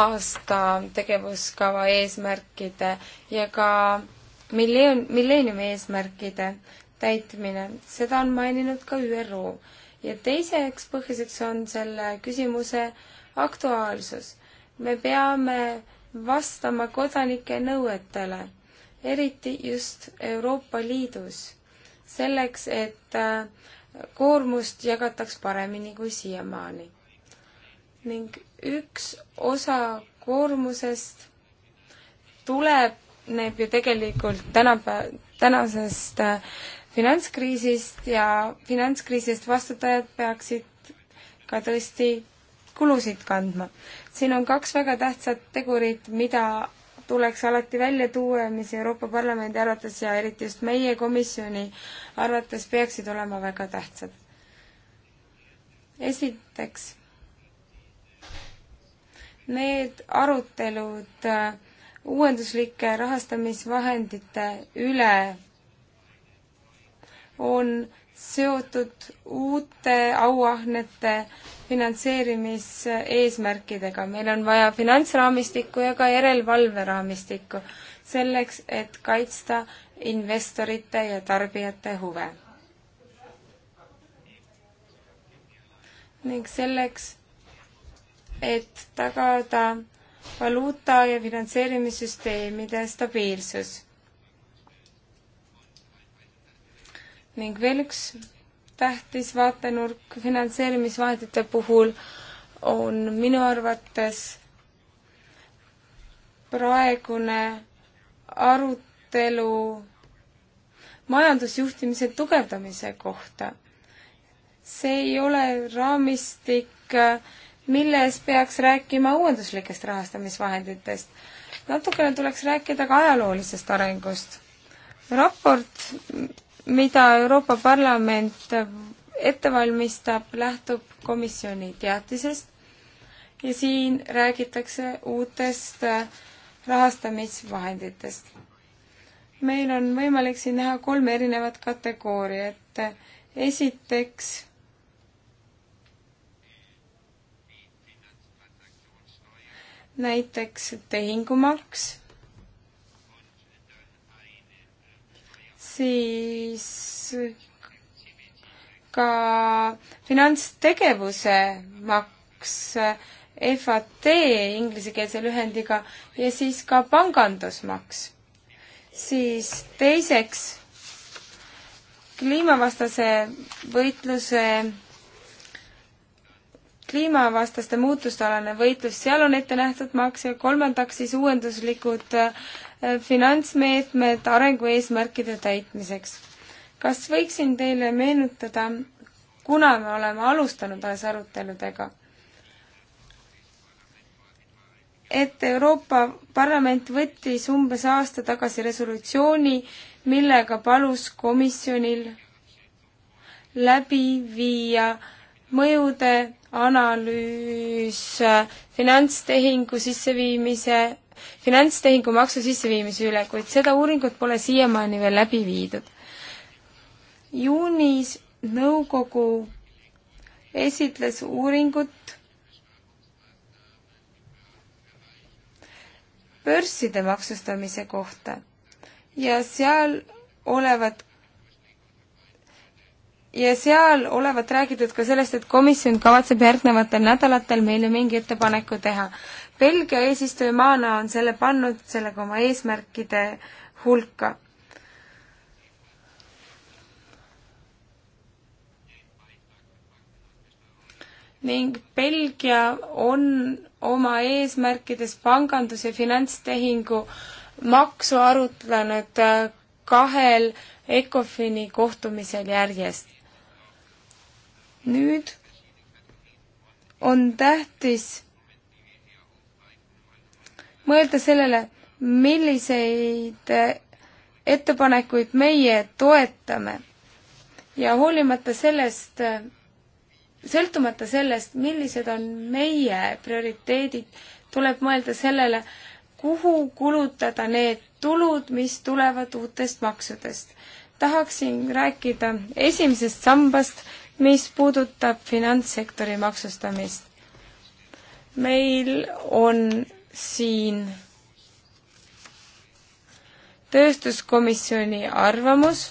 aasta tegevuskava eesmärkide ja ka milleen-, milleeniumi eesmärkide täitmine, seda on maininud ka ÜRO ja teiseks põhjuseks on selle küsimuse aktuaalsus. me peame vastama kodanike nõuetele, eriti just Euroopa Liidus, selleks, et äh, koormust jagataks paremini kui siiamaani. ning üks osa koormusest tuleb, näeb ju tegelikult tänapäeva, tänasest äh, finantskriisist ja finantskriisist vastutajad peaksid ka tõesti kulusid kandma. siin on kaks väga tähtsat tegurit, mida tuleks alati välja tuua ja mis Euroopa Parlamendi arvates ja eriti just meie komisjoni arvates peaksid olema väga tähtsad. esiteks, need arutelud äh, uuenduslike rahastamisvahendite üle on seotud uute auahnete finantseerimiseesmärkidega. meil on vaja finantsraamistikku ja ka järelevalveraamistikku selleks, et kaitsta investorite ja tarbijate huve. ning selleks, et tagada valuuta ja finantseerimissüsteemide stabiilsus ning veel üks tähtis vaatenurk finantseerimisvahendite puhul on minu arvates praegune arutelu majandusjuhtimise tugevdamise kohta. see ei ole raamistik, milles peaks rääkima uuenduslikest rahastamisvahenditest. natukene tuleks rääkida ka ajaloolisest arengust. raport, mida Euroopa Parlament ette valmistab, lähtub komisjoni teatisest ja siin räägitakse uutest rahastamisvahenditest. meil on võimalik siin näha kolme erinevat kategooriat. esiteks näiteks tehingumaks siis ka finantstegevuse maks FAT inglisekeelse lühendiga ja siis ka pangandusmaks. siis teiseks kliimavastase võitluse kliimavastaste muutuste alane võitlus, seal on ette nähtud maks ja kolmandaks siis uuenduslikud äh, finantsmeetmed arengueesmärkide täitmiseks. kas võiksin teile meenutada, kuna me oleme alustanud alles aruteludega? et Euroopa Parlament võttis umbes aasta tagasi resolutsiooni, millega palus komisjonil läbi viia äh, mõjude analüüs finantstehingu sisseviimise, finantstehingu maksu sisseviimise üle, kuid seda uuringut pole siiamaani veel läbi viidud. juunis nõukogu esitles uuringut börside maksustamise kohta ja seal olevat ja seal olevat räägitud ka sellest, et komisjon kavatseb järgnevatel nädalatel meile mingi ettepaneku teha. Belgia eesistujamaana on selle pannud sellega oma eesmärkide hulka. ning Belgia on oma eesmärkides pangandus- ja finantstehingu maksu arutlenud äh, kahel ECOFIN-i kohtumisel järjest nüüd on tähtis mõelda sellele, milliseid ettepanekuid meie toetame ja hoolimata sellest, sõltumata sellest, millised on meie prioriteedid, tuleb mõelda sellele, kuhu kulutada need tulud, mis tulevad uutest maksudest. tahaksin rääkida esimesest sambast, mis puudutab finantssektori maksustamist. meil on siin tööstuskomisjoni arvamus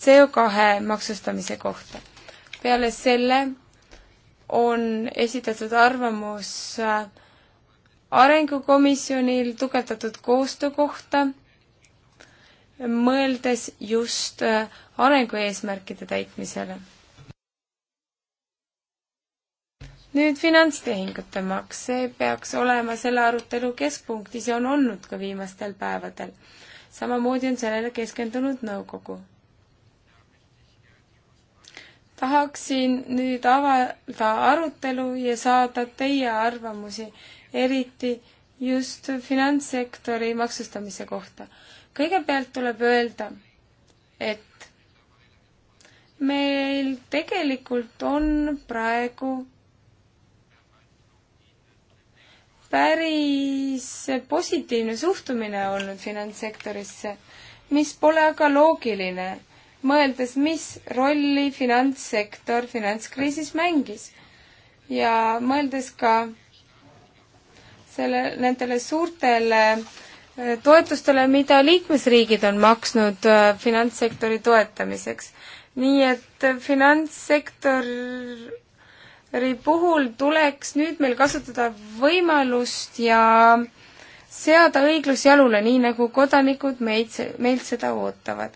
CO2 maksustamise kohta. peale selle on esitatud arvamus äh, arengukomisjonil tugevdatud koostöö kohta, mõeldes just äh, arengueesmärkide täitmisele. nüüd finantstehingute maks, see peaks olema selle arutelu keskpunktis ja on olnud ka viimastel päevadel. samamoodi on sellele keskendunud nõukogu. tahaksin nüüd avada arutelu ja saada teie arvamusi, eriti just finantssektori maksustamise kohta. kõigepealt tuleb öelda, et meil tegelikult on praegu päris positiivne suhtumine olnud finantssektorisse, mis pole aga loogiline, mõeldes, mis rolli finantssektor finantskriisis mängis. ja mõeldes ka selle, nendele suurtele eh, toetustele, mida liikmesriigid on maksnud eh, finantssektori toetamiseks nii et finantssektori puhul tuleks nüüd meil kasutada võimalust ja seada õiglus jalule, nii nagu kodanikud meid, meilt seda ootavad.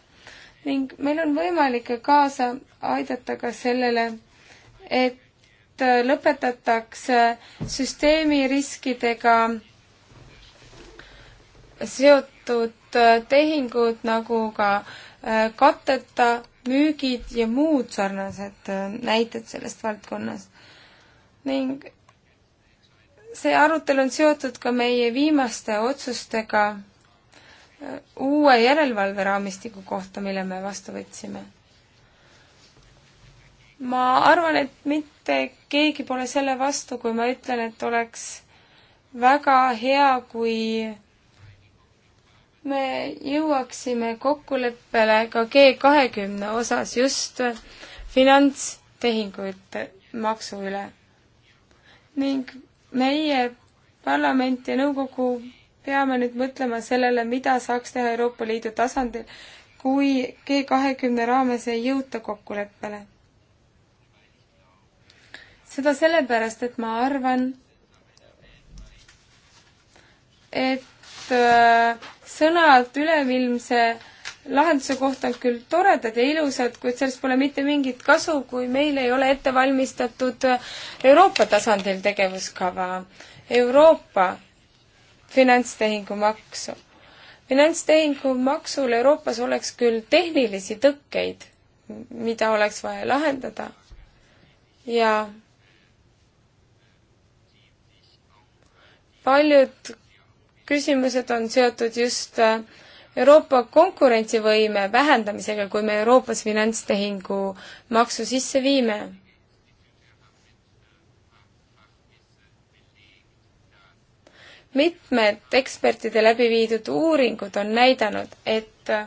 ning meil on võimalik kaasa aidata ka sellele, et lõpetatakse süsteemi riskidega seotud tehingud nagu ka äh, katteta müügid ja muud sarnased äh, näited sellest valdkonnast. ning see arutelu on seotud ka meie viimaste otsustega äh, uue järelevalveraamistiku kohta, mille me vastu võtsime. ma arvan, et mitte keegi pole selle vastu, kui ma ütlen, et oleks väga hea, kui me jõuaksime kokkuleppele ka G kahekümne osas just finantstehingute maksu üle. ning meie parlament ja nõukogu peame nüüd mõtlema sellele, mida saaks teha Euroopa Liidu tasandil, kui G kahekümne raames ei jõuta kokkuleppele. seda sellepärast, et ma arvan, et äh, sõnad üleilmse lahenduse kohta on küll toredad ja ilusad, kuid sellest pole mitte mingit kasu, kui meil ei ole ette valmistatud Euroopa tasandil tegevuskava, Euroopa finantstehingumaksu. finantstehingumaksul Euroopas oleks küll tehnilisi tõkkeid, mida oleks vaja lahendada ja paljud küsimused on seotud just äh, Euroopa konkurentsivõime vähendamisega, kui me Euroopas finantstehingu maksu sisse viime mitmed ekspertide läbi viidud uuringud on näidanud, et äh,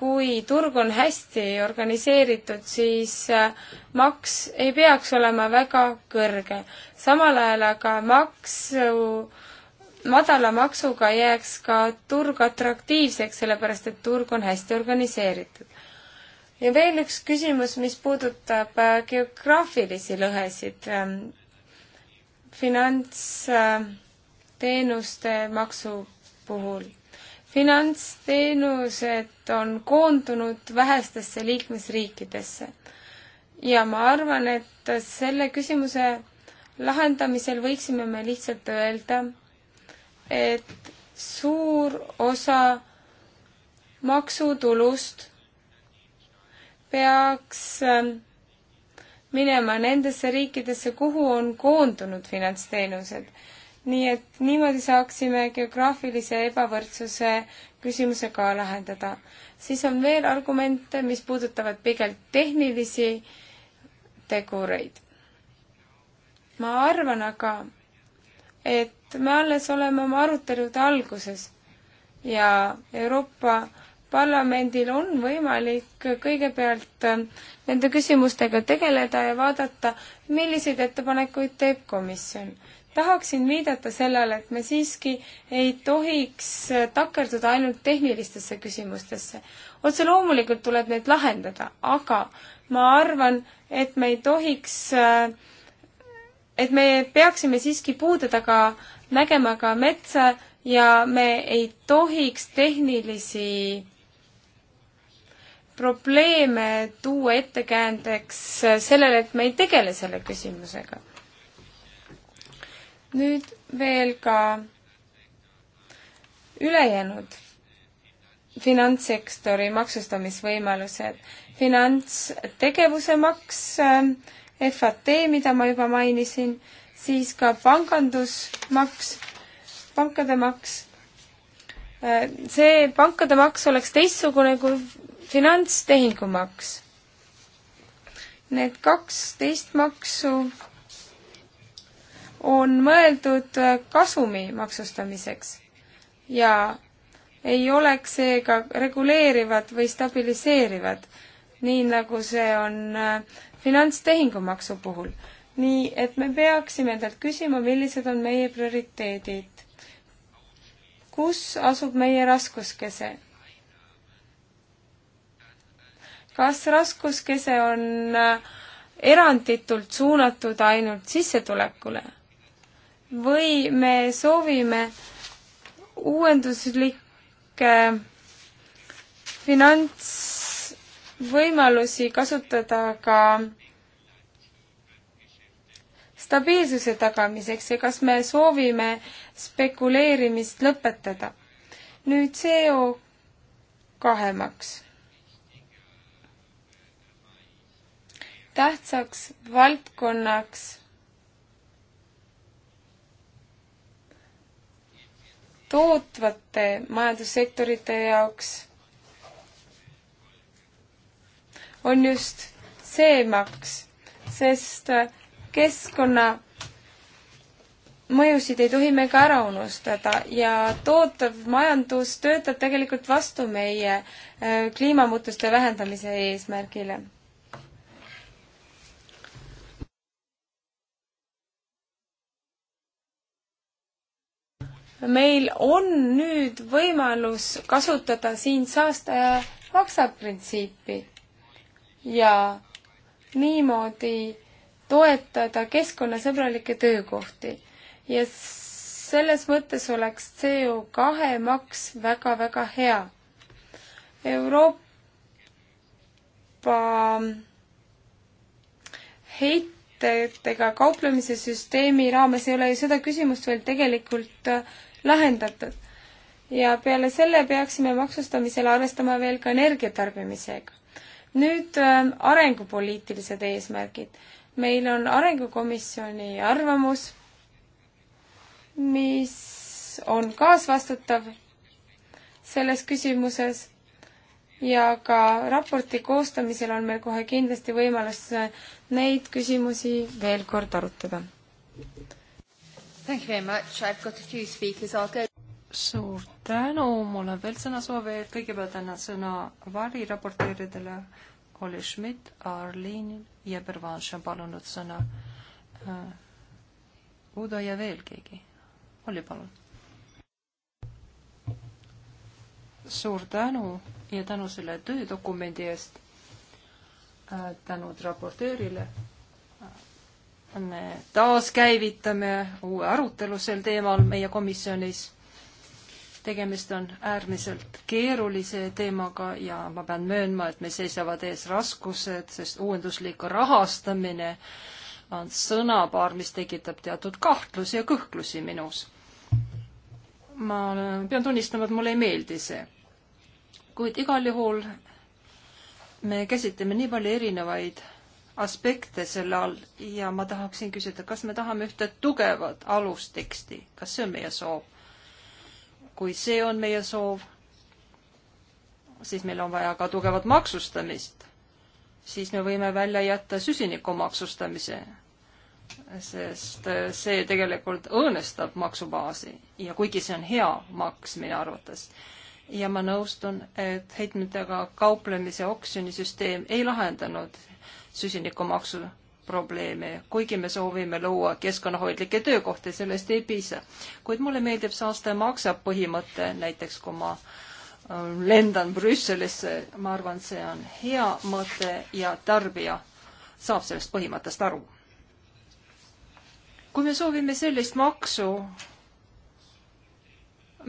kui turg on hästi organiseeritud, siis äh, maks ei peaks olema väga kõrge. samal ajal aga maksu madala maksuga jääks ka turg atraktiivseks, sellepärast et turg on hästi organiseeritud. ja veel üks küsimus, mis puudutab äh, geograafilisi lõhesid. Ähm, finantsteenuste äh, maksu puhul finantsteenused on koondunud vähestesse liikmesriikidesse. ja ma arvan, et selle küsimuse lahendamisel võiksime me lihtsalt öelda, et suur osa maksutulust peaks ähm, minema nendesse riikidesse, kuhu on koondunud finantsteenused. nii et niimoodi saaksime geograafilise ebavõrdsuse küsimuse ka lahendada. siis on veel argumente, mis puudutavad pigem tehnilisi tegureid. ma arvan aga, et me alles oleme oma arutelude alguses ja Euroopa parlamendil on võimalik kõigepealt äh, nende küsimustega tegeleda ja vaadata, milliseid ettepanekuid teeb komisjon. tahaksin viidata sellele, et me siiski ei tohiks äh, takerduda ainult tehnilistesse küsimustesse. otse loomulikult tuleb neid lahendada, aga ma arvan, et me ei tohiks, äh, et me peaksime siiski puude taga nägema ka metsa ja me ei tohiks tehnilisi probleeme tuua ettekäändeks sellele, et me ei tegele selle küsimusega. nüüd veel ka ülejäänud finantssektori maksustamisvõimalused. finantstegevuse maks, eh, FAT, mida ma juba mainisin, siis ka pangandusmaks, pankade maks. Äh, see pankade maks oleks teistsugune kui finantstehingumaks. Need kaksteist maksu on mõeldud äh, kasumi maksustamiseks ja ei oleks seega reguleerivad või stabiliseerivad, nii nagu see on äh, finantstehingumaksu puhul nii et me peaksime endalt küsima, millised on meie prioriteedid. kus asub meie raskuskese? kas raskuskese on äh, eranditult suunatud ainult sissetulekule või me soovime uuenduslikke finantsvõimalusi kasutada ka äh, stabiilsuse tagamiseks ja kas me soovime spekuleerimist lõpetada. nüüd CO kahe maks. tähtsaks valdkonnaks tootvate majandussektorite jaoks on just see maks, sest keskkonna mõjusid ei tohi me ka ära unustada ja tootav majandus töötab tegelikult vastu meie äh, kliimamuutuste vähendamise eesmärgile. meil on nüüd võimalus kasutada siin saastaja maksab printsiipi ja niimoodi toetada keskkonnasõbralikke töökohti ja selles mõttes oleks CO2 maks väga-väga hea. Euroopa heitetega kauplemise süsteemi raames ei ole ju seda küsimust veel tegelikult äh, lahendatud. ja peale selle peaksime maksustamisel arvestama veel ka energiatarbimisega. nüüd äh, arengupoliitilised eesmärgid meil on Arengukomisjoni arvamus, mis on kaasvastutav selles küsimuses ja ka raporti koostamisel on meil kohe kindlasti võimalus neid küsimusi veel kord arutada. suur tänu, mul on veel sõnasoove, kõigepealt annan sõna variraporteeridele Olle Schmidt, Arlin ja Pervanš on palunud sõna. Äh, Udo ja veel keegi. Olli, palun. suur tänu ja tänu selle töödokumendi eest. Äh, tänud raportöörile. Äh, me taaskäivitame uue arutelu sel teemal meie komisjonis tegemist on äärmiselt keerulise teemaga ja ma pean möönma, et meil seisavad ees raskused, sest uuenduslik rahastamine on sõnapaar, mis tekitab teatud kahtlusi ja kõhklusi minus. ma pean tunnistama, et mulle ei meeldi see. kuid igal juhul me käsitleme nii palju erinevaid aspekte selle all ja ma tahaksin küsida, kas me tahame ühte tugevat alusteksti, kas see on meie soov? kui see on meie soov, siis meil on vaja ka tugevat maksustamist. siis me võime välja jätta süsiniku maksustamise, sest äh, see tegelikult õõnestab maksubaasi ja kuigi see on hea maks minu arvates, ja ma nõustun, et heitmetega kauplemise oksjonisüsteem ei lahendanud süsinikumaksu probleeme, kuigi me soovime luua keskkonnahoidlikke töökohti, sellest ei piisa. kuid mulle meeldib saaste maksab põhimõte, näiteks kui ma äh, lendan Brüsselisse, ma arvan, see on hea mõte ja tarbija saab sellest põhimõttest aru. kui me soovime sellist maksu,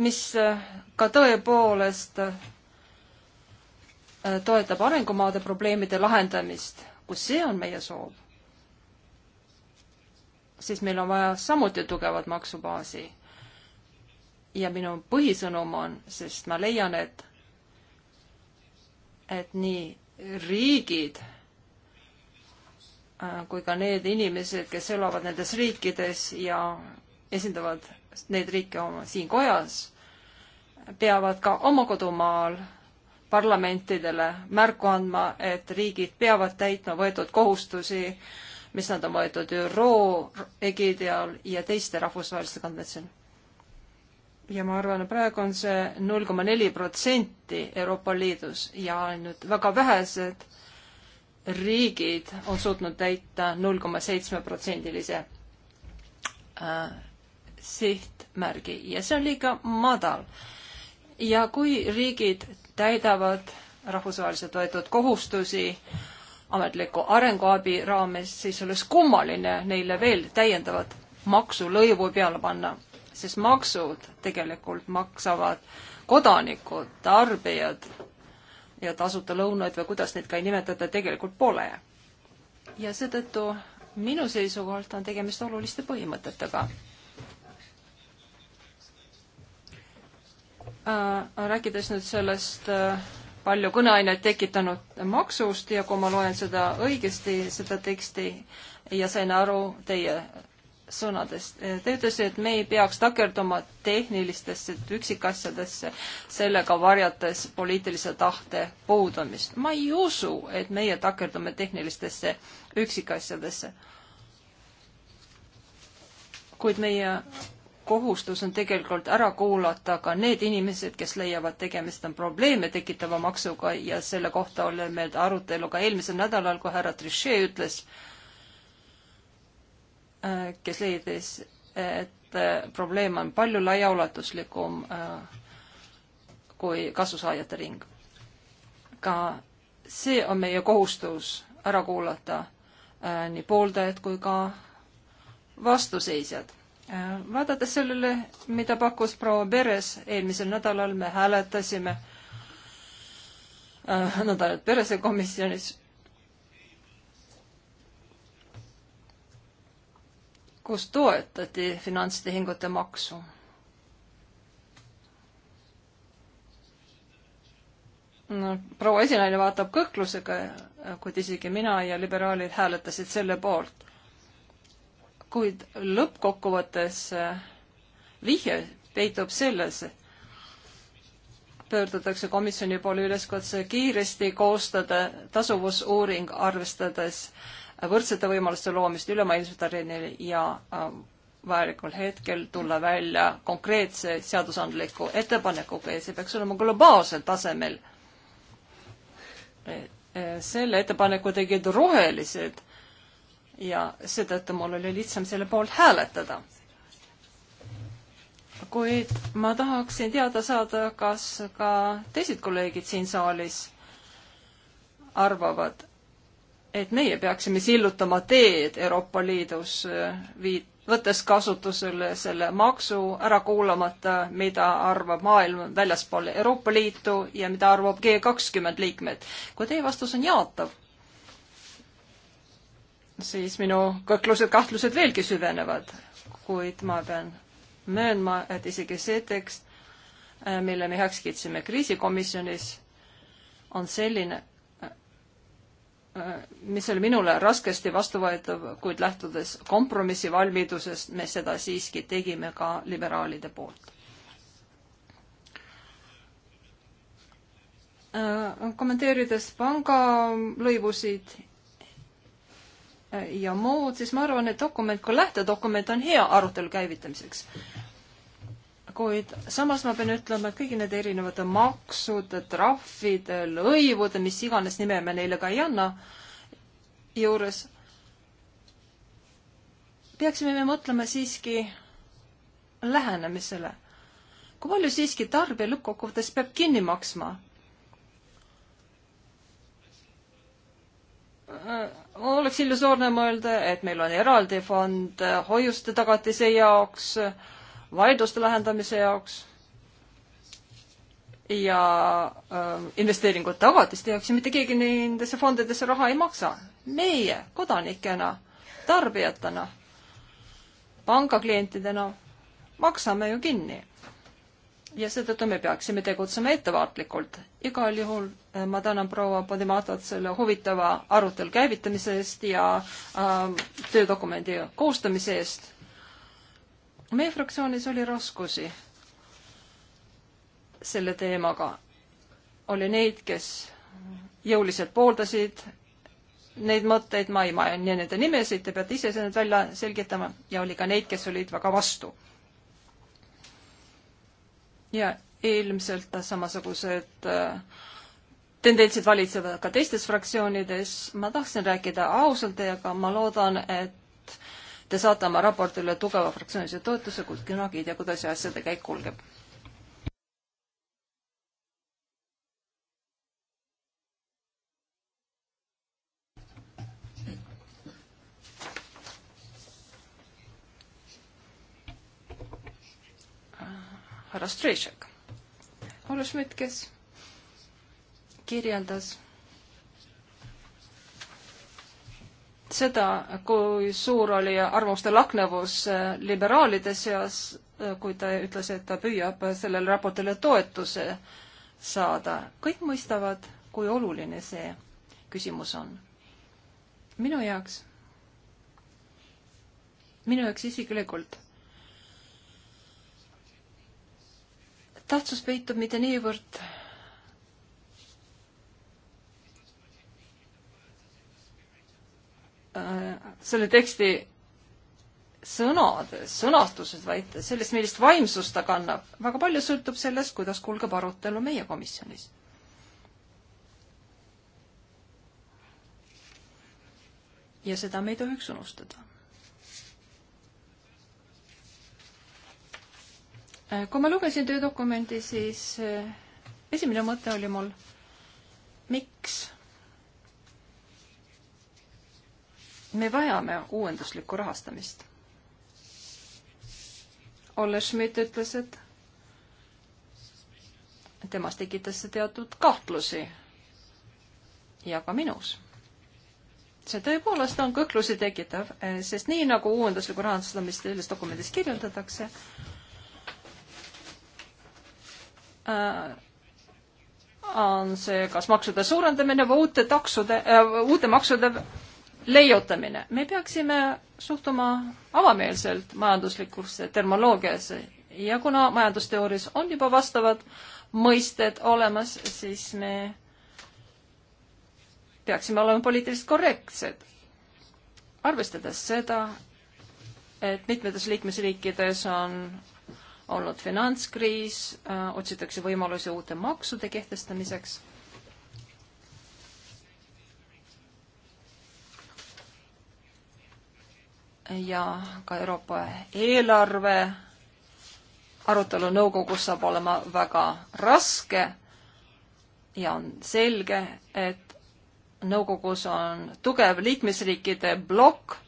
mis äh, ka tõepoolest äh, toetab arengumaade probleemide lahendamist, kus see on meie soov, siis meil on vaja samuti tugevat maksubaasi. ja minu põhisõnum on, sest ma leian, et, et nii riigid äh, kui ka need inimesed, kes elavad nendes riikides ja esindavad neid riike oma siin kojas, peavad ka oma kodumaal parlamentidele märku andma, et riigid peavad täitma võetud kohustusi äh, mis nad on võetud ÜRO egiidi all ja teiste rahvusvaheliste konventsioon. ja ma arvan, et praegu on see null koma neli protsenti Euroopa Liidus ja ainult väga vähesed riigid on suutnud täita null koma seitsme protsendilise äh, sihtmärgi ja see on liiga madal. ja kui riigid täidavad rahvusvaheliselt võetud kohustusi äh, ametliku arenguabi raames, siis oleks kummaline neile veel täiendavat maksulõivu peale panna, sest maksud tegelikult maksavad kodanikud, tarbijad ja tasuta lõunaid või kuidas neid ka ei nimetata, tegelikult pole. ja seetõttu minu seisukohalt on tegemist oluliste põhimõtetega äh,. rääkides nüüd sellest äh, palju kõneainet tekitanud maksust ja kui ma loen seda õigesti, seda teksti ja sain aru teie sõnadest. Te ütlesite, et me ei peaks takerduma tehnilistesse üksikasjadesse, sellega varjates poliitilise tahte puudumist. ma ei usu, et meie takerdume tehnilistesse üksikasjadesse. kuid meie kohustus on tegelikult ära kuulata ka need inimesed, kes leiavad, tegemist on probleeme tekitava maksuga ja selle kohta oli meil arutelu ka eelmisel nädalal, kui härra Trichet ütles, äh, kes leidis, et äh, probleem on palju laiaulatuslikum äh, kui kasusaajate ring. ka see on meie kohustus ära kuulata nii pooldajad kui ka vastuseisjad vaadates sellele, mida pakkus proua Peres eelmisel nädalal, me hääletasime äh, nädalat Perese komisjonis, kus toetati finantstehingute maksu. no proua esinaine vaatab kõhklusega, kuid isegi mina ja liberaalid hääletasid selle poolt kuid lõppkokkuvõttes äh, vihje peitub selles, pöördutakse komisjoni poole üleskutse kiiresti koostada tasuvusuuring, arvestades võrdsete võimaluste loomist ülemaailmsel areenil ja äh, vajalikul hetkel tulla välja konkreetse seadusandliku ettepanekuga ja see peaks olema globaalsel tasemel. Äh, selle ettepaneku tegid rohelised ja seetõttu mul oli lihtsam selle poolt hääletada. kuid ma tahaksin teada saada, kas ka teised kolleegid siin saalis arvavad, et meie peaksime sillutama teed Euroopa Liidus, viit-, võttes kasutusele selle maksu ära kuulamata, mida arvab maailm väljaspool Euroopa Liitu ja mida arvab G kakskümmend liikmed. kui teie vastus on jaatav siis minu kõhklused, kahtlused veelgi süvenevad. kuid ma pean möönma, et isegi see tekst, äh, mille me heaks kiitsime kriisikomisjonis, on selline, äh, äh, mis oli minule raskesti vastuvõetav, kuid lähtudes kompromissivalmidusest, me seda siiski tegime ka liberaalide poolt. kommenteerides pangalõivusid ja muud, siis ma arvan, et dokument kui lähtedokument on hea arutelu käivitamiseks. kuid samas ma pean ütlema, et kõigi nende erinevate maksude, trahvide, lõivude, mis iganes nime me neile ka ei anna, juures peaksime me mõtlema siiski lähenemisele. kui palju siiski tarbija lõppkokkuvõttes peab kinni maksma? Äh, oleks illusoorne mõelda, et meil on eraldi fond äh, hoiuste tagatise jaoks, äh, vaidluste lahendamise jaoks ja äh, investeeringute tagatiste jaoks ja mitte keegi nendesse fondidesse raha ei maksa. meie kodanikena, tarbijatena, pangaklientidena maksame ju kinni ja seetõttu me peaksime tegutsema ettevaatlikult. igal juhul äh, ma tänan proua Padimatot selle huvitava arutelu käivitamise eest ja äh, töödokumendi koostamise eest. meie fraktsioonis oli raskusi selle teemaga. oli neid, kes jõuliselt pooldasid neid mõtteid, ma ei maini nende nimesid, te peate ise need välja selgitama ja oli ka neid, kes olid väga vastu ja ilmselt samasugused äh, tendentsid valitsevad ka teistes fraktsioonides. ma tahtsin rääkida ausalt teiega, ma loodan, et te saate oma raportile tugeva fraktsioonilise toetuse, kuid kunagi ei tea, kuidas asjade käik kulgeb. härra Strejšek. Olle Schmidt, kes kirjeldas seda, kui suur oli arvamuste laknevus eh, liberaalide seas, eh, kui ta ütles, et ta püüab sellele raportile toetuse saada. kõik mõistavad, kui oluline see küsimus on. minu jaoks, minu jaoks isiklikult tähtsus peitub mitte niivõrd äh, selle teksti sõnades, sõnastuses, vaid sellest, millist vaimsust ta kannab. väga palju sõltub sellest, kuidas kulgeb arutelu meie komisjonis. ja seda me ei tohiks unustada Äh, kui ma lugesin töödokumenti, siis äh, esimene mõte oli mul, miks me vajame uuenduslikku rahastamist. Olle Schmidt ütles, et temas tekitas see teatud kahtlusi ja ka minus. see tõepoolest on kõhklusi tekitav, äh, sest nii nagu uuenduslikku rahastamist selles dokumendis kirjeldatakse, Äh, on see kas maksude suurendamine või uute taksude, äh, uute maksude leiutamine. me peaksime suhtuma avameelselt majanduslikusse terminoloogiasse ja kuna majandusteoorias on juba vastavad mõisted olemas, siis me peaksime olema poliitiliselt korrektsed. arvestades seda, et mitmetes liikmesriikides on olnud finantskriis, äh, otsitakse võimalusi uute maksude kehtestamiseks. ja ka Euroopa eelarve arutelu nõukogus saab olema väga raske ja on selge, et nõukogus on tugev liikmesriikide blokk,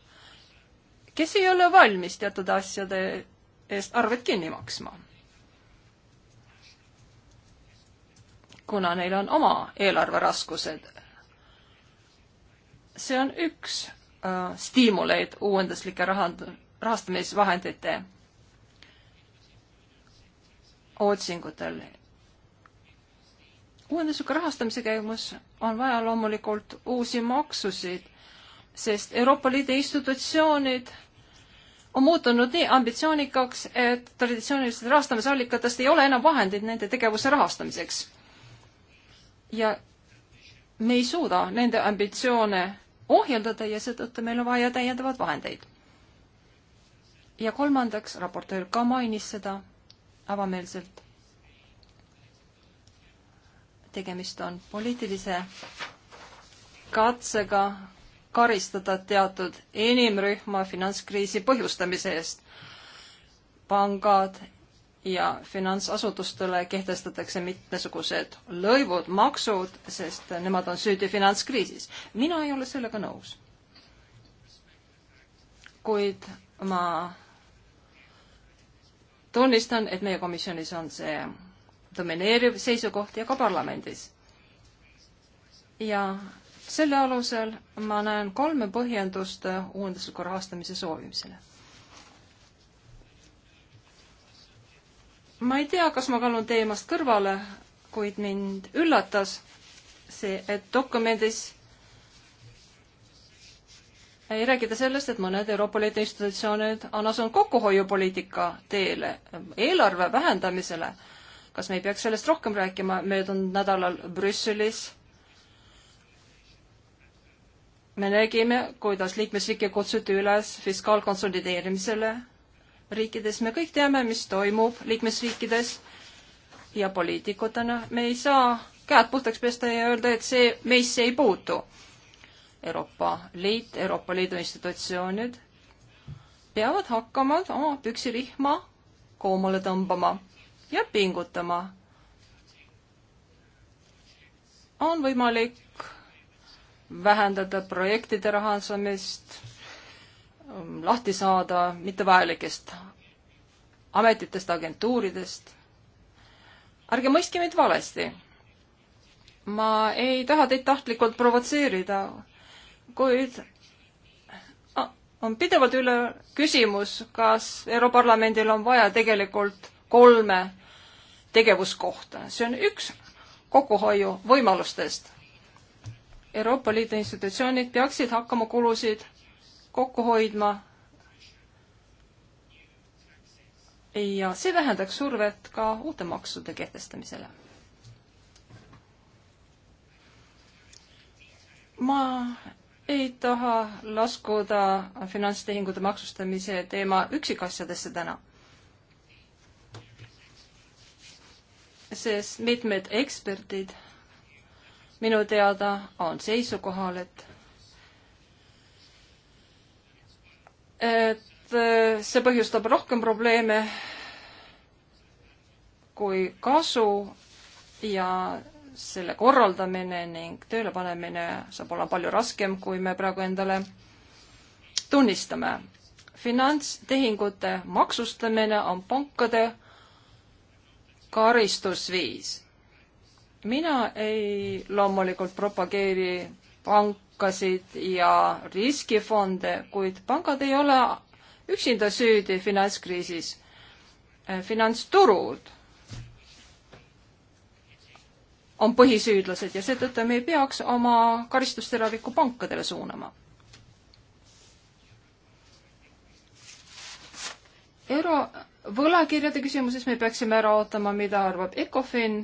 kes ei ole valmis teatud asjade eest arved kinni maksma. kuna neil on oma eelarveraskused. see on üks äh, stiimuleid uuenduslike rahand-, rahastamisvahendite otsingutel. uuendusliku rahastamise käigus on vaja loomulikult uusi maksusid, sest Euroopa Liidu institutsioonid on muutunud nii ambitsioonikaks, et traditsioonilistest rahastamisallikatest ei ole enam vahendeid nende tegevuse rahastamiseks. ja me ei suuda nende ambitsioone ohjeldada ja seetõttu meil on vaja täiendavaid vahendeid. ja kolmandaks, raportöör ka mainis seda avameelselt. tegemist on poliitilise katsega karistada teatud inimrühma finantskriisi põhjustamise eest. pangad ja finantsasutustele kehtestatakse mitmesugused lõivud, maksud, sest nemad on süüdi finantskriisis. mina ei ole sellega nõus. kuid ma tunnistan, et meie komisjonis on see domineeriv seisukoht ja ka parlamendis. ja selle alusel ma näen kolme põhjendust uuendusliku rahastamise soovimisele. ma ei tea, kas ma kallun teemast kõrvale, kuid mind üllatas see, et dokumendis ei räägida sellest, et mõned Euroopa Liidu institutsioonid on asunud kokkuhoiupoliitika teele, eelarve vähendamisele. kas me ei peaks sellest rohkem rääkima? möödunud nädalal Brüsselis me nägime, kuidas liikmesriike kutsuti üles fiskaalkonsolideerimisele riikides. me kõik teame, mis toimub liikmesriikides ja poliitikutena me ei saa käed puhtaks pesta ja öelda, et see meisse ei puutu. Euroopa Liit, Euroopa Liidu institutsioonid peavad hakkama oma püksirihma koomale tõmbama ja pingutama. on võimalik vähendada projektide rahastamist, um, lahti saada mittevajalikest ametitest, agentuuridest. ärge mõistke mind valesti. ma ei taha teid tahtlikult provotseerida, kuid on pidevalt üle küsimus, kas Europarlamendil on vaja tegelikult kolme tegevuskohta. see on üks kokkuhoiu võimalustest Euroopa Liidu institutsioonid peaksid hakkama kulusid kokku hoidma ja see vähendaks survet ka uute maksude kehtestamisele. ma ei taha laskuda finantstehingute maksustamise teema üksikasjadesse täna. sest mitmed eksperdid minu teada on seisukohal, et et äh, see põhjustab rohkem probleeme kui kasu ja selle korraldamine ning töölepanemine saab olema palju raskem, kui me praegu endale tunnistame. finantstehingute maksustamine on pankade karistusviis mina ei loomulikult propageeri pankasid ja riskifonde, kuid pangad ei ole üksinda süüdi finantskriisis. finantsturud on põhisüüdlased ja seetõttu me ei peaks oma karistusteravikku pankadele suunama. euro võlakirjade küsimuses me peaksime ära ootama, mida arvab Ecofin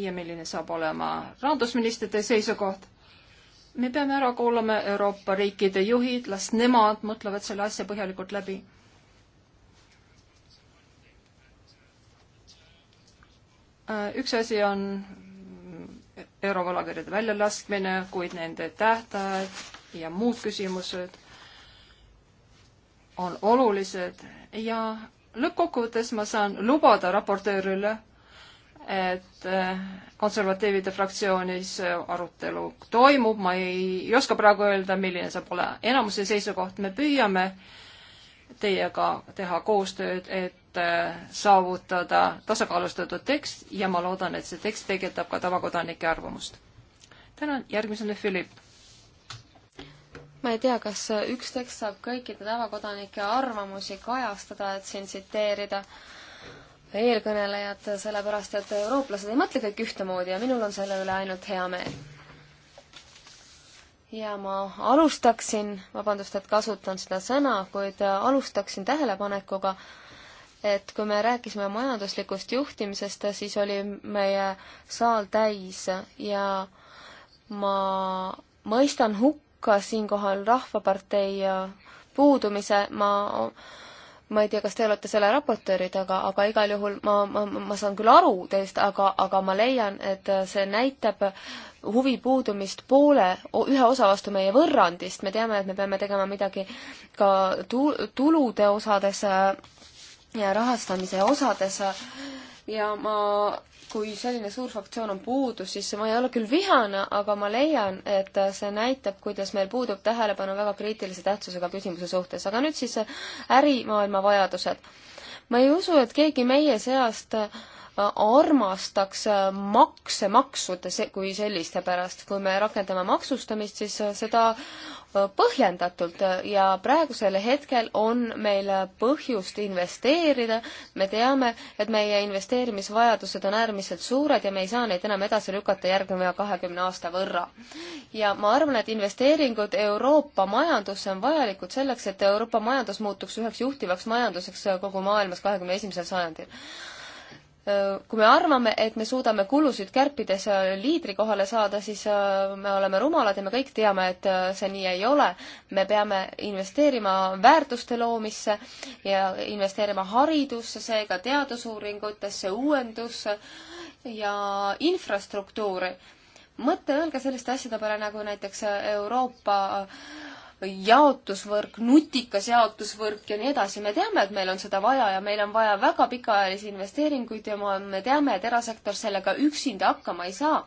ja milline saab olema rahandusministrite seisukoht. me peame ära kuulama Euroopa riikide juhid, las nemad mõtlevad selle asja põhjalikult läbi. Äh, üks asi on eurovõlakirjade väljalaskmine, kuid nende tähtajad ja muud küsimused on olulised ja lõppkokkuvõttes ma saan lubada raportöörile, et äh, konservatiivide fraktsioonis äh, arutelu toimub, ma ei oska praegu öelda, milline saab olema enamuse seisukoht, me püüame teiega teha koostööd, et äh, saavutada tasakaalustatud tekst ja ma loodan, et see tekst peegeldab ka tavakodanike arvamust. tänan, järgmisena Philipp. ma ei tea, kas üks tekst saab kõikide tavakodanike arvamusi kajastada, et siin tsiteerida äh, eelkõnelejad, sellepärast et eurooplased ei mõtle kõik ühtemoodi ja minul on selle üle ainult hea meel. ja ma alustaksin, vabandust, et kasutan seda sõna, kuid alustaksin tähelepanekuga, et kui me rääkisime majanduslikust juhtimisest, siis oli meie saal täis ja ma mõistan hukka siinkohal Rahvapartei puudumise, ma ma ei tea, kas te olete selle raportöörid, aga, aga igal juhul ma, ma, ma saan küll aru teist, aga, aga ma leian, et see näitab huvi puudumist poole, ühe osa vastu meie võrrandist, me teame, et me peame tegema midagi ka tu-, tulude osades äh, ja rahastamise osades ja ma, kui selline suur fraktsioon on puudu, siis ma ei ole küll vihane, aga ma leian, et see näitab, kuidas meil puudub tähelepanu väga kriitilise tähtsusega küsimuse suhtes. aga nüüd siis ärimaailma vajadused. ma ei usu, et keegi meie seast äh, armastaks äh, makse maksude kui selliste pärast. kui me rakendame maksustamist, siis äh, seda põhjendatult ja praegusel hetkel on meil põhjust investeerida. me teame, et meie investeerimisvajadused on äärmiselt suured ja me ei saa neid enam edasi lükata järgneva kahekümne aasta võrra. ja ma arvan, et investeeringud Euroopa majandusse on vajalikud selleks, et Euroopa majandus muutuks üheks juhtivaks majanduseks kogu maailmas kahekümne esimesel sajandil kui me arvame, et me suudame kulusid kärpides äh, liidri kohale saada, siis äh, me oleme rumalad ja me kõik teame, et äh, see nii ei ole. me peame investeerima väärtuste loomisse ja investeerima haridusse, seega teadusuuringutesse, uuendusse ja infrastruktuuri. mõte, öelge selliste asjade peale nagu näiteks Euroopa äh, jaotusvõrk, nutikas jaotusvõrk ja nii edasi, me teame, et meil on seda vaja ja meil on vaja väga pikaajalisi investeeringuid ja ma, me teame, et erasektor sellega üksinda hakkama ei saa.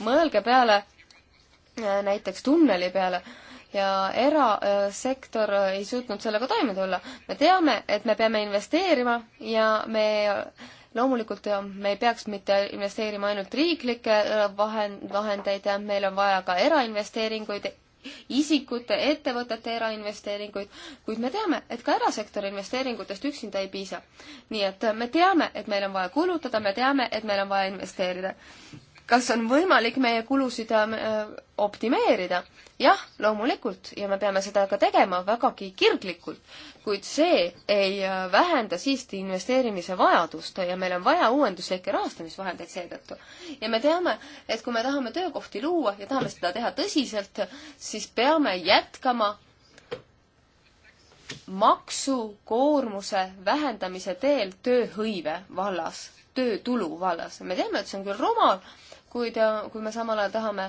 mõelge peale äh, näiteks tunneli peale ja erasektor äh, ei suutnud sellega toime tulla. me teame, et me peame investeerima ja me loomulikult äh, me ei peaks mitte investeerima ainult riiklikke vahend, vahendeid, meil on vaja ka erainvesteeringuid isikute, ettevõtete erainvesteeringuid, kuid me teame, et ka erasektori investeeringutest üksinda ei piisa. nii et me teame, et meil on vaja kulutada, me teame, et meil on vaja investeerida kas on võimalik meie kulusid äh, optimeerida? jah, loomulikult ja me peame seda ka tegema vägagi kirglikult, kuid see ei äh, vähenda siiski investeerimise vajadust ja meil on vaja uuenduslikke rahastamisvahendeid seetõttu. ja me teame, et kui me tahame töökohti luua ja tahame seda teha tõsiselt, siis peame jätkama maksukoormuse vähendamise teel tööhõive vallas, töötulu vallas. me teame, et see on küll rumal, kuid kui me samal ajal tahame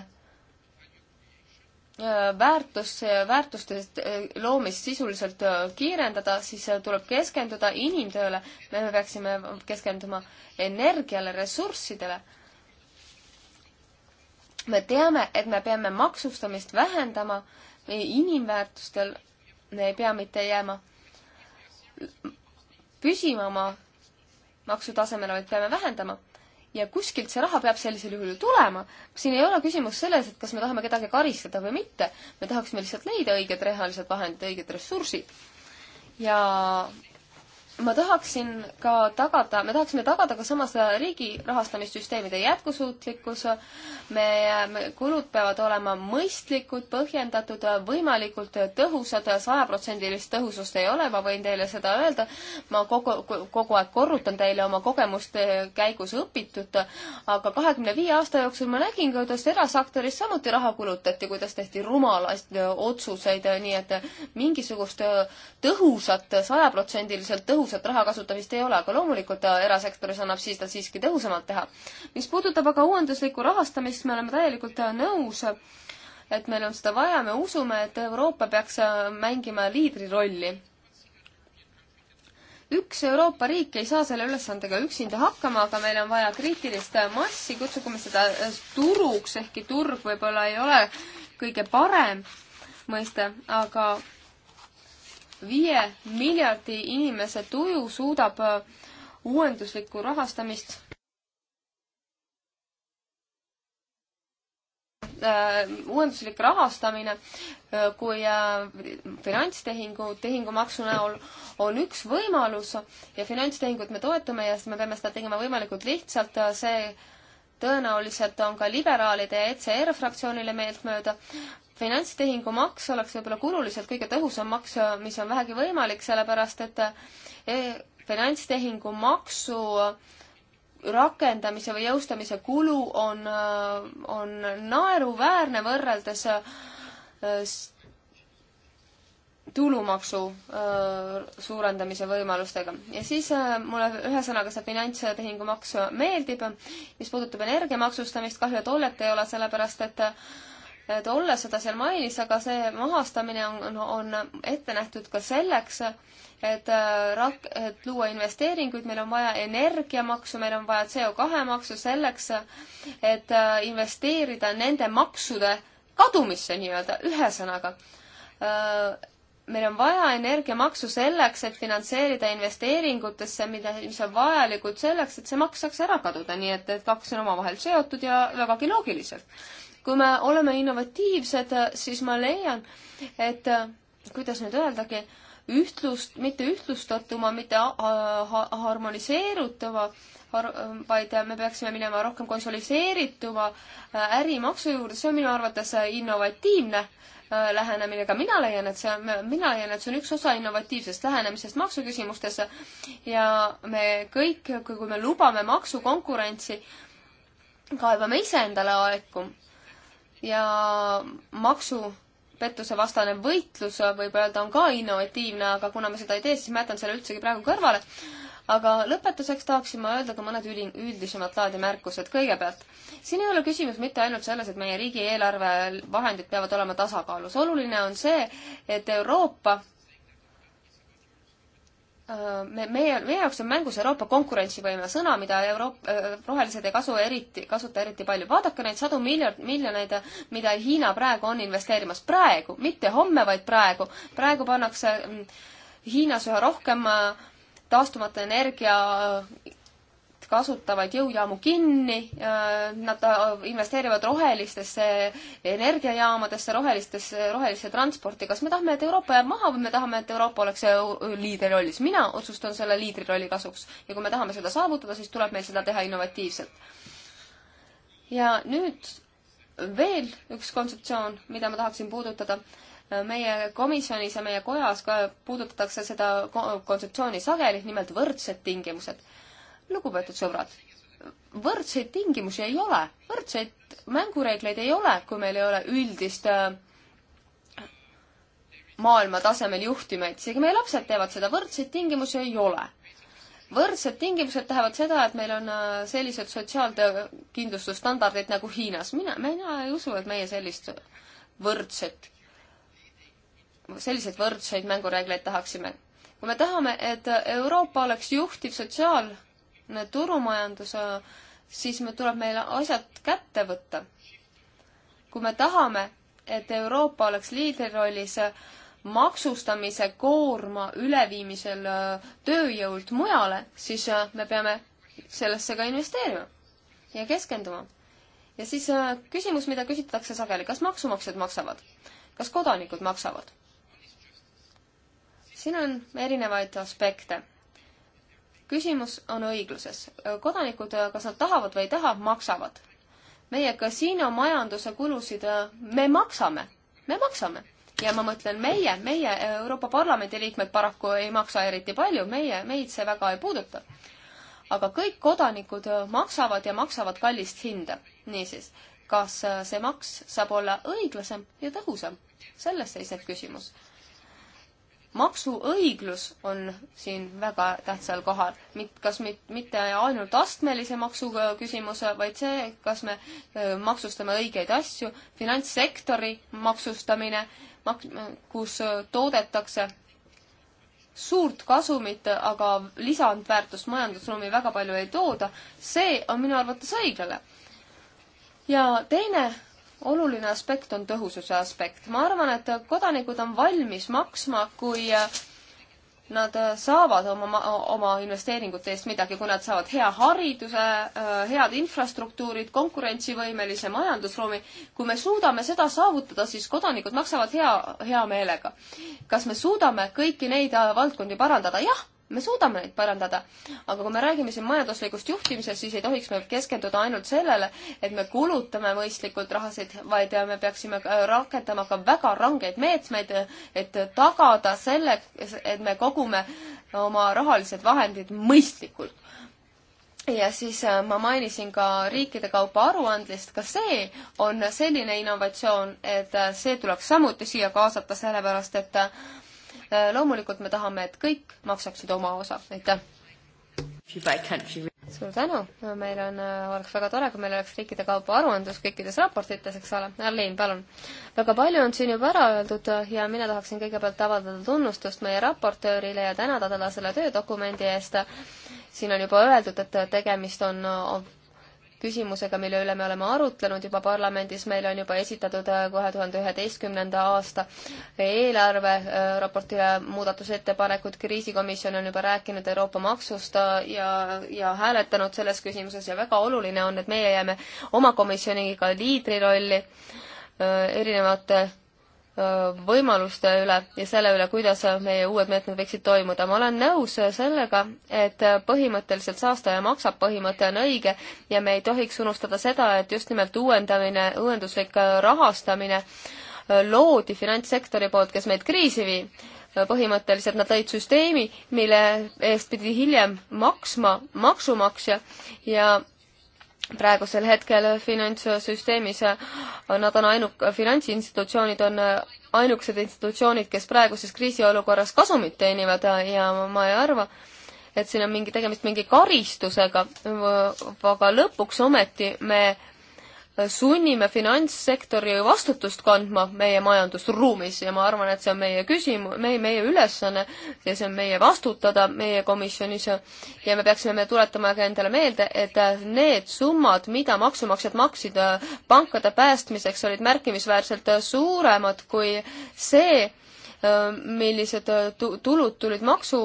äh, väärtus, väärtuste äh, loomist sisuliselt äh, kiirendada, siis tuleb keskenduda inimtööle. me peaksime keskenduma energiale, ressurssidele. me teame, et me peame maksustamist vähendama inimväärtustel, me ei pea mitte jääma püsima oma maksutasemele, vaid peame vähendama ja kuskilt see raha peab sellisel juhul ju tulema. siin ei ole küsimus selles, et kas me tahame kedagi karistada või mitte. me tahaksime lihtsalt leida õiged rahalised vahendid, õiged ressursid. ja ma tahaksin ka tagada, me tahaksime tagada ka samas riigi rahastamissüsteemide jätkusuutlikkuse, me, me, kulud peavad olema mõistlikud, põhjendatud, võimalikult tõhusad, sajaprotsendilist tõhusust ei ole, ma võin teile seda öelda, ma kogu, kogu aeg korrutan teile oma kogemuste käigus õpitut, aga kahekümne viie aasta jooksul ma nägin, kuidas erasektoris samuti raha kulutati, kuidas tehti rumalaid otsuseid, nii et mingisugust tõhusat, sajaprotsendiliselt tõhusat tõhusat raha kasutamist ei ole, aga loomulikult erasektoris annab siis ta siiski tõhusamalt teha. mis puudutab aga uuenduslikku rahastamist, me oleme täielikult nõus, et meil on seda vaja, me usume, et Euroopa peaks mängima liidrirolli. üks Euroopa riik ei saa selle ülesandega üksinda hakkama, aga meil on vaja kriitilist massi, kutsuge me seda turuks, ehkki turg võib-olla ei ole kõige parem mõiste, aga viie miljardi inimese tuju suudab äh, uuenduslikku rahastamist äh, uuenduslik rahastamine äh, kui finantstehingu, tehingumaksu näol on üks võimalus ja finantstehingut me toetame ja siis me peame seda tegema võimalikult lihtsalt, see tõenäoliselt on ka liberaalide ja ECR fraktsioonile meeltmööda finantstehingumaks oleks võib-olla kululiselt kõige tõhusam maks, mis on vähegi võimalik, sellepärast et e, finantstehingumaksu rakendamise või jõustamise kulu on, on naeruväärne võrreldes e, tulumaksu e, suurendamise võimalustega. ja siis mulle ühesõnaga see finantstehingumaks meeldib. mis puudutab energia maksustamist, kahju, et Ollet ei ole, sellepärast et Tolle seda seal mainis, aga see mahastamine on, on, noh, on ette nähtud ka selleks, et äh, rak-, et luua investeeringuid, meil on vaja energiamaksu, meil on vaja CO2 maksu selleks, et äh, investeerida nende maksude kadumisse nii-öelda, ühesõnaga. Äh, meil on vaja energiamaksu selleks, et finantseerida investeeringutesse, mida, mis on vajalikud selleks, et see maks saaks ära kaduda, nii et, et kaks on omavahel seotud ja vägagi loogiliselt kui me oleme innovatiivsed, siis ma leian, et äh, kuidas nüüd öeldagi, ühtlust, mitte ühtlustatuma, mitte harmoniseerutuma, vaid me peaksime minema rohkem konsoliseerituma äh, ärimaksu juurde, see on minu arvates äh, innovatiivne lähenemine, ka mina leian, et see on, mina leian, et see on üks osa innovatiivsest lähenemisest maksuküsimustes ja me kõik, kui me lubame maksukonkurentsi, kaevame iseendale aegu ja maksupettuse vastane võitlus, võib öelda, on ka innovatiivne, aga kuna me seda ei tee, siis ma jätan selle üldsegi praegu kõrvale. aga lõpetuseks tahaksin ma öelda ka mõned üli, üldisemat laadi märkused. kõigepealt, siin ei ole küsimus mitte ainult selles, et meie riigieelarve vahendid peavad olema tasakaalus. oluline on see, et Euroopa Äh, me, meie, meie jaoks on mängus Euroopa konkurentsivõime sõna, mida Euroop-, äh, rohelised ei kasu eriti, kasuta eriti palju. vaadake neid sadu miljard, miljoneid, mida Hiina praegu on investeerimas. praegu, mitte homme, vaid praegu. praegu pannakse mm, Hiinas üha rohkem äh, taastumata energia kasutavad jõujaamu kinni, nad äh, investeerivad rohelistesse energiajaamadesse, rohelistesse, rohelisse transporti. kas me tahame, et Euroopa jääb maha või me tahame, et Euroopa oleks liidrirollis? mina otsustan selle liidrirolli kasuks ja kui me tahame seda saavutada, siis tuleb meil seda teha innovatiivselt. ja nüüd veel üks kontseptsioon, mida ma tahaksin puudutada. meie komisjonis ja meie kojas ka puudutatakse seda kontseptsiooni sageli, nimelt võrdsed tingimused lugupeetud sõbrad, võrdseid tingimusi ei ole, võrdseid mängureegleid ei ole, kui meil ei ole üldist äh, maailma tasemel juhtimeid, isegi meie lapsed teevad seda, võrdseid tingimusi ei ole. võrdsed tingimused tähendavad seda, et meil on äh, sellised sotsiaalkindlustusstandardid nagu Hiinas. mina, mina ei usu, et meie sellist võrdset, selliseid võrdseid mängureegleid tahaksime. kui me tahame, et Euroopa oleks juhtiv sotsiaal- turumajandus, siis me, tuleb meil asjad kätte võtta. kui me tahame, et Euroopa oleks liidrirollis maksustamise koorma üleviimisel äh, tööjõult mujale, siis äh, me peame sellesse ka investeerima ja keskenduma. ja siis äh, küsimus, mida küsitakse sageli, kas maksumaksjad maksavad? kas kodanikud maksavad? siin on erinevaid aspekte küsimus on õigluses. kodanikud, kas nad tahavad või ei taha, maksavad. meie kasiinomajanduse kulusid äh, me maksame, me maksame ja ma mõtlen meie, meie Euroopa Parlamendi liikmed paraku ei maksa eriti palju, meie, meid see väga ei puuduta. aga kõik kodanikud äh, maksavad ja maksavad kallist hinda. niisiis, kas äh, see maks saab olla õiglasem ja tõhusam? selles seisneb küsimus maksuõiglus on siin väga tähtsal kohal. mit-, kas mit-, mitte ainult astmelise maksuga äh, küsimus, vaid see, kas me äh, maksustame õigeid asju, finantssektori maksustamine, mak-, äh, kus toodetakse suurt kasumit, aga lisandväärtust majandusruumi väga palju ei tooda, see on minu arvates õiglane. ja teine oluline aspekt on tõhususe aspekt. ma arvan, et kodanikud on valmis maksma, kui äh, nad äh, saavad oma, oma investeeringute eest midagi, kui nad saavad hea hariduse, äh, head infrastruktuurid, konkurentsivõimelise majandusruumi. kui me suudame seda saavutada, siis kodanikud maksavad hea, hea meelega. kas me suudame kõiki neid valdkondi parandada? jah me suudame neid parandada. aga kui me räägime siin majanduslikust juhtimisest, siis ei tohiks me keskenduda ainult sellele, et me kulutame mõistlikult rahasid, vaid me peaksime äh, rakendama ka väga rangeid meetmeid, et tagada selle, et me kogume oma rahalised vahendid mõistlikult ja siis äh, ma mainisin ka riikide kaupa aruandlist, ka see on selline innovatsioon, et äh, see tuleks samuti siia kaasata, sellepärast et äh, Äh, loomulikult me tahame, et kõik maksaksid oma osa, aitäh! suur tänu, meil on, äh, oleks väga tore, kui meil oleks riikide kaupa aruandlus kõikides raportites, eks ole. Arlin, palun. väga palju on siin juba ära öeldud ja mina tahaksin kõigepealt avaldada tunnustust meie raportöörile ja tänada teda selle töödokumendi eest. siin on juba öeldud, et tegemist on, on küsimusega, mille üle me oleme arutlenud juba parlamendis, meile on juba esitatud äh, kahe tuhande üheteistkümnenda aasta eelarve äh, raporti äh, muudatusettepanekud, kriisikomisjon on juba rääkinud Euroopa maksust ja, ja hääletanud selles küsimuses ja väga oluline on, et meie jääme oma komisjoniga liidrirolli erinevate Äh, võimaluste üle ja selle üle, kuidas meie uued meetmed võiksid toimuda. ma olen nõus sellega, et põhimõtteliselt saastaja maksab põhimõte on õige ja me ei tohiks unustada seda, et just nimelt uuendamine, uuenduslik rahastamine äh, loodi finantssektori poolt, kes meid kriisi viib äh, põhimõtteliselt nad lõid süsteemi, mille eest pidi hiljem maksma maksumaksja ja praegusel hetkel finantssüsteemis nad on ainuk-, finantsinstitutsioonid on ainukesed institutsioonid, kes praeguses kriisiolukorras kasumit teenivad ja ma ei arva, et siin on mingi, tegemist mingi karistusega, aga lõpuks ometi me sunnime finantssektori vastutust kandma meie majandusruumis ja ma arvan, et see on meie küsimus, meie, meie ülesanne ja see on meie vastutada meie komisjonis ja me peaksime me tuletama ka endale meelde, et need summad, mida maksumaksjad maksid pankade päästmiseks, olid märkimisväärselt suuremad kui see, millised tulud tulid maksu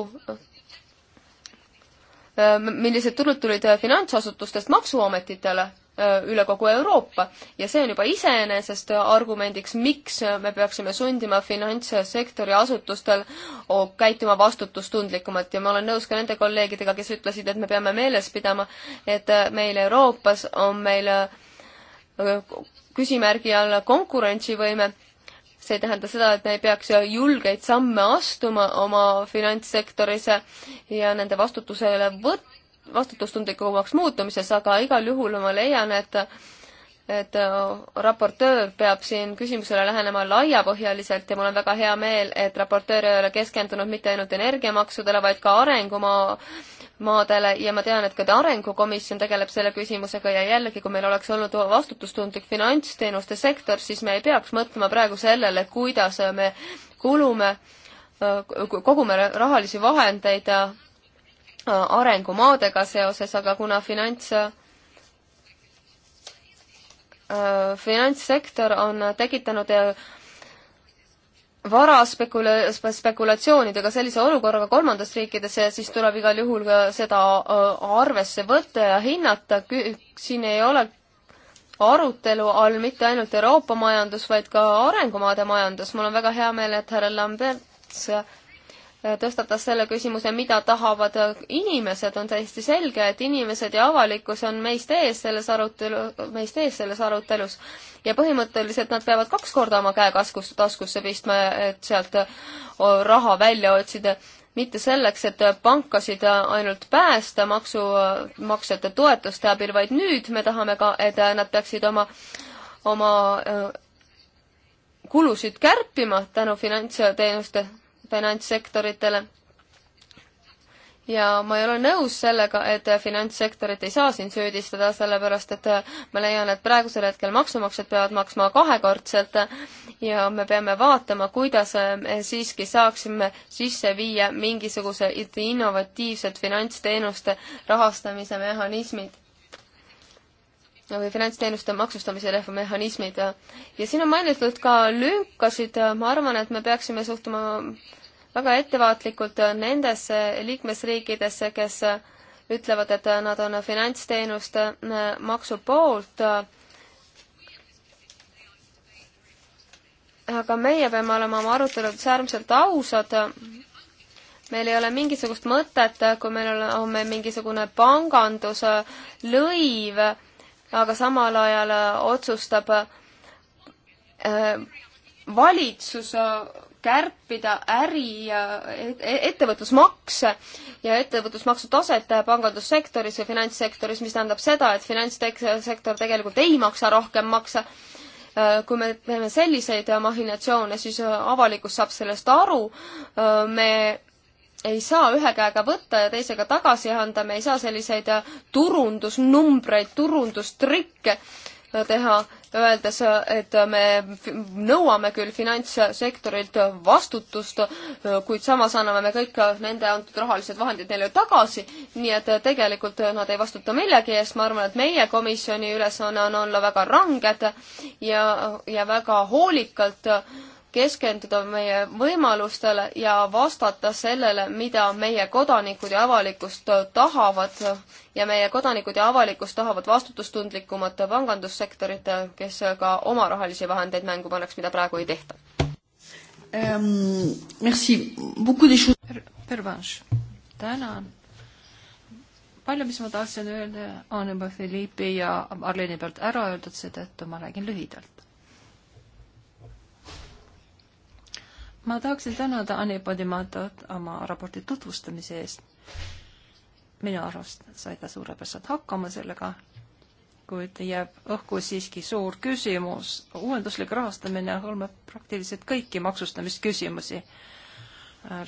millised tulud tulid finantsasutustest maksuametitele Äh, üle kogu Euroopa ja see on juba iseenesest argumendiks, miks me peaksime sundima finantssektori asutustel käituma vastutustundlikumalt ja ma olen nõus ka nende kolleegidega, kes ütlesid, et me peame meeles pidama, et äh, meil Euroopas on meil äh, küsimärgi all konkurentsivõime, see ei tähenda seda, et me ei peaks julgeid samme astuma oma finantssektoris ja nende vastutusele võtma, vastutustundlikumaks muutumises, aga igal juhul ma leian, et et raportöör peab siin küsimusele lähenema laiapõhjaliselt ja mul on väga hea meel, et raportöör ei ole keskendunud mitte ainult energiamaksudele, vaid ka arengumaa maadele ja ma tean, et ka Arengukomisjon tegeleb selle küsimusega ja jällegi, kui meil oleks olnud vastutustundlik finantsteenuste sektor, siis me ei peaks mõtlema praegu sellele, kuidas me kulume, kogume rahalisi vahendeid arengumaadega seoses, aga kuna finants äh, finantssektor on tekitanud äh, vara spekula-, spekulatsioonidega sellise olukorraga kolmandas riikides, siis tuleb igal juhul ka seda äh, arvesse võtta ja hinnata, siin ei ole arutelu all mitte ainult Euroopa majandus, vaid ka arengumaade majandus. mul on väga hea meel, et härra Lamberts tõstatas selle küsimuse, mida tahavad inimesed, on täiesti selge, et inimesed ja avalikkus on meist ees selles arutelu, meist ees selles arutelus ja põhimõtteliselt nad peavad kaks korda oma käe kaskus, taskusse pistma, et sealt raha välja otsida mitte selleks, et pankasid ainult päästa maksu, maksjate toetuste abil, vaid nüüd me tahame ka, et nad peaksid oma, oma kulusid kärpima tänu finantsteenuste finantssektoritele. ja ma ei ole nõus sellega, et finantssektorit ei saa siin süüdistada, sellepärast et ma leian, et praegusel hetkel maksumaksjad peavad maksma kahekordselt ja me peame vaatama, kuidas me siiski saaksime sisse viia mingisugused innovatiivsed finantsteenuste rahastamise mehhanismid või finantsteenuste maksustamise mehhanismid. ja siin on mainitud ka lünkasid, ma arvan, et me peaksime suhtuma väga ettevaatlikult nendesse liikmesriikidesse, kes ütlevad, et nad on finantsteenuste maksu poolt. aga meie peame olema oma aruteludes äärmiselt ausad. meil ei ole mingisugust mõtet, kui meil on, on meil mingisugune panganduslõiv aga samal ajal äh, otsustab äh, valitsus äh, kärpida äri ja e-, e-, ettevõtlusmakse ja ettevõtlusmaksu taset pangandussektoris ja finantssektoris, mis tähendab seda, et finantssektor tegelikult ei maksa rohkem makse. kui me teeme selliseid mahhinatsioone, siis avalikkus saab sellest aru, me ei saa ühe käega võtta ja teisega tagasi anda, me ei saa selliseid äh, turundusnumbreid, turundustrikke äh, teha, öeldes, äh, et me nõuame küll finantssektorilt vastutust, kuid samas anname me kõik nende antud rahalised vahendid neile tagasi, nii et tegelikult nad ei vastuta millegi eest, ma arvan, et meie komisjoni ülesanne on olla väga ranged ja, ja väga hoolikalt äh, keskenduda meie võimalustele ja vastata sellele, mida meie kodanikud ja avalikkus tahavad ja meie kodanikud ja avalikkus tahavad vastutustundlikumat pangandussektorit, kes ka oma rahalisi vahendeid mängu paneks, mida praegu ei tehta ähm,. Merci, beaucoup de choses per. Pervanš, tänan. palju, mis ma tahtsin öelda, on juba Philippi ja Arleni pealt ära öeldud, seetõttu ma räägin lühidalt ma tahaksin tänada Anni Podimatot oma raporti tutvustamise eest. minu arust sai ta suurepäraselt hakkama sellega, kuid jääb õhku siiski suur küsimus. uuenduslik rahastamine hõlmab praktiliselt kõiki maksustamisküsimusi,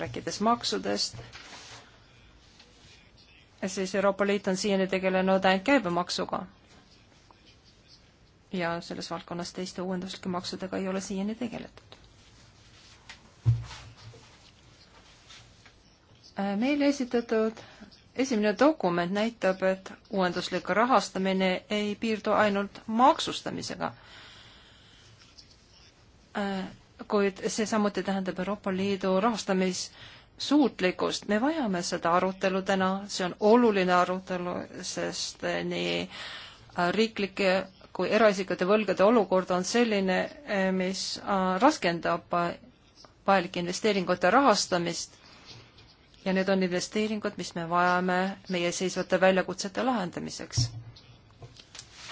rääkides maksudest siis Euroopa Liit on siiani tegelenud ainult käibemaksuga. ja selles valdkonnas teiste uuenduslike maksudega ei ole siiani tegeletud. meile esitatud esimene dokument näitab, et uuenduslik rahastamine ei piirdu ainult maksustamisega, äh, kuid see samuti tähendab Euroopa Liidu rahastamissuutlikkust. me vajame seda arutelu täna, see on oluline arutelu, sest äh, nii äh, riiklike kui eraisikute võlgade olukord on selline, mis raskendab vajalike investeeringute rahastamist ja need on investeeringud, mis me vajame meie seisvate väljakutsete lahendamiseks.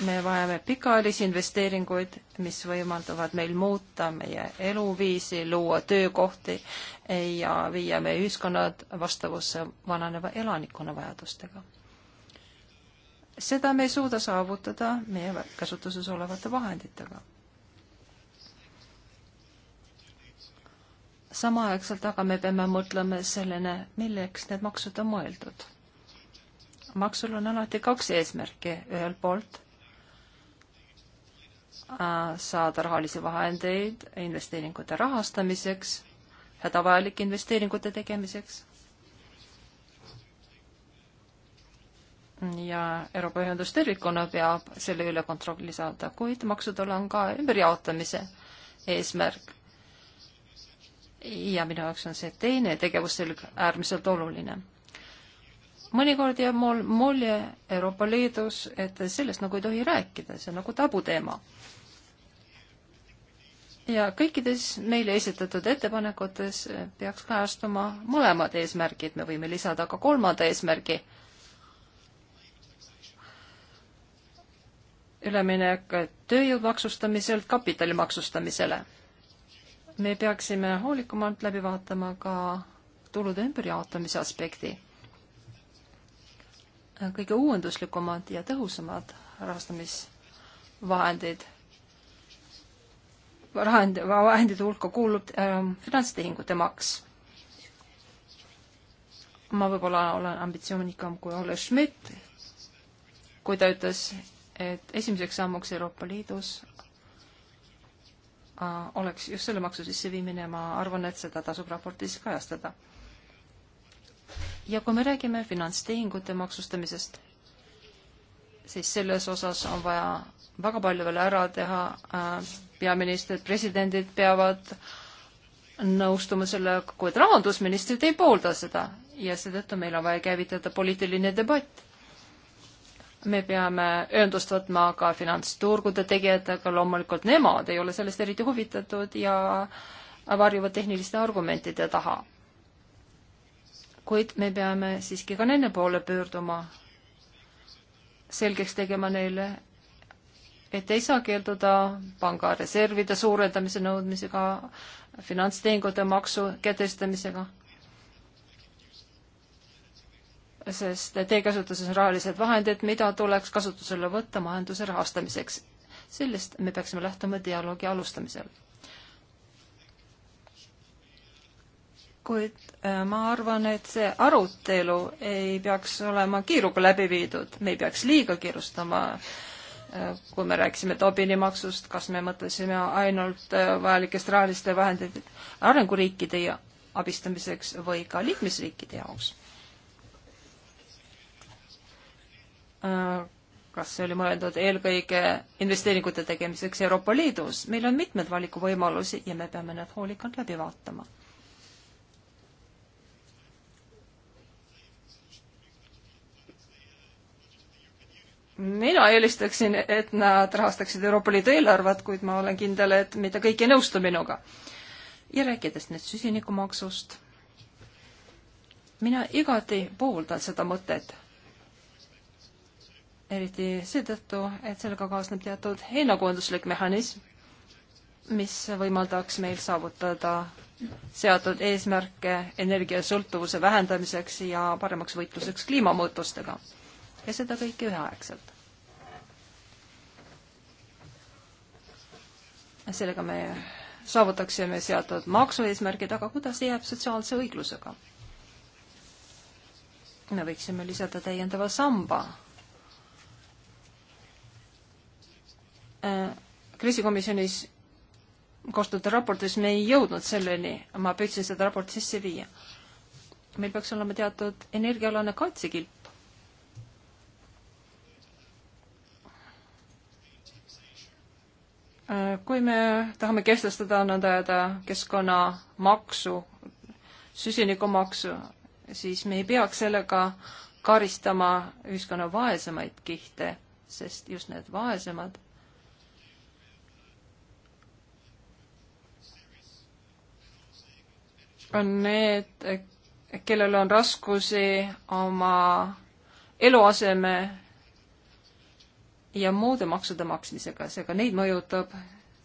me vajame pikaajalisi investeeringuid, mis võimaldavad meil muuta meie eluviisi, luua töökohti ja viia meie ühiskonnad vastavusse vananeva elanikkonna vajadustega. seda me ei suuda saavutada meie kasutuses olevate vahenditega samaaegselt aga me peame mõtlema sellele, milleks need maksud on mõeldud. maksul on alati kaks eesmärki, ühelt poolt äh, saada rahalisi vahendeid investeeringute rahastamiseks, hädavajalike investeeringute tegemiseks ja Euroopa Ühendus tervikuna peab selle üle kontrolli saada, kuid maksudel on ka ümberjaotamise eesmärk ja minu jaoks on see teine tegevustelg äärmiselt oluline. mõnikord jääb mul mulje Euroopa Liidus, et sellest nagu ei tohi rääkida, see on nagu tabuteema. ja kõikides meile esitatud ettepanekutes peaks kajastuma mõlemad eesmärgid, me võime lisada ka kolmanda eesmärgi üleminek tööjõu maksustamiselt kapitali maksustamisele me peaksime hoolikamalt läbi vaatama ka tulude ümberjaotamise aspekti. kõige uuenduslikumad ja tõhusamad rahastamisvahendid, vahend, vahendite hulka kuulub äh, finantstehingute maks. ma võib-olla olen ambitsioonikam kui Olle Schmidt, kui ta ütles, et esimeseks sammuks Euroopa Liidus oleks just selle maksu sisseviimine ja ma arvan, et seda tasub raportis kajastada. ja kui me räägime finantstehingute maksustamisest, siis selles osas on vaja väga palju veel ära teha, äh, peaministrid, presidendid peavad nõustuma sellega, kuid rahandusministrid ei poolda seda ja seetõttu meil on vaja käivitada poliitiline debatt me peame ühendust võtma ka finantsturgude tegijatega, loomulikult nemad ei ole sellest eriti huvitatud ja varjuvad tehniliste argumentide taha. kuid me peame siiski ka nende poole pöörduma, selgeks tegema neile, et ei saa keelduda panga reservide suurendamise nõudmisega, finantstehingute maksu kehtestamisega sest teie käsutuses on rahalised vahendid, mida tuleks kasutusele võtta majanduse rahastamiseks. sellest me peaksime lähtuma dialoogi alustamisel. kuid äh, ma arvan, et see arutelu ei peaks olema kiiruga läbi viidud, me ei peaks liiga kiirustama äh, kui me rääkisime Tobini maksust, kas me mõtlesime ainult äh, vajalikest rahaliste vahendite arenguriikide abistamiseks või ka liikmesriikide jaoks? Äh, kas see oli mõeldud eelkõige investeeringute tegemiseks Euroopa Liidus? meil on mitmeid valikuvõimalusi ja me peame need hoolikalt läbi vaatama. mina eelistaksin, et nad rahastaksid Euroopa Liidu eelarvet, kuid ma olen kindel, et mitte kõik ei nõustu minuga. ja rääkides nüüd süsinikumaksust, mina igati pooldan seda mõtet eriti seetõttu, et sellega kaasneb teatud hinnakoonduslik mehhanism, mis võimaldaks meil saavutada seatud eesmärke energiasõltuvuse vähendamiseks ja paremaks võitluseks kliimamuutustega. ja seda kõike üheaegselt. sellega me saavutaksime seatud maksueesmärgid, aga kuidas jääb sotsiaalse õiglusega? me võiksime lisada täiendava samba Äh, kriisikomisjonis koostatud raportis me ei jõudnud selleni, ma püüdsin seda raportit sisse viia. meil peaks olema teatud energiaalane kaitsekilp. Äh, kui me tahame kehtestada nõnda-öelda keskkonnamaksu, süsinikumaksu, siis me ei peaks sellega karistama ühiskonna vaesemaid kihte, sest just need vaesemad on need, kellel on raskusi oma eluaseme ja muude maksude maksmisega, seega neid mõjutab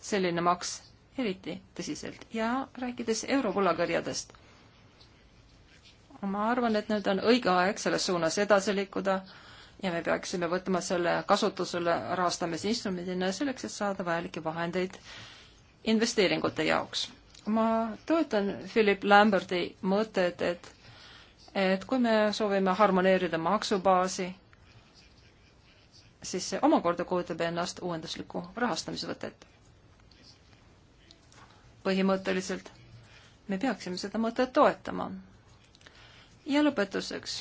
selline maks eriti tõsiselt ja rääkides eurovõlakirjadest. ma arvan, et nüüd on õige aeg selles suunas edasi liikuda ja me peaksime võtma selle kasutusele rahastamisinstrumendina selleks, et saada vajalikke vahendeid investeeringute jaoks ma toetan Philip Lamberti mõtet, et, et kui me soovime harmoneerida maksubaasi, siis see omakorda kujutab ennast uuenduslikku rahastamisvõtet. põhimõtteliselt me peaksime seda mõtet toetama. ja lõpetuseks.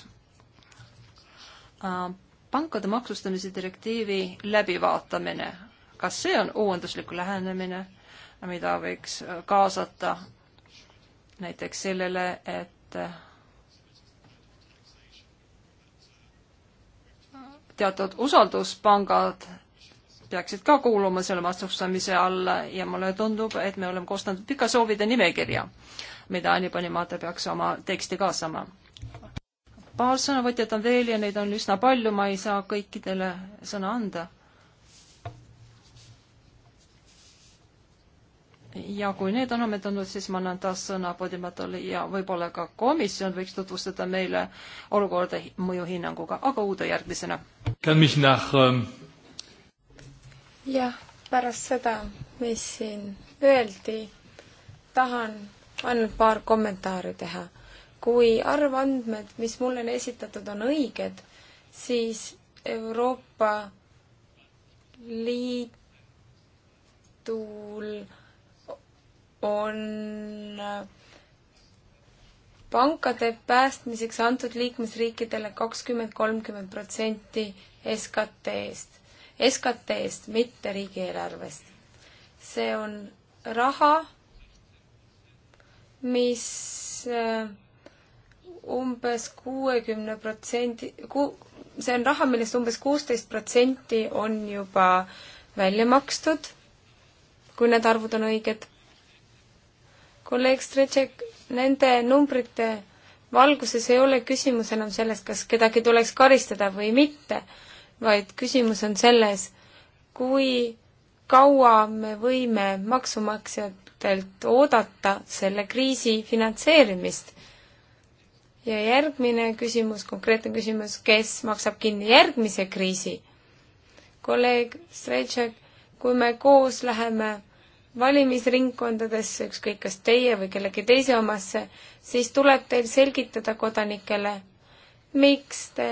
Äh, pankade maksustamise direktiivi läbivaatamine, kas see on uuenduslik lähenemine? mida võiks kaasata näiteks sellele, et teatud usalduspangad peaksid ka kuuluma selle vastustamise alla ja mulle tundub, et me oleme koostanud pika soovide nimekirja, mida Anipanimaate peaks oma teksti kaasama. paar sõnavõtjat on veel ja neid on üsna palju, ma ei saa kõikidele sõna anda ja kui need on ammendunud, siis ma annan taas sõna Podimatole ja võib-olla ka komisjon võiks tutvustada meile olukorda mõjuhinnanguga, aga Uudo järgmisena. Ähm, jah, pärast seda, mis siin öeldi, tahan ainult paar kommentaari teha. kui arvandmed, mis mulle on esitatud, on õiged, siis Euroopa Liidul on pankade päästmiseks antud liikmesriikidele kakskümmend, kolmkümmend protsenti SKT-st, SKT-st, mitte riigieelarvest. see on raha, mis äh, umbes kuuekümne protsendi, ku-, see on raha, millest umbes kuusteist protsenti on juba välja makstud, kui need arvud on õiged kolleeg Stretšek, nende numbrite valguses ei ole küsimus enam selles, kas kedagi tuleks karistada või mitte, vaid küsimus on selles, kui kaua me võime maksumaksjatelt oodata selle kriisi finantseerimist. ja järgmine küsimus, konkreetne küsimus, kes maksab kinni järgmise kriisi? kolleeg Strejček, kui me koos läheme valimisringkondadesse, ükskõik kas teie või kellegi teise omasse, siis tuleb teil selgitada kodanikele, miks te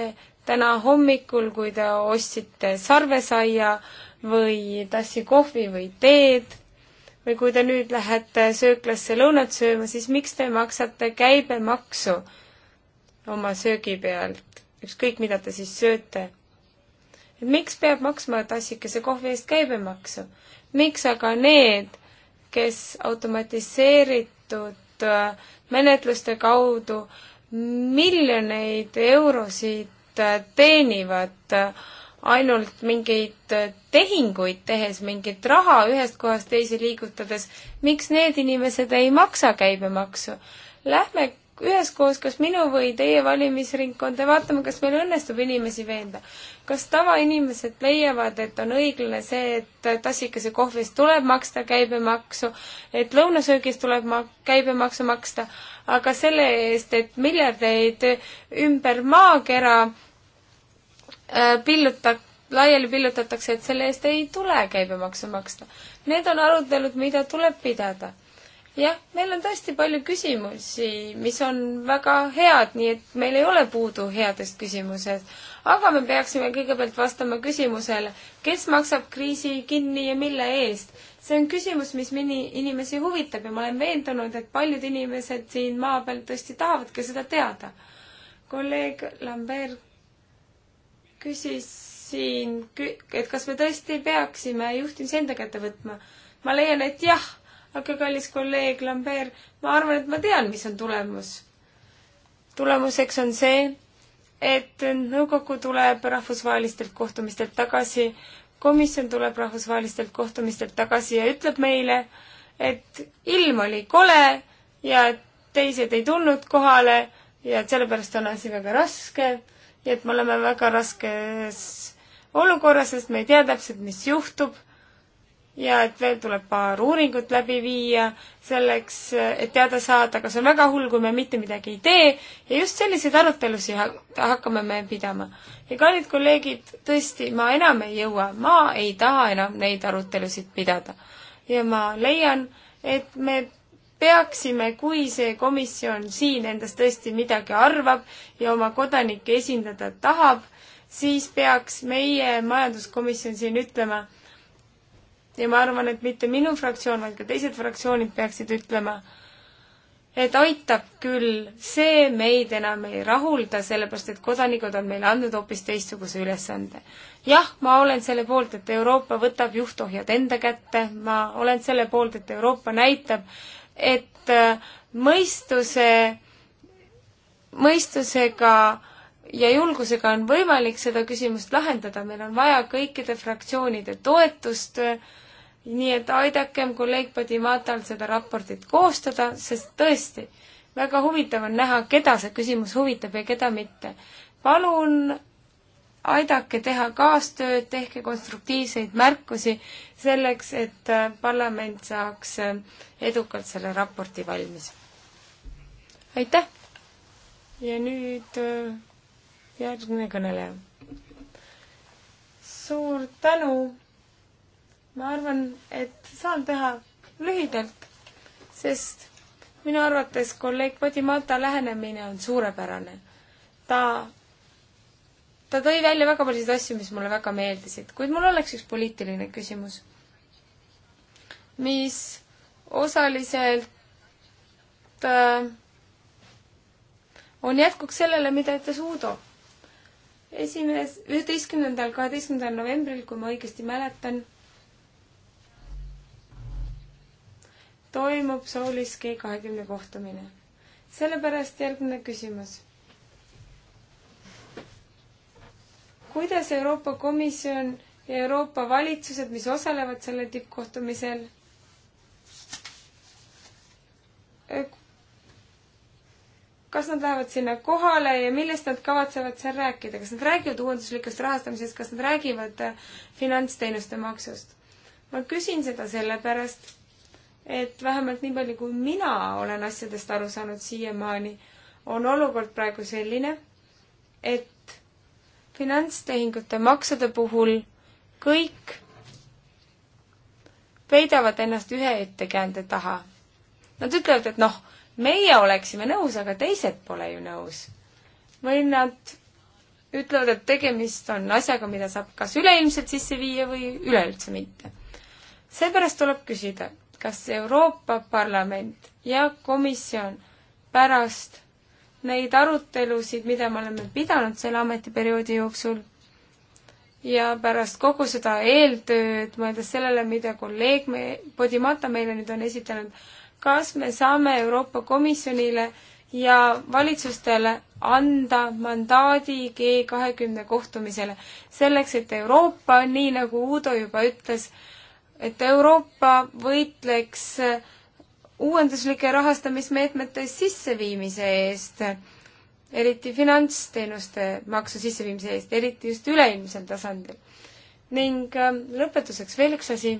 täna hommikul, kui te ostsite sarvesaia või tassi kohvi või teed või kui te nüüd lähete sööklasse lõunat sööma, siis miks te maksate käibemaksu oma söögi pealt, ükskõik mida te siis sööte miks peab maksma tassikese kohvi eest käibemaksu? miks aga need, kes automatiseeritud äh, menetluste kaudu miljoneid eurosid äh, teenivad äh, ainult mingeid tehinguid tehes, mingit raha ühest kohast teise liigutades, miks need inimesed ei maksa käibemaksu? Lähme üheskoos, kas minu või teie valimisringkond ja vaatame, kas meil õnnestub inimesi veenda. kas tavainimesed leiavad, et on õiglane see, et tassikese kohvist tuleb maksta käibemaksu, et lõunasöögist tuleb ma-, käibemaksu maksta, aga selle eest, et miljardeid ümber maakera äh, pilluta-, laiali pillutatakse, et selle eest ei tule käibemaksu maksta. Need on arutelud, mida tuleb pidada jah, meil on tõesti palju küsimusi, mis on väga head, nii et meil ei ole puudu headest küsimused. aga me peaksime kõigepealt vastama küsimusele, kes maksab kriisi kinni ja mille eest. see on küsimus, mis mini-, inimesi huvitab ja ma olen veendunud, et paljud inimesed siin maa peal tõesti tahavad ka seda teada. kolleeg Lambert küsis siin, et kas me tõesti peaksime juhtimise enda kätte võtma. ma leian, et jah aga kallis kolleeg Lambert, ma arvan, et ma tean, mis on tulemus. tulemuseks on see, et nõukogu tuleb rahvusvahelistelt kohtumistelt tagasi, komisjon tuleb rahvusvahelistelt kohtumistelt tagasi ja ütleb meile, et ilm oli kole ja teised ei tulnud kohale ja et sellepärast on asi väga raske ja et me oleme väga raskes olukorras, sest me ei tea täpselt, mis juhtub ja et veel tuleb paar uuringut läbi viia selleks, et teada saada, kas on väga hull, kui me mitte midagi ei tee ja just selliseid arutelusid hakkame me pidama. ja kallid kolleegid, tõesti, ma enam ei jõua, ma ei taha enam neid arutelusid pidada. ja ma leian, et me peaksime, kui see komisjon siin endast tõesti midagi arvab ja oma kodanikke esindada tahab, siis peaks meie majanduskomisjon siin ütlema, ja ma arvan, et mitte minu fraktsioon, vaid ka teised fraktsioonid peaksid ütlema, et aitab küll, see meid enam ei rahulda, sellepärast et kodanikud on meile andnud hoopis teistsuguse ülesande. jah, ma olen selle poolt, et Euroopa võtab juhtohjad enda kätte, ma olen selle poolt, et Euroopa näitab, et äh, mõistuse, mõistusega ja julgusega on võimalik seda küsimust lahendada, meil on vaja kõikide fraktsioonide toetust äh, nii et aidakem kolleeg Padimatal seda raportit koostada, sest tõesti, väga huvitav on näha, keda see küsimus huvitab ja keda mitte. palun aidake teha kaastööd, tehke konstruktiivseid märkusi selleks, et parlament saaks edukalt selle raporti valmis. aitäh! ja nüüd äh, järgmine kõneleja. suur tänu! ma arvan, et saan teha lühidalt, sest minu arvates kolleeg Padimata lähenemine on suurepärane. ta, ta tõi välja väga paljusid asju, mis mulle väga meeldisid, kuid mul oleks üks poliitiline küsimus, mis osaliselt äh, on jätkuks sellele, mida ütles Uudo. esimees, üheteistkümnendal, kaheteistkümnendal novembril, kui ma õigesti mäletan toimub Soulis G kahekümne kohtumine. sellepärast järgmine küsimus. kuidas Euroopa Komisjon ja Euroopa valitsused, mis osalevad sellel tippkohtumisel, kas nad lähevad sinna kohale ja millest nad kavatsevad seal rääkida, kas nad räägivad uuenduslikust rahastamisest, kas nad räägivad finantsteenuste maksust? ma küsin seda sellepärast, et vähemalt nii palju, kui mina olen asjadest aru saanud siiamaani, on olukord praegu selline, et finantstehingute maksude puhul kõik peidavad ennast ühe ettekäände taha. Nad ütlevad, et noh, meie oleksime nõus, aga teised pole ju nõus. või nad ütlevad, et tegemist on asjaga, mida saab kas üleilmselt sisse viia või üleüldse mitte. seepärast tuleb küsida kas Euroopa Parlament ja komisjon pärast neid arutelusid, mida me oleme pidanud selle ametiperioodi jooksul ja pärast kogu seda eeltööd, mõeldes sellele, mida kolleeg me, Podimata meile nüüd on esitanud, kas me saame Euroopa Komisjonile ja valitsustele anda mandaadi G kahekümne kohtumisele, selleks et Euroopa, nii nagu Uudo juba ütles, et Euroopa võitleks uuenduslike rahastamismeetmete sisseviimise eest, eriti finantsteenuste maksu sisseviimise eest, eriti just üleilmsel tasandil. ning ähm, lõpetuseks veel üks asi,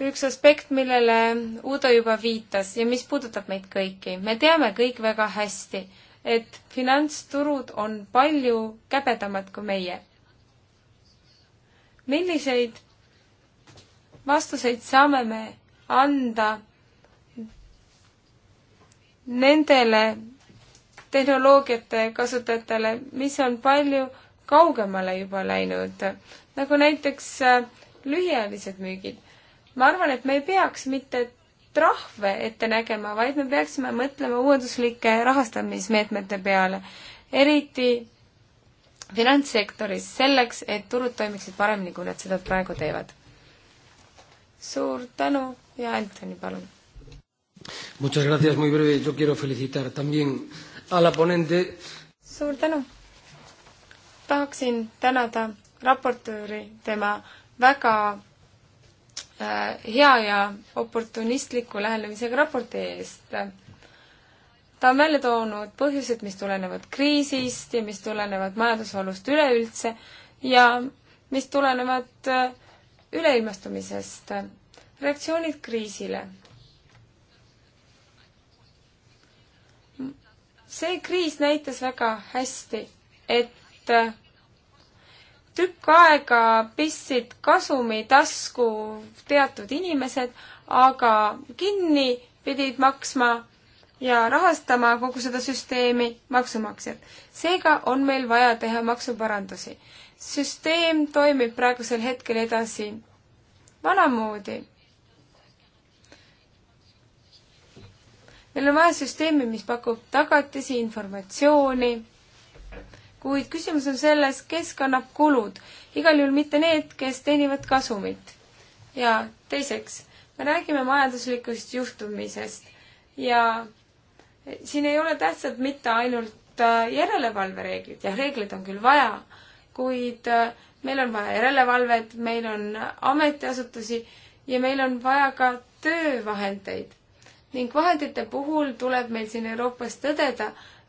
üks aspekt, millele Udo juba viitas ja mis puudutab meid kõiki. me teame kõik väga hästi, et finantsturud on palju käbedamad kui meie. milliseid vastuseid saame me anda nendele tehnoloogiate kasutajatele, mis on palju kaugemale juba läinud, nagu näiteks äh, lühiajalised müügid. ma arvan, et me ei peaks mitte trahve ette nägema, vaid me peaksime mõtlema uuenduslike rahastamismeetmete peale, eriti finantssektoris, selleks, et turud toimiksid paremini, kui nad seda praegu teevad suur tänu ja Antoni, palun. Muchas gracias, muy breve, yo quiero felicitar también a la ponente. suur tänu. tahaksin tänada raportööri tema väga äh, hea ja oportunistliku lähenemisega raporti eest. ta on välja toonud põhjused, mis tulenevad kriisist ja mis tulenevad majandusolust üleüldse ja mis tulenevad äh, üleilmastumisest, reaktsioonid kriisile. see kriis näitas väga hästi, et äh, tükk aega pistsid kasumi tasku teatud inimesed, aga kinni pidid maksma ja rahastama kogu seda süsteemi maksumaksjad. seega on meil vaja teha maksuparandusi süsteem toimib praegusel hetkel edasi vanamoodi. meil on vaja süsteemi, mis pakub tagatisi, informatsiooni, kuid küsimus on selles, kes kannab kulud, igal juhul mitte need, kes teenivad kasumit. ja teiseks, me räägime majanduslikust juhtumisest ja siin ei ole tähtsad mitte ainult äh, järelevalvereeglid, jah, reeglid on küll vaja kuid äh, meil on vaja järelevalvet, meil on ametiasutusi ja meil on vaja ka töövahendeid. ning vahendite puhul tuleb meil siin Euroopas tõdeda,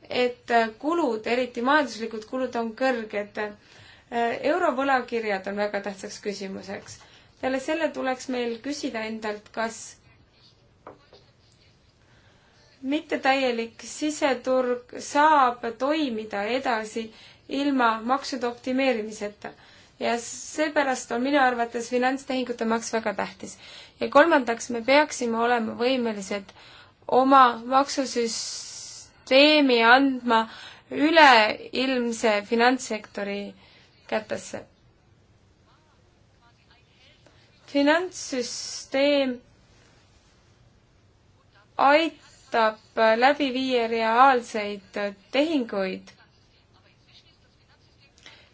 et äh, kulud, eriti majanduslikud kulud, on kõrged. Äh, eurovõlakirjad on väga tähtsaks küsimuseks. peale selle tuleks meil küsida endalt, kas mittetäielik siseturg saab toimida edasi ilma maksude optimeerimiseta. ja seepärast on minu arvates finantstehingute maks väga tähtis. ja kolmandaks, me peaksime olema võimelised oma maksusüsteemi andma üleilmse finantssektori kätesse. finantssüsteem aitab läbi viia reaalseid tehinguid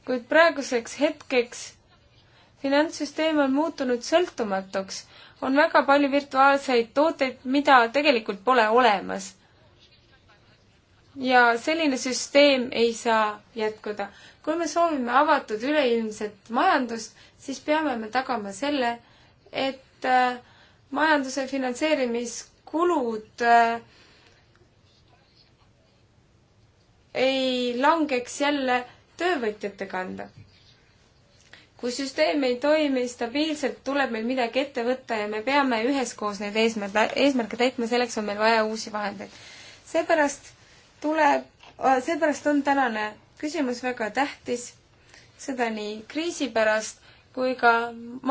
kuid praeguseks hetkeks finantssüsteem on muutunud sõltumatuks. on väga palju virtuaalseid tooteid, mida tegelikult pole olemas. ja selline süsteem ei saa jätkuda. kui me soovime avatud üleilmset majandust, siis peame me tagama selle, et äh, majanduse finantseerimiskulud äh, ei langeks jälle töövõtjate kanda. kui süsteem ei toimi stabiilselt, tuleb meil midagi ette võtta ja me peame üheskoos neid eesmärke, eesmärke täitma, selleks on meil vaja uusi vahendeid. seepärast tuleb, seepärast on tänane küsimus väga tähtis, seda nii kriisi pärast kui ka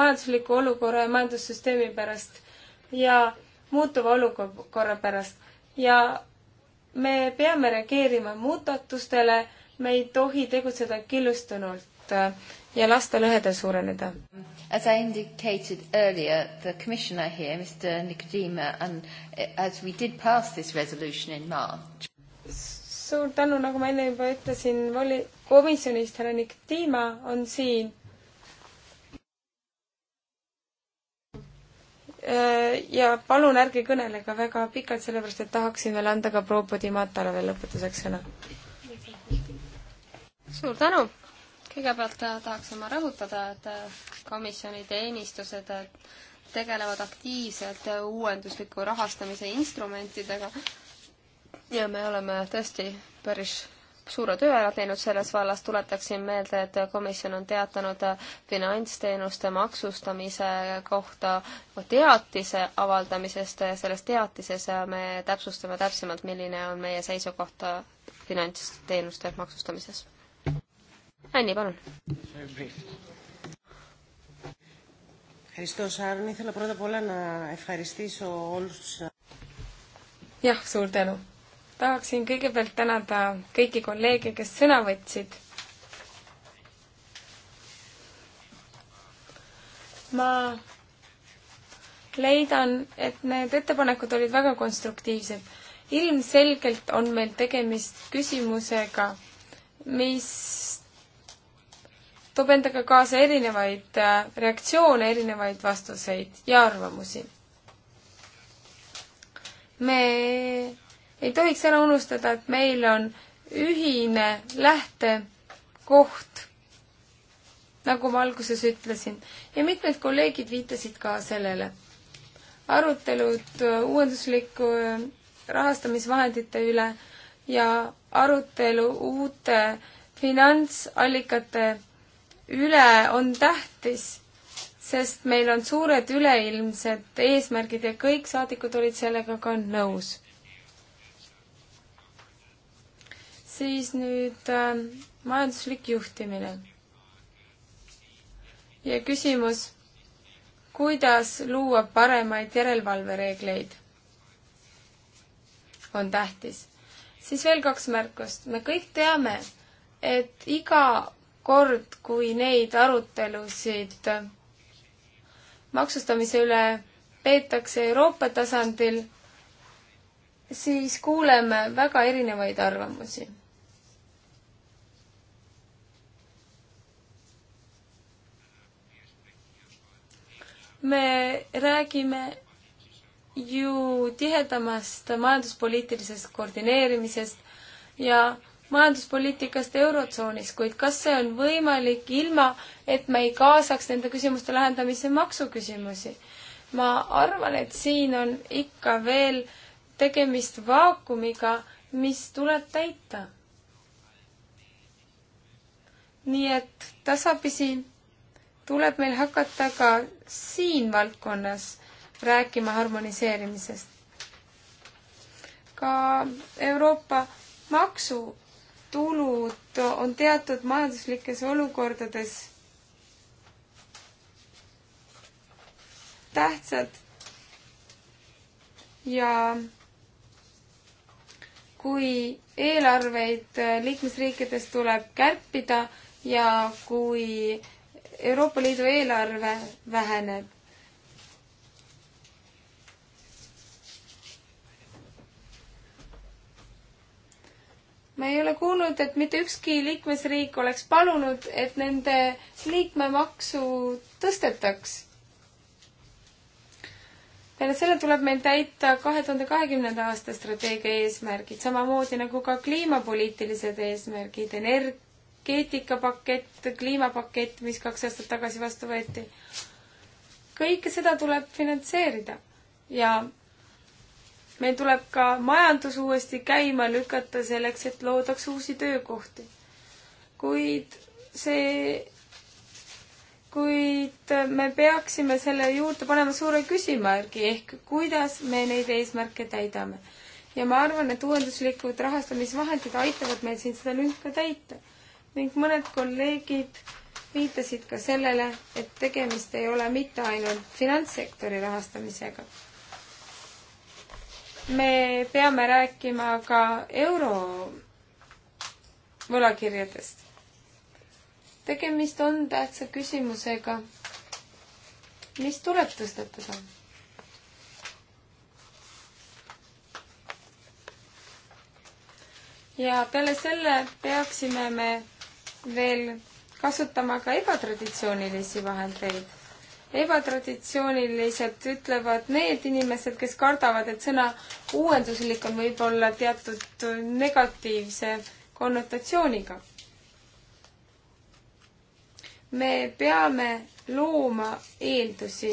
majandusliku olukorra ja majandussüsteemi pärast ja muutuva olukorra pärast ja me peame reageerima muudatustele me ei tohi tegutseda killustunult äh, ja lasta lõhedel suureneda. As I indicated earlier, the commissioner here, Mr Nikodima, and eh, as we did pass this resolution in March. suur tänu, nagu ma enne juba ütlesin, voli-, komisjonist härra Nikodima on siin. Äh, ja palun ärge kõnelege väga pikalt, sellepärast et tahaksin veel anda ka proua Podimatale veel lõpetuseks sõna suur tänu! kõigepealt äh, tahaksin ma rõhutada, et äh, komisjoni teenistused äh, tegelevad aktiivselt uuendusliku rahastamise instrumentidega ja me oleme tõesti päris suure töö ära teinud selles vallas, tuletaksin meelde, et komisjon on teatanud finantsteenuste maksustamise kohta teatise avaldamisest, selles teatises me täpsustame täpsemalt, milline on meie seisukoht finantsteenuste maksustamises. Anni, palun. Ευχαριστώ, Σάρων. Ήθελα πρώτα απ' όλα να ευχαριστήσω όλους τους... Jah, suur tänu. Tahaksin kõigepealt tänada kõiki kolleege, kes sõna võtsid. Ma leidan, et need ettepanekud olid väga konstruktiivsed. Ilmselgelt on meil tegemist küsimusega, mis toob endaga kaasa erinevaid äh, reaktsioone, erinevaid vastuseid ja arvamusi. me ei tohiks ära unustada, et meil on ühine lähtekoht, nagu ma alguses ütlesin, ja mitmed kolleegid viitasid ka sellele. arutelud äh, uuendusliku äh, rahastamisvahendite üle ja arutelu uute finantsallikate üle on tähtis, sest meil on suured üleilmsed eesmärgid ja kõik saadikud olid sellega ka nõus. siis nüüd äh, majanduslik juhtimine. ja küsimus, kuidas luua paremaid järelevalvereegleid, on tähtis. siis veel kaks märkust. me kõik teame, et iga kord, kui neid arutelusid maksustamise üle peetakse Euroopa tasandil, siis kuuleme väga erinevaid arvamusi. me räägime ju tihedamast majanduspoliitilisest koordineerimisest ja majanduspoliitikast Eurotsoonis, kuid kas see on võimalik ilma, et me ei kaasaks nende küsimuste lahendamisse maksuküsimusi? ma arvan, et siin on ikka veel tegemist vaakumiga, mis tuleb täita. nii et tasapisi tuleb meil hakata ka siin valdkonnas rääkima harmoniseerimisest. ka Euroopa maksu tulud on teatud majanduslikes olukordades tähtsad ja kui eelarveid liikmesriikides tuleb kärpida ja kui Euroopa Liidu eelarve väheneb, me ei ole kuulnud, et mitte ükski liikmesriik oleks palunud, et nende liikmemaksu tõstetaks. peale selle tuleb meil täita kahe tuhande kahekümnenda aasta strateegia eesmärgid, samamoodi nagu ka kliimapoliitilised eesmärgid, energeetikapakett, kliimapakett, mis kaks aastat tagasi vastu võeti. kõike seda tuleb finantseerida ja meil tuleb ka majandus uuesti käima lükata selleks, et loodaks uusi töökohti. kuid see, kuid me peaksime selle juurde panema suure küsimärgi ehk kuidas me neid eesmärke täidame. ja ma arvan, et uuenduslikud rahastamisvahendid aitavad meil siin seda lünka täita. ning mõned kolleegid viitasid ka sellele, et tegemist ei ole mitte ainult finantssektori rahastamisega me peame rääkima ka euro võlakirjadest. tegemist on tähtsa küsimusega, mis tuleb tõstatada. ja peale selle peaksime me veel kasutama ka ebatraditsioonilisi vahendeid ebatraditsiooniliselt ütlevad need inimesed, kes kardavad, et sõna uuenduslik on võib-olla teatud negatiivse konnotatsiooniga. me peame looma eeldusi,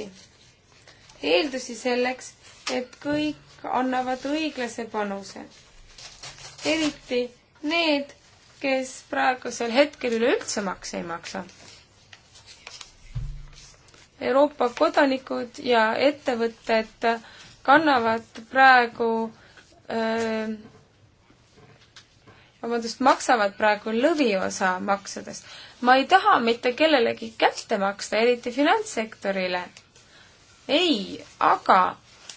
eeldusi selleks, et kõik annavad õiglase panuse. eriti need, kes praegusel hetkel üleüldse makse ei maksa Euroopa kodanikud ja ettevõtted kannavad praegu öö, vabandust, maksavad praegu lõviosa maksudest. ma ei taha mitte kellelegi kätte maksta, eriti finantssektorile. ei, aga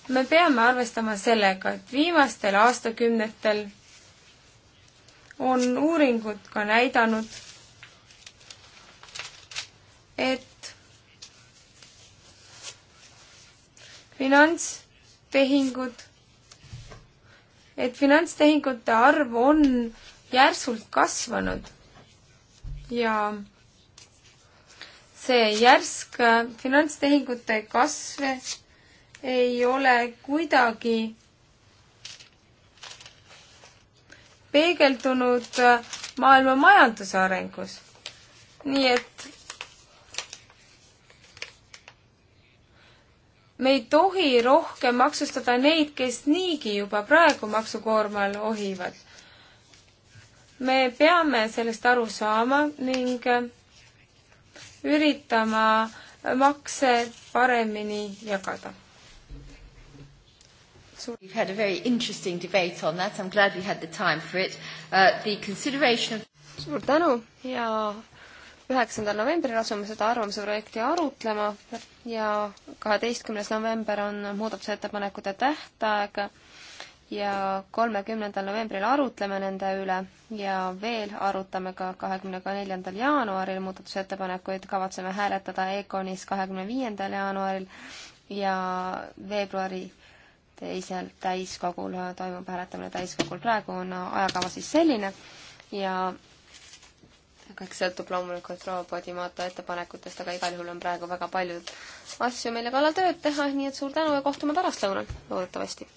me peame arvestama sellega, et viimastel aastakümnetel on uuringud ka näidanud, et finantstehingud, et finantstehingute arv on järsult kasvanud ja see järsk finantstehingute kasv ei ole kuidagi peegeldunud maailma majanduse arengus. nii et me ei tohi rohkem maksustada neid, kes niigi juba praegu maksukoormal ohivad. me peame sellest aru saama ning üritama makse paremini jagada. We've had a very interesting debate on that, I am glad we had the time for it uh,. The consideration of suur tänu ja üheksandal novembril asume seda arvamuse projekti arutlema ja kaheteistkümnes november on muudatusettepanekute tähtaeg ja kolmekümnendal novembril arutleme nende üle ja veel arutame ka kahekümne neljandal jaanuaril muudatusettepanekuid, kavatseme hääletada EKONis kahekümne viiendal jaanuaril ja veebruari teisel täiskogul toimub hääletamine täiskogul, praegu on ajakava siis selline ja kõik sõltub loomulikult Robodimata ettepanekutest, aga igal juhul on praegu väga palju asju, mille kallal tööd teha, nii et suur tänu ja kohtume pärastlõunal loodetavasti.